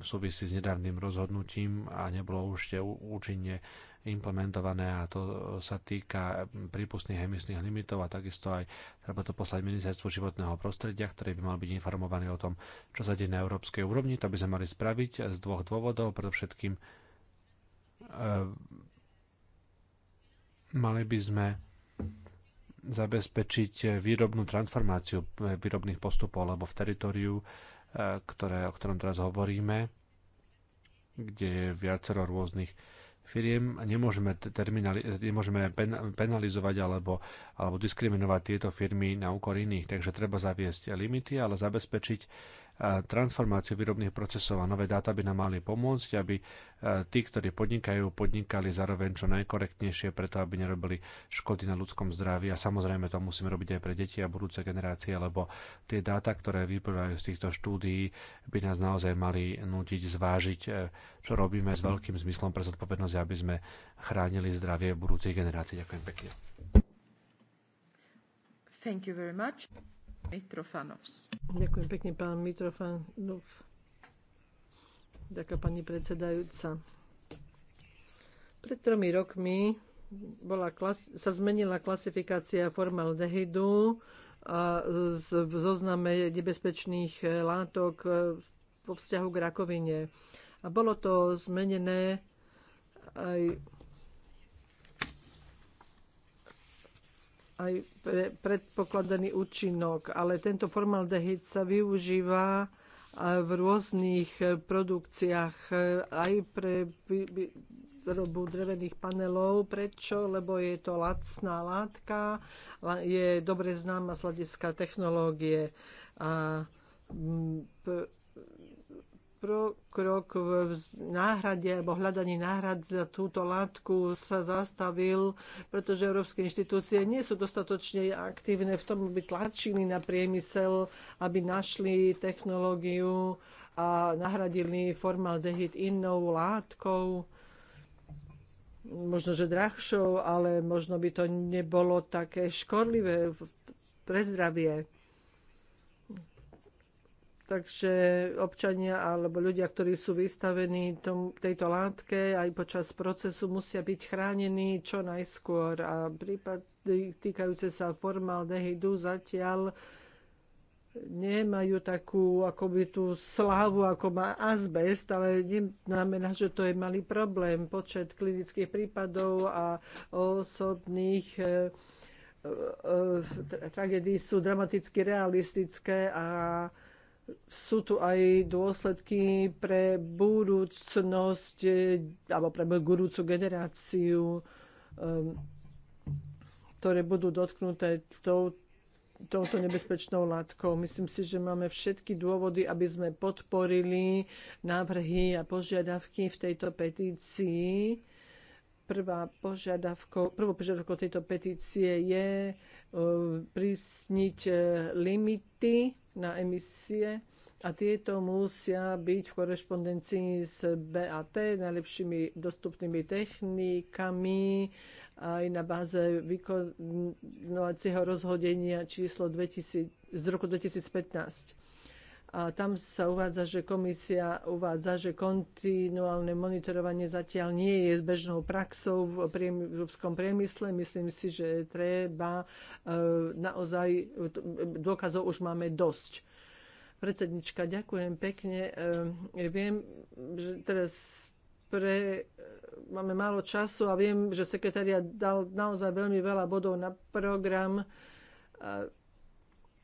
súvisí s nedávnym rozhodnutím a nebolo už účinne implementované a to sa týka prípustných emisných limitov a takisto aj treba to poslať ministerstvu životného prostredia, ktorý by mal byť informovaný o tom, čo sa deje na európskej úrovni. To by sme mali spraviť z dvoch dôvodov. Predovšetkým e, Mali by sme zabezpečiť výrobnú transformáciu výrobných postupov, lebo v teritoriu, e, ktoré, o ktorom teraz hovoríme, kde je viacero rôznych firiem nemôžeme, terminali- nemôžeme penalizovať alebo, alebo diskriminovať tieto firmy na úkor iných. Takže treba zaviesť limity, ale zabezpečiť transformáciu výrobných procesov a nové dáta by nám mali pomôcť, aby e, tí, ktorí podnikajú, podnikali zároveň čo najkorektnejšie, preto aby nerobili škody na ľudskom zdraví. A samozrejme to musíme robiť aj pre deti a budúce generácie, lebo tie dáta, ktoré vyplývajú z týchto štúdií, by nás naozaj mali nútiť zvážiť, e, čo robíme s veľkým zmyslom pre zodpovednosť, aby sme chránili zdravie budúcich generácií. Ďakujem pekne. Thank you very much. Mitrofanovs. Ďakujem pekne, pán Mitrofanov. Ďakujem, pani predsedajúca. Pred tromi rokmi bola klas- sa zmenila klasifikácia formaldehydu a z- v zozname nebezpečných látok e, vo vzťahu k rakovine. A bolo to zmenené aj aj pre, predpokladaný účinok, ale tento formaldehyd sa využíva v rôznych e, produkciách e, aj pre výrobu drevených panelov. Prečo? Lebo je to lacná látka, je dobre známa z hľadiska technológie. A krok v náhrade alebo hľadaní náhrad za túto látku sa zastavil, pretože európske inštitúcie nie sú dostatočne aktívne v tom, aby tlačili na priemysel, aby našli technológiu a nahradili formaldehyd inou látkou možno, že drahšou, ale možno by to nebolo také škodlivé pre zdravie. Takže občania alebo ľudia, ktorí sú vystavení tom, tejto látke aj počas procesu, musia byť chránení čo najskôr. A prípady týkajúce sa formaldehydu zatiaľ nemajú takú akoby tú slávu, ako má azbest, ale neznamená, že to je malý problém. Počet klinických prípadov a osobných e, e, e tragédií sú dramaticky realistické a sú tu aj dôsledky pre budúcnosť e, alebo pre budúcu generáciu, ehm, ktoré budú dotknuté tou, touto nebezpečnou látkou. Myslím si, že máme všetky dôvody, aby sme podporili návrhy a požiadavky v tejto petícii. Prvá požiadavko, prvou požiadavkou tejto petície je e, prísniť e, limity na emisie a tieto musia byť v korešpondencii s BAT, najlepšími dostupnými technikami, aj na báze vykonovacieho rozhodenia číslo 2000, z roku 2015. A tam sa uvádza, že komisia uvádza, že kontinuálne monitorovanie zatiaľ nie je bežnou praxou v európskom priemysle. Myslím si, že treba e, naozaj, dôkazov už máme dosť. Predsednička, ďakujem pekne. E, viem, že teraz pre, máme málo času a viem, že sekretariat dal naozaj veľmi veľa bodov na program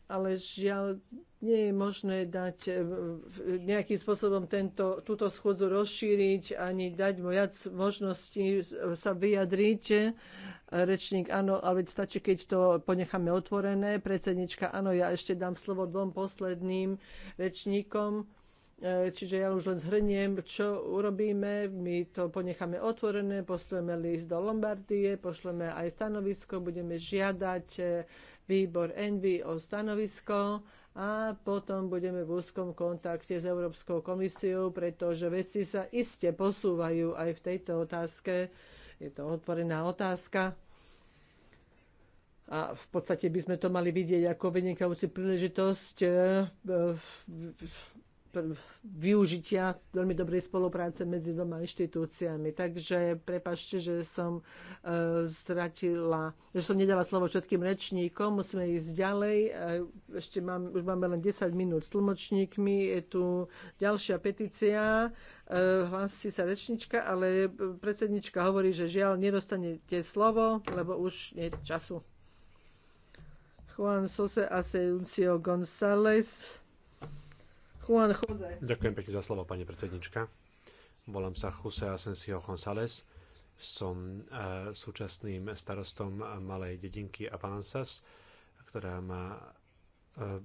ale žiaľ nie je možné dať e, nejakým spôsobom tento, túto schôdzu rozšíriť ani dať mu viac možností e, sa vyjadriť. E, rečník, áno, ale stačí, keď to ponecháme otvorené. Predsednička, áno, ja ešte dám slovo dvom posledným rečníkom. Čiže ja už len zhrniem, čo urobíme. My to ponecháme otvorené, pošleme list do Lombardie, pošleme aj stanovisko, budeme žiadať výbor Envy o stanovisko a potom budeme v úzkom kontakte s Európskou komisiou, pretože veci sa iste posúvajú aj v tejto otázke. Je to otvorená otázka. A v podstate by sme to mali vidieť ako vynikajúci príležitosť eh, využitia veľmi dobrej spolupráce medzi dvoma inštitúciami. Takže prepašte, že som e, stratila, že som nedala slovo všetkým rečníkom. Musíme ísť ďalej. E, ešte mám, už máme len 10 minút s tlmočníkmi. Je tu ďalšia petícia. E, hlasí sa rečnička, ale predsednička hovorí, že žiaľ nedostanete slovo, lebo už je času. Juan Sose Asensio González Juan Jose. Ďakujem pekne za slovo, pani predsednička. Volám sa Jose Asensio González. Som e, súčasným starostom e, malej dedinky Avanzas, ktorá má e,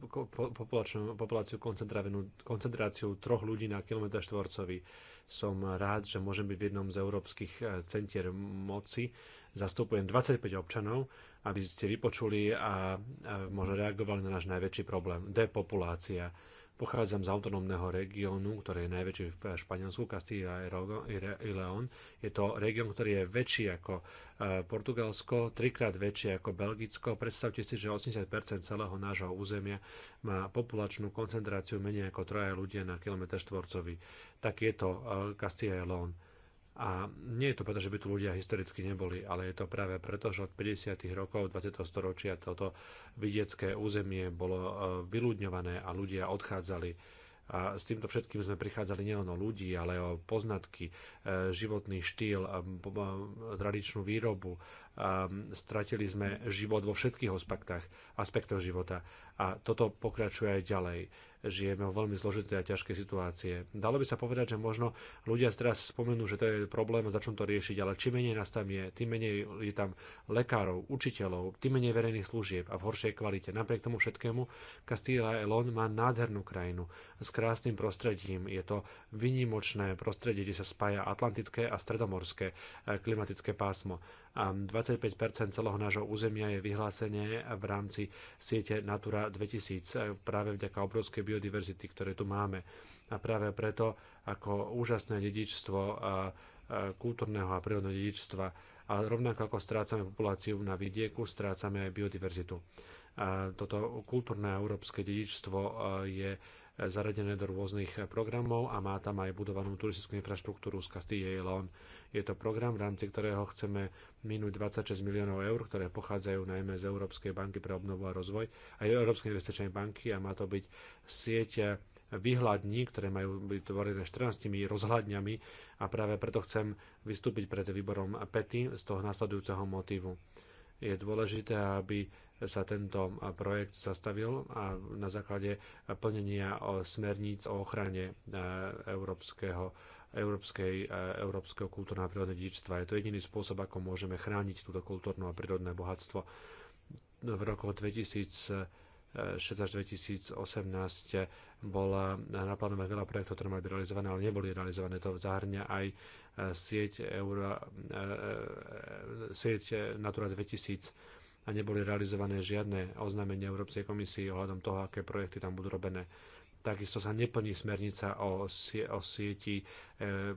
populáciu koncentráciu troch ľudí na kilometr štvorcový. Som rád, že môžem byť v jednom z európskych centier moci. Zastupujem 25 občanov, aby ste vypočuli a možno reagovali na náš najväčší problém. Depopulácia Pochádzam z autonómneho regiónu, ktorý je najväčší v Španielsku, Castilla y León. Je to región, ktorý je väčší ako e, Portugalsko, trikrát väčšie ako Belgicko. Predstavte si, že 80% celého nášho územia má populačnú koncentráciu menej ako troja ľudia na kilometr štvorcový. Tak je to e, Castilla y León. A nie je to preto, že by tu ľudia historicky neboli, ale je to práve preto, že od 50. rokov 20. storočia toto vidiecké územie bolo e, vyľudňované a ľudia odchádzali. A s týmto všetkým sme prichádzali nielen o ľudí, ale o poznatky, e, životný štýl, tradičnú výrobu. Stratili sme život vo všetkých aspektách, aspektoch života. A toto pokračuje aj ďalej žijeme vo veľmi zložité a ťažké situácie. Dalo by sa povedať, že možno ľudia teraz spomenú, že to je problém a začnú to riešiť, ale čím menej nás tam je, tým menej je tam lekárov, učiteľov, tým menej verejných služieb a v horšej kvalite. Napriek tomu všetkému Castilla Elon má nádhernú krajinu s krásnym prostredím. Je to vynimočné prostredie, kde sa spája atlantické a stredomorské eh, klimatické pásmo. 25 celého nášho územia je vyhlásenie v rámci siete Natura 2000 e, práve vďaka obrovskej biodiverzity, ktoré tu máme. A práve preto, ako úžasné dedičstvo e, e, kultúrneho a prírodného dedičstva, a rovnako ako strácame populáciu na vidieku, strácame aj biodiverzitu. A toto kultúrne a európske dedičstvo je zaradené do rôznych programov a má tam aj budovanú turistickú infraštruktúru z Castilla y León je to program, v rámci ktorého chceme minúť 26 miliónov eur, ktoré pochádzajú najmä z Európskej banky pre obnovu a rozvoj a Európskej investičnej banky a má to byť sieť vyhľadní, ktoré majú byť tvorené 14 rozhľadňami a práve preto chcem vystúpiť pred výborom PETI z toho nasledujúceho motívu. Je dôležité, aby sa tento projekt zastavil a na základe plnenia o smerníc o ochrane e, európskeho európskej, e, európskeho kultúrneho a prírodného dedičstva. Je to jediný spôsob, ako môžeme chrániť túto kultúrne a prírodné bohatstvo. V rokoch 2000 6 až 2018 bola naplánovaná veľa projektov, ktoré mali byť realizované, ale neboli realizované. To zahrňa aj e, sieť, Euro, e, sieť Natura 2000 a neboli realizované žiadne oznámenia Európskej komisii ohľadom toho, aké projekty tam budú robené. Takisto sa neplní smernica o, sie, o sieti e,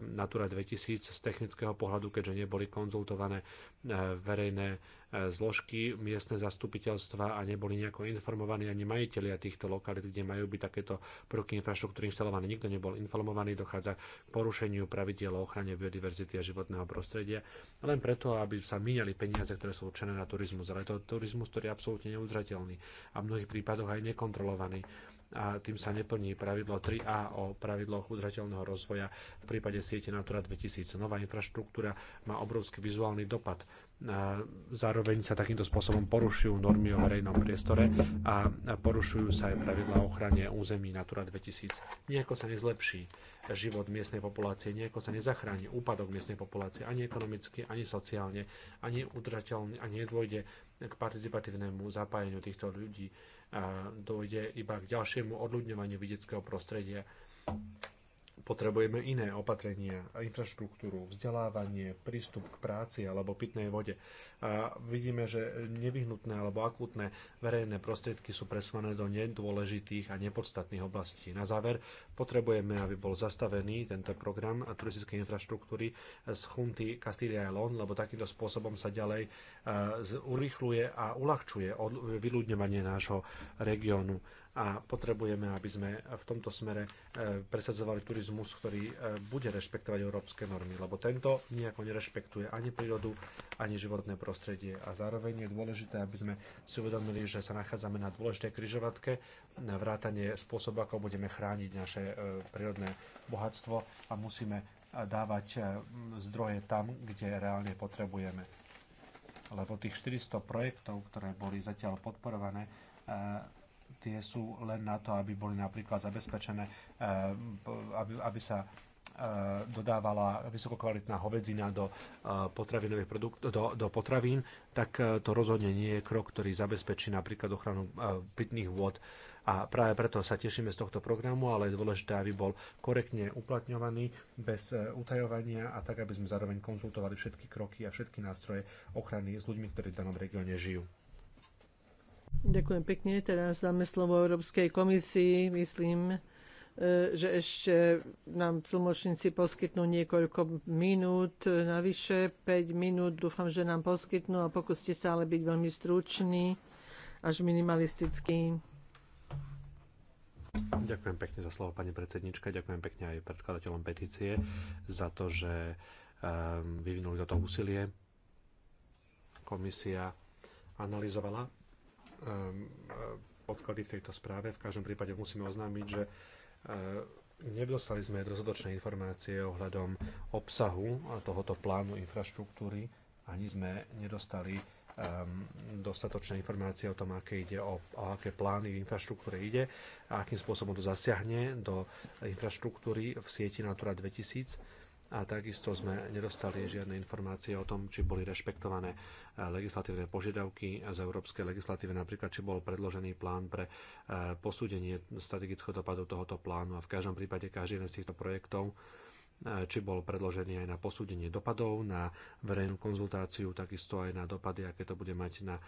Natura 2000 z technického pohľadu, keďže neboli konzultované e, verejné e, zložky, miestne zastupiteľstva a neboli nejako informovaní ani majiteľia týchto lokalít, kde majú byť takéto prvky infraštruktúry inštalované. Nikto nebol informovaný, dochádza k porušeniu pravidiel o ochrane biodiverzity a životného prostredia, len preto, aby sa míňali peniaze, ktoré sú určené na turizmus. Ale to je turizmus, ktorý je absolútne neudržateľný a v mnohých prípadoch aj nekontrolovaný a tým sa neplní pravidlo 3a o pravidloch udržateľného rozvoja v prípade siete Natura 2000. Nová infraštruktúra má obrovský vizuálny dopad zároveň sa takýmto spôsobom porušujú normy o verejnom priestore a porušujú sa aj pravidlá ochrane území Natura 2000. Nejako sa nezlepší život miestnej populácie, nejako sa nezachráni úpadok miestnej populácie ani ekonomicky, ani sociálne, ani udržateľne a nedôjde k participatívnemu zapájeniu týchto ľudí dojde iba k ďalšiemu odľudňovaniu vidieckého prostredia. Potrebujeme iné opatrenia, infraštruktúru, vzdelávanie, prístup k práci alebo pitnej vode. A vidíme, že nevyhnutné alebo akútne verejné prostriedky sú presvané do nedôležitých a nepodstatných oblastí. Na záver, potrebujeme, aby bol zastavený tento program turistickej infraštruktúry z chunty Castilla y León, lebo takýmto spôsobom sa ďalej e, urychluje a uľahčuje vyľudňovanie nášho regiónu a potrebujeme, aby sme v tomto smere e, presadzovali turizmus, ktorý e, bude rešpektovať európske normy, lebo tento nejako nerešpektuje ani prírodu, ani životné prostredie. A zároveň je dôležité, aby sme si uvedomili, že sa nachádzame na dôležitej križovatke na vrátanie spôsobu, ako budeme chrániť naše e, prírodné bohatstvo a musíme dávať zdroje tam, kde reálne potrebujeme. Lebo tých 400 projektov, ktoré boli zatiaľ podporované, tie sú len na to, aby boli napríklad zabezpečené, eh, aby, aby sa eh, dodávala vysokokvalitná hovedzina do, eh, potravinových produkt, do, do potravín, tak to rozhodne nie je krok, ktorý zabezpečí napríklad ochranu pitných vôd. A práve preto sa tešíme z tohto programu, ale je dôležité, aby bol korektne uplatňovaný, bez utajovania a tak, aby sme zároveň konzultovali všetky kroky a všetky nástroje ochrany s ľuďmi, ktorí v danom regióne žijú. Ďakujem pekne. Teraz dáme slovo Európskej komisii. Myslím, e, že ešte nám tlmočníci poskytnú niekoľko minút, e, navyše 5 minút, dúfam, že nám poskytnú a pokúste sa ale byť veľmi stručný až minimalistický. Ďakujem pekne za slovo, pani predsednička. Ďakujem pekne aj predkladateľom petície za to, že ehm, vyvinuli toto úsilie. Komisia analyzovala Ehm, e, podklady v tejto správe. V každom prípade musíme oznámiť, že ehm, nedostali sme dostatočné informácie ohľadom obsahu tohoto plánu infraštruktúry, ani sme nedostali um, dostatočné informácie o tom, aké ide o, o aké plány v infraštruktúre ide a akým spôsobom to zasiahne do infraštruktúry v sieti Natura 2000 a takisto sme nedostali žiadne informácie o tom, či boli rešpektované e, legislatívne požiadavky z európskej legislatívy, napríklad či bol predložený plán pre e, posúdenie strategického dopadu tohoto plánu a v každom prípade každý jeden z týchto projektov e, či bol predložený aj na posúdenie dopadov, na verejnú konzultáciu, takisto aj na dopady, aké to bude mať na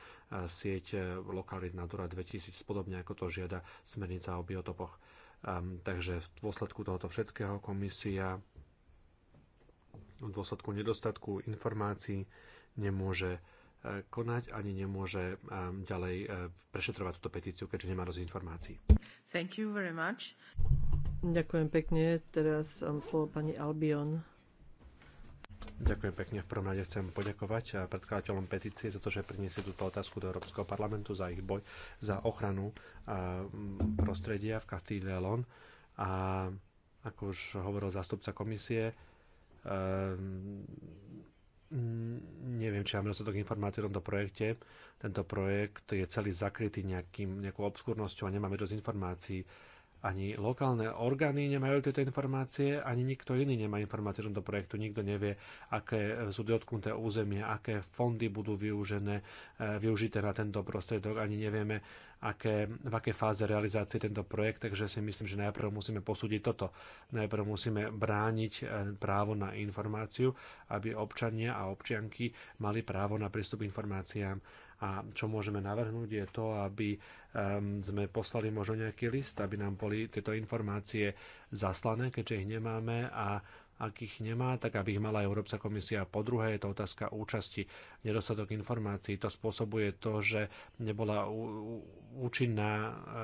sieť lokalit Natura 2000, podobne ako to žiada smernica o biotopoch. Um, takže v dôsledku tohoto všetkého komisia v dôsledku nedostatku informácií nemôže e, konať ani nemôže e, ďalej e, prešetrovať túto petíciu, keďže nemá dosť informácií. Thank you very much. Ďakujem pekne. Teraz um, slovo pani Albion. Ďakujem pekne. V prvom rade chcem poďakovať predkladateľom petície za to, že priniesli túto otázku do Európskeho parlamentu za ich boj za ochranu prostredia v Castile León. A ako už hovoril zástupca komisie, Ehm, neviem, či mám dostatok informácií o tomto projekte. Tento projekt je celý zakrytý nejakým, nejakou obskúrnosťou a nemáme dosť informácií ani lokálne orgány nemajú tieto informácie, ani nikto iný nemá informácie o tomto projektu. Nikto nevie, aké sú dotknuté územie, aké fondy budú využené, e, využité na tento prostriedok. Ani nevieme, aké, v aké fáze realizácie tento projekt, takže si myslím, že najprv musíme posúdiť toto. Najprv musíme brániť e, právo na informáciu, aby občania a občianky mali právo na prístup k informáciám a čo môžeme navrhnúť je to, aby ehm, sme poslali možno nejaký list, aby nám boli tieto informácie zaslané, keďže ich nemáme a ak ich nemá, tak aby ich mala Európska komisia. Po druhé je to otázka účasti. Nedostatok informácií. To spôsobuje to, že nebola účinná, e,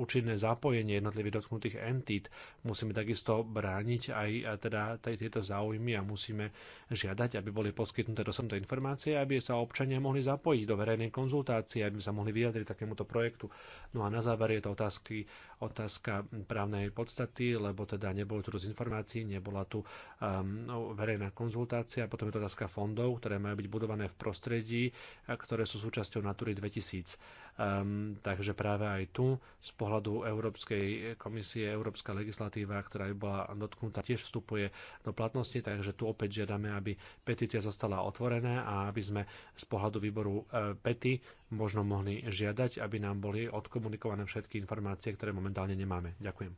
účinné zapojenie jednotlivých dotknutých entít. Musíme takisto brániť aj teda tieto záujmy a musíme žiadať, aby boli poskytnuté dosadnuté informácie, aby sa občania mohli zapojiť do verejnej konzultácie, aby sa mohli vyjadriť takémuto projektu. No a na záver je to otázky, otázka právnej podstaty, lebo teda nebolo tu z informácií, nebola tu Ehm, no, verejná konzultácia, potom je to otázka fondov, ktoré majú byť budované v prostredí, ktoré sú súčasťou Natury 2000. Um, takže práve aj tu z pohľadu Európskej komisie, Európska legislatíva, ktorá by bola dotknutá, tiež vstupuje do platnosti, takže tu opäť žiadame, aby petícia zostala otvorená a aby sme z pohľadu výboru e, PETI možno mohli žiadať, aby nám boli odkomunikované všetky informácie, ktoré momentálne nemáme. Ďakujem.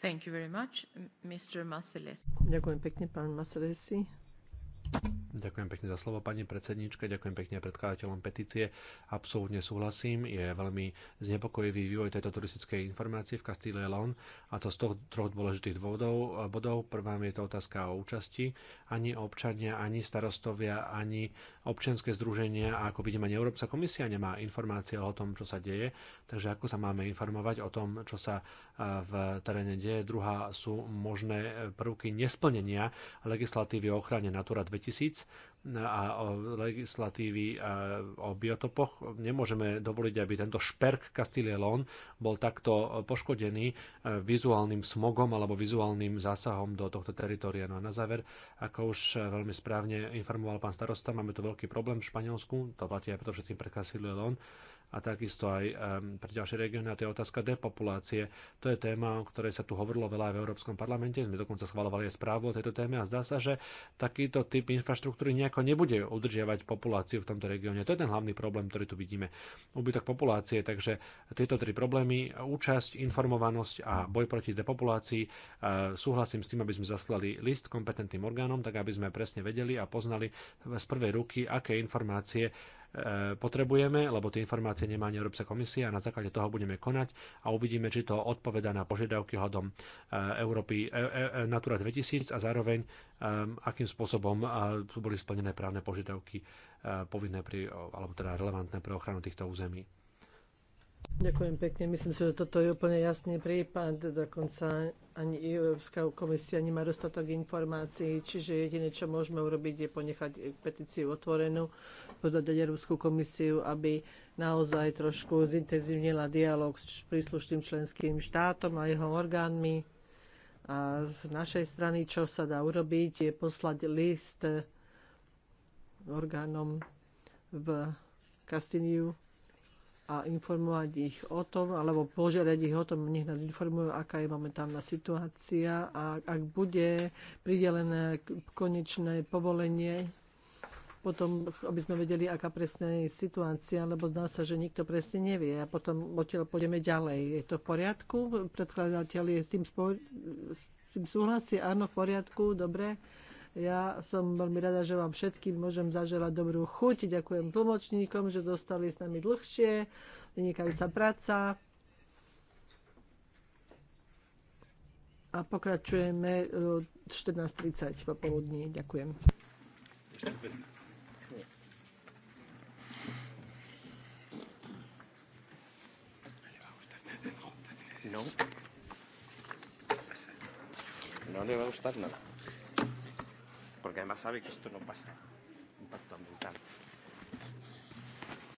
Thank you very much, Mr. Ďakujem pekne, pán Maselesi. Ďakujem pekne za slovo, pani predsednička, ďakujem pekne predkladateľom petície. Absolútne súhlasím, je veľmi znepokojivý vývoj tejto turistickej informácie v Castile León a to z toho troch dôležitých dôvodov. Bodov. Prvá je to otázka o účasti. Ani občania, ani starostovia, ani občianske združenia a ako vidíme ani Európska komisia nemá informácie o tom, čo sa deje. Takže ako sa máme informovať o tom, čo sa v teréne deje. Druhá sú možné prvky nesplnenia legislatívy o ochrane Natura 2000, a o legislatívy e, o biotopoch. Nemôžeme dovoliť, aby tento šperk Castile Lón bol takto poškodený e, vizuálnym smogom alebo vizuálnym zásahom do tohto teritoria. No a na záver, ako už veľmi správne informoval pán starosta, máme tu veľký problém v Španielsku, to platí aj preto všetkým pre Castile Lón a takisto aj pre ďalšie regióny. A to je otázka depopulácie. To je téma, o ktorej sa tu hovorilo veľa aj v Európskom parlamente. Sme dokonca schvalovali aj správu o tejto téme a zdá sa, že takýto typ infraštruktúry nejako nebude udržiavať populáciu v tomto regióne. To je ten hlavný problém, ktorý tu vidíme. Úbytok populácie, takže tieto tri problémy, účasť, informovanosť a boj proti depopulácii, eh, súhlasím s tým, aby sme zaslali list kompetentným orgánom, tak aby sme presne vedeli a poznali z prvej ruky, aké informácie potrebujeme, lebo tie informácie nemá ani Európska komisia a na základe toho budeme konať a uvidíme, či to odpoveda na požiadavky hľadom e, Európy e, e, Natura 2000 a zároveň akým spôsobom boli splnené právne požiadavky povinné pri, alebo teda relevantné pre ochranu týchto území. Ďakujem pekne. Myslím si, že toto je úplne jasný prípad. Dokonca ani Európska komisia nemá dostatok informácií, čiže jediné, čo môžeme urobiť, je ponechať petíciu otvorenú, podať Európsku komisiu, aby naozaj trošku zintenzívnila dialog s príslušným členským štátom a jeho orgánmi. A z našej strany, čo sa dá urobiť, je poslať list orgánom v Kastiniu a informovať ich o tom, alebo požiadať ich o tom, nech nás informujú, aká je momentálna situácia a ak bude pridelené konečné povolenie, potom, aby sme vedeli, aká presne je situácia, lebo zdá sa, že nikto presne nevie a potom odtiaľ pôjdeme ďalej. Je to v poriadku? Predkladateľ je s tým, spo... s tým súhlasí? Áno, v poriadku, dobre. Ja som veľmi rada, že vám všetkým môžem zaželať dobrú chuť. Ďakujem tlmočníkom, že zostali s nami dlhšie. Vynikajúca práca. A pokračujeme 14.30 e, popoludní. Ďakujem. No. No le va a no porque además sabe que esto no pasa, impacto ambiental.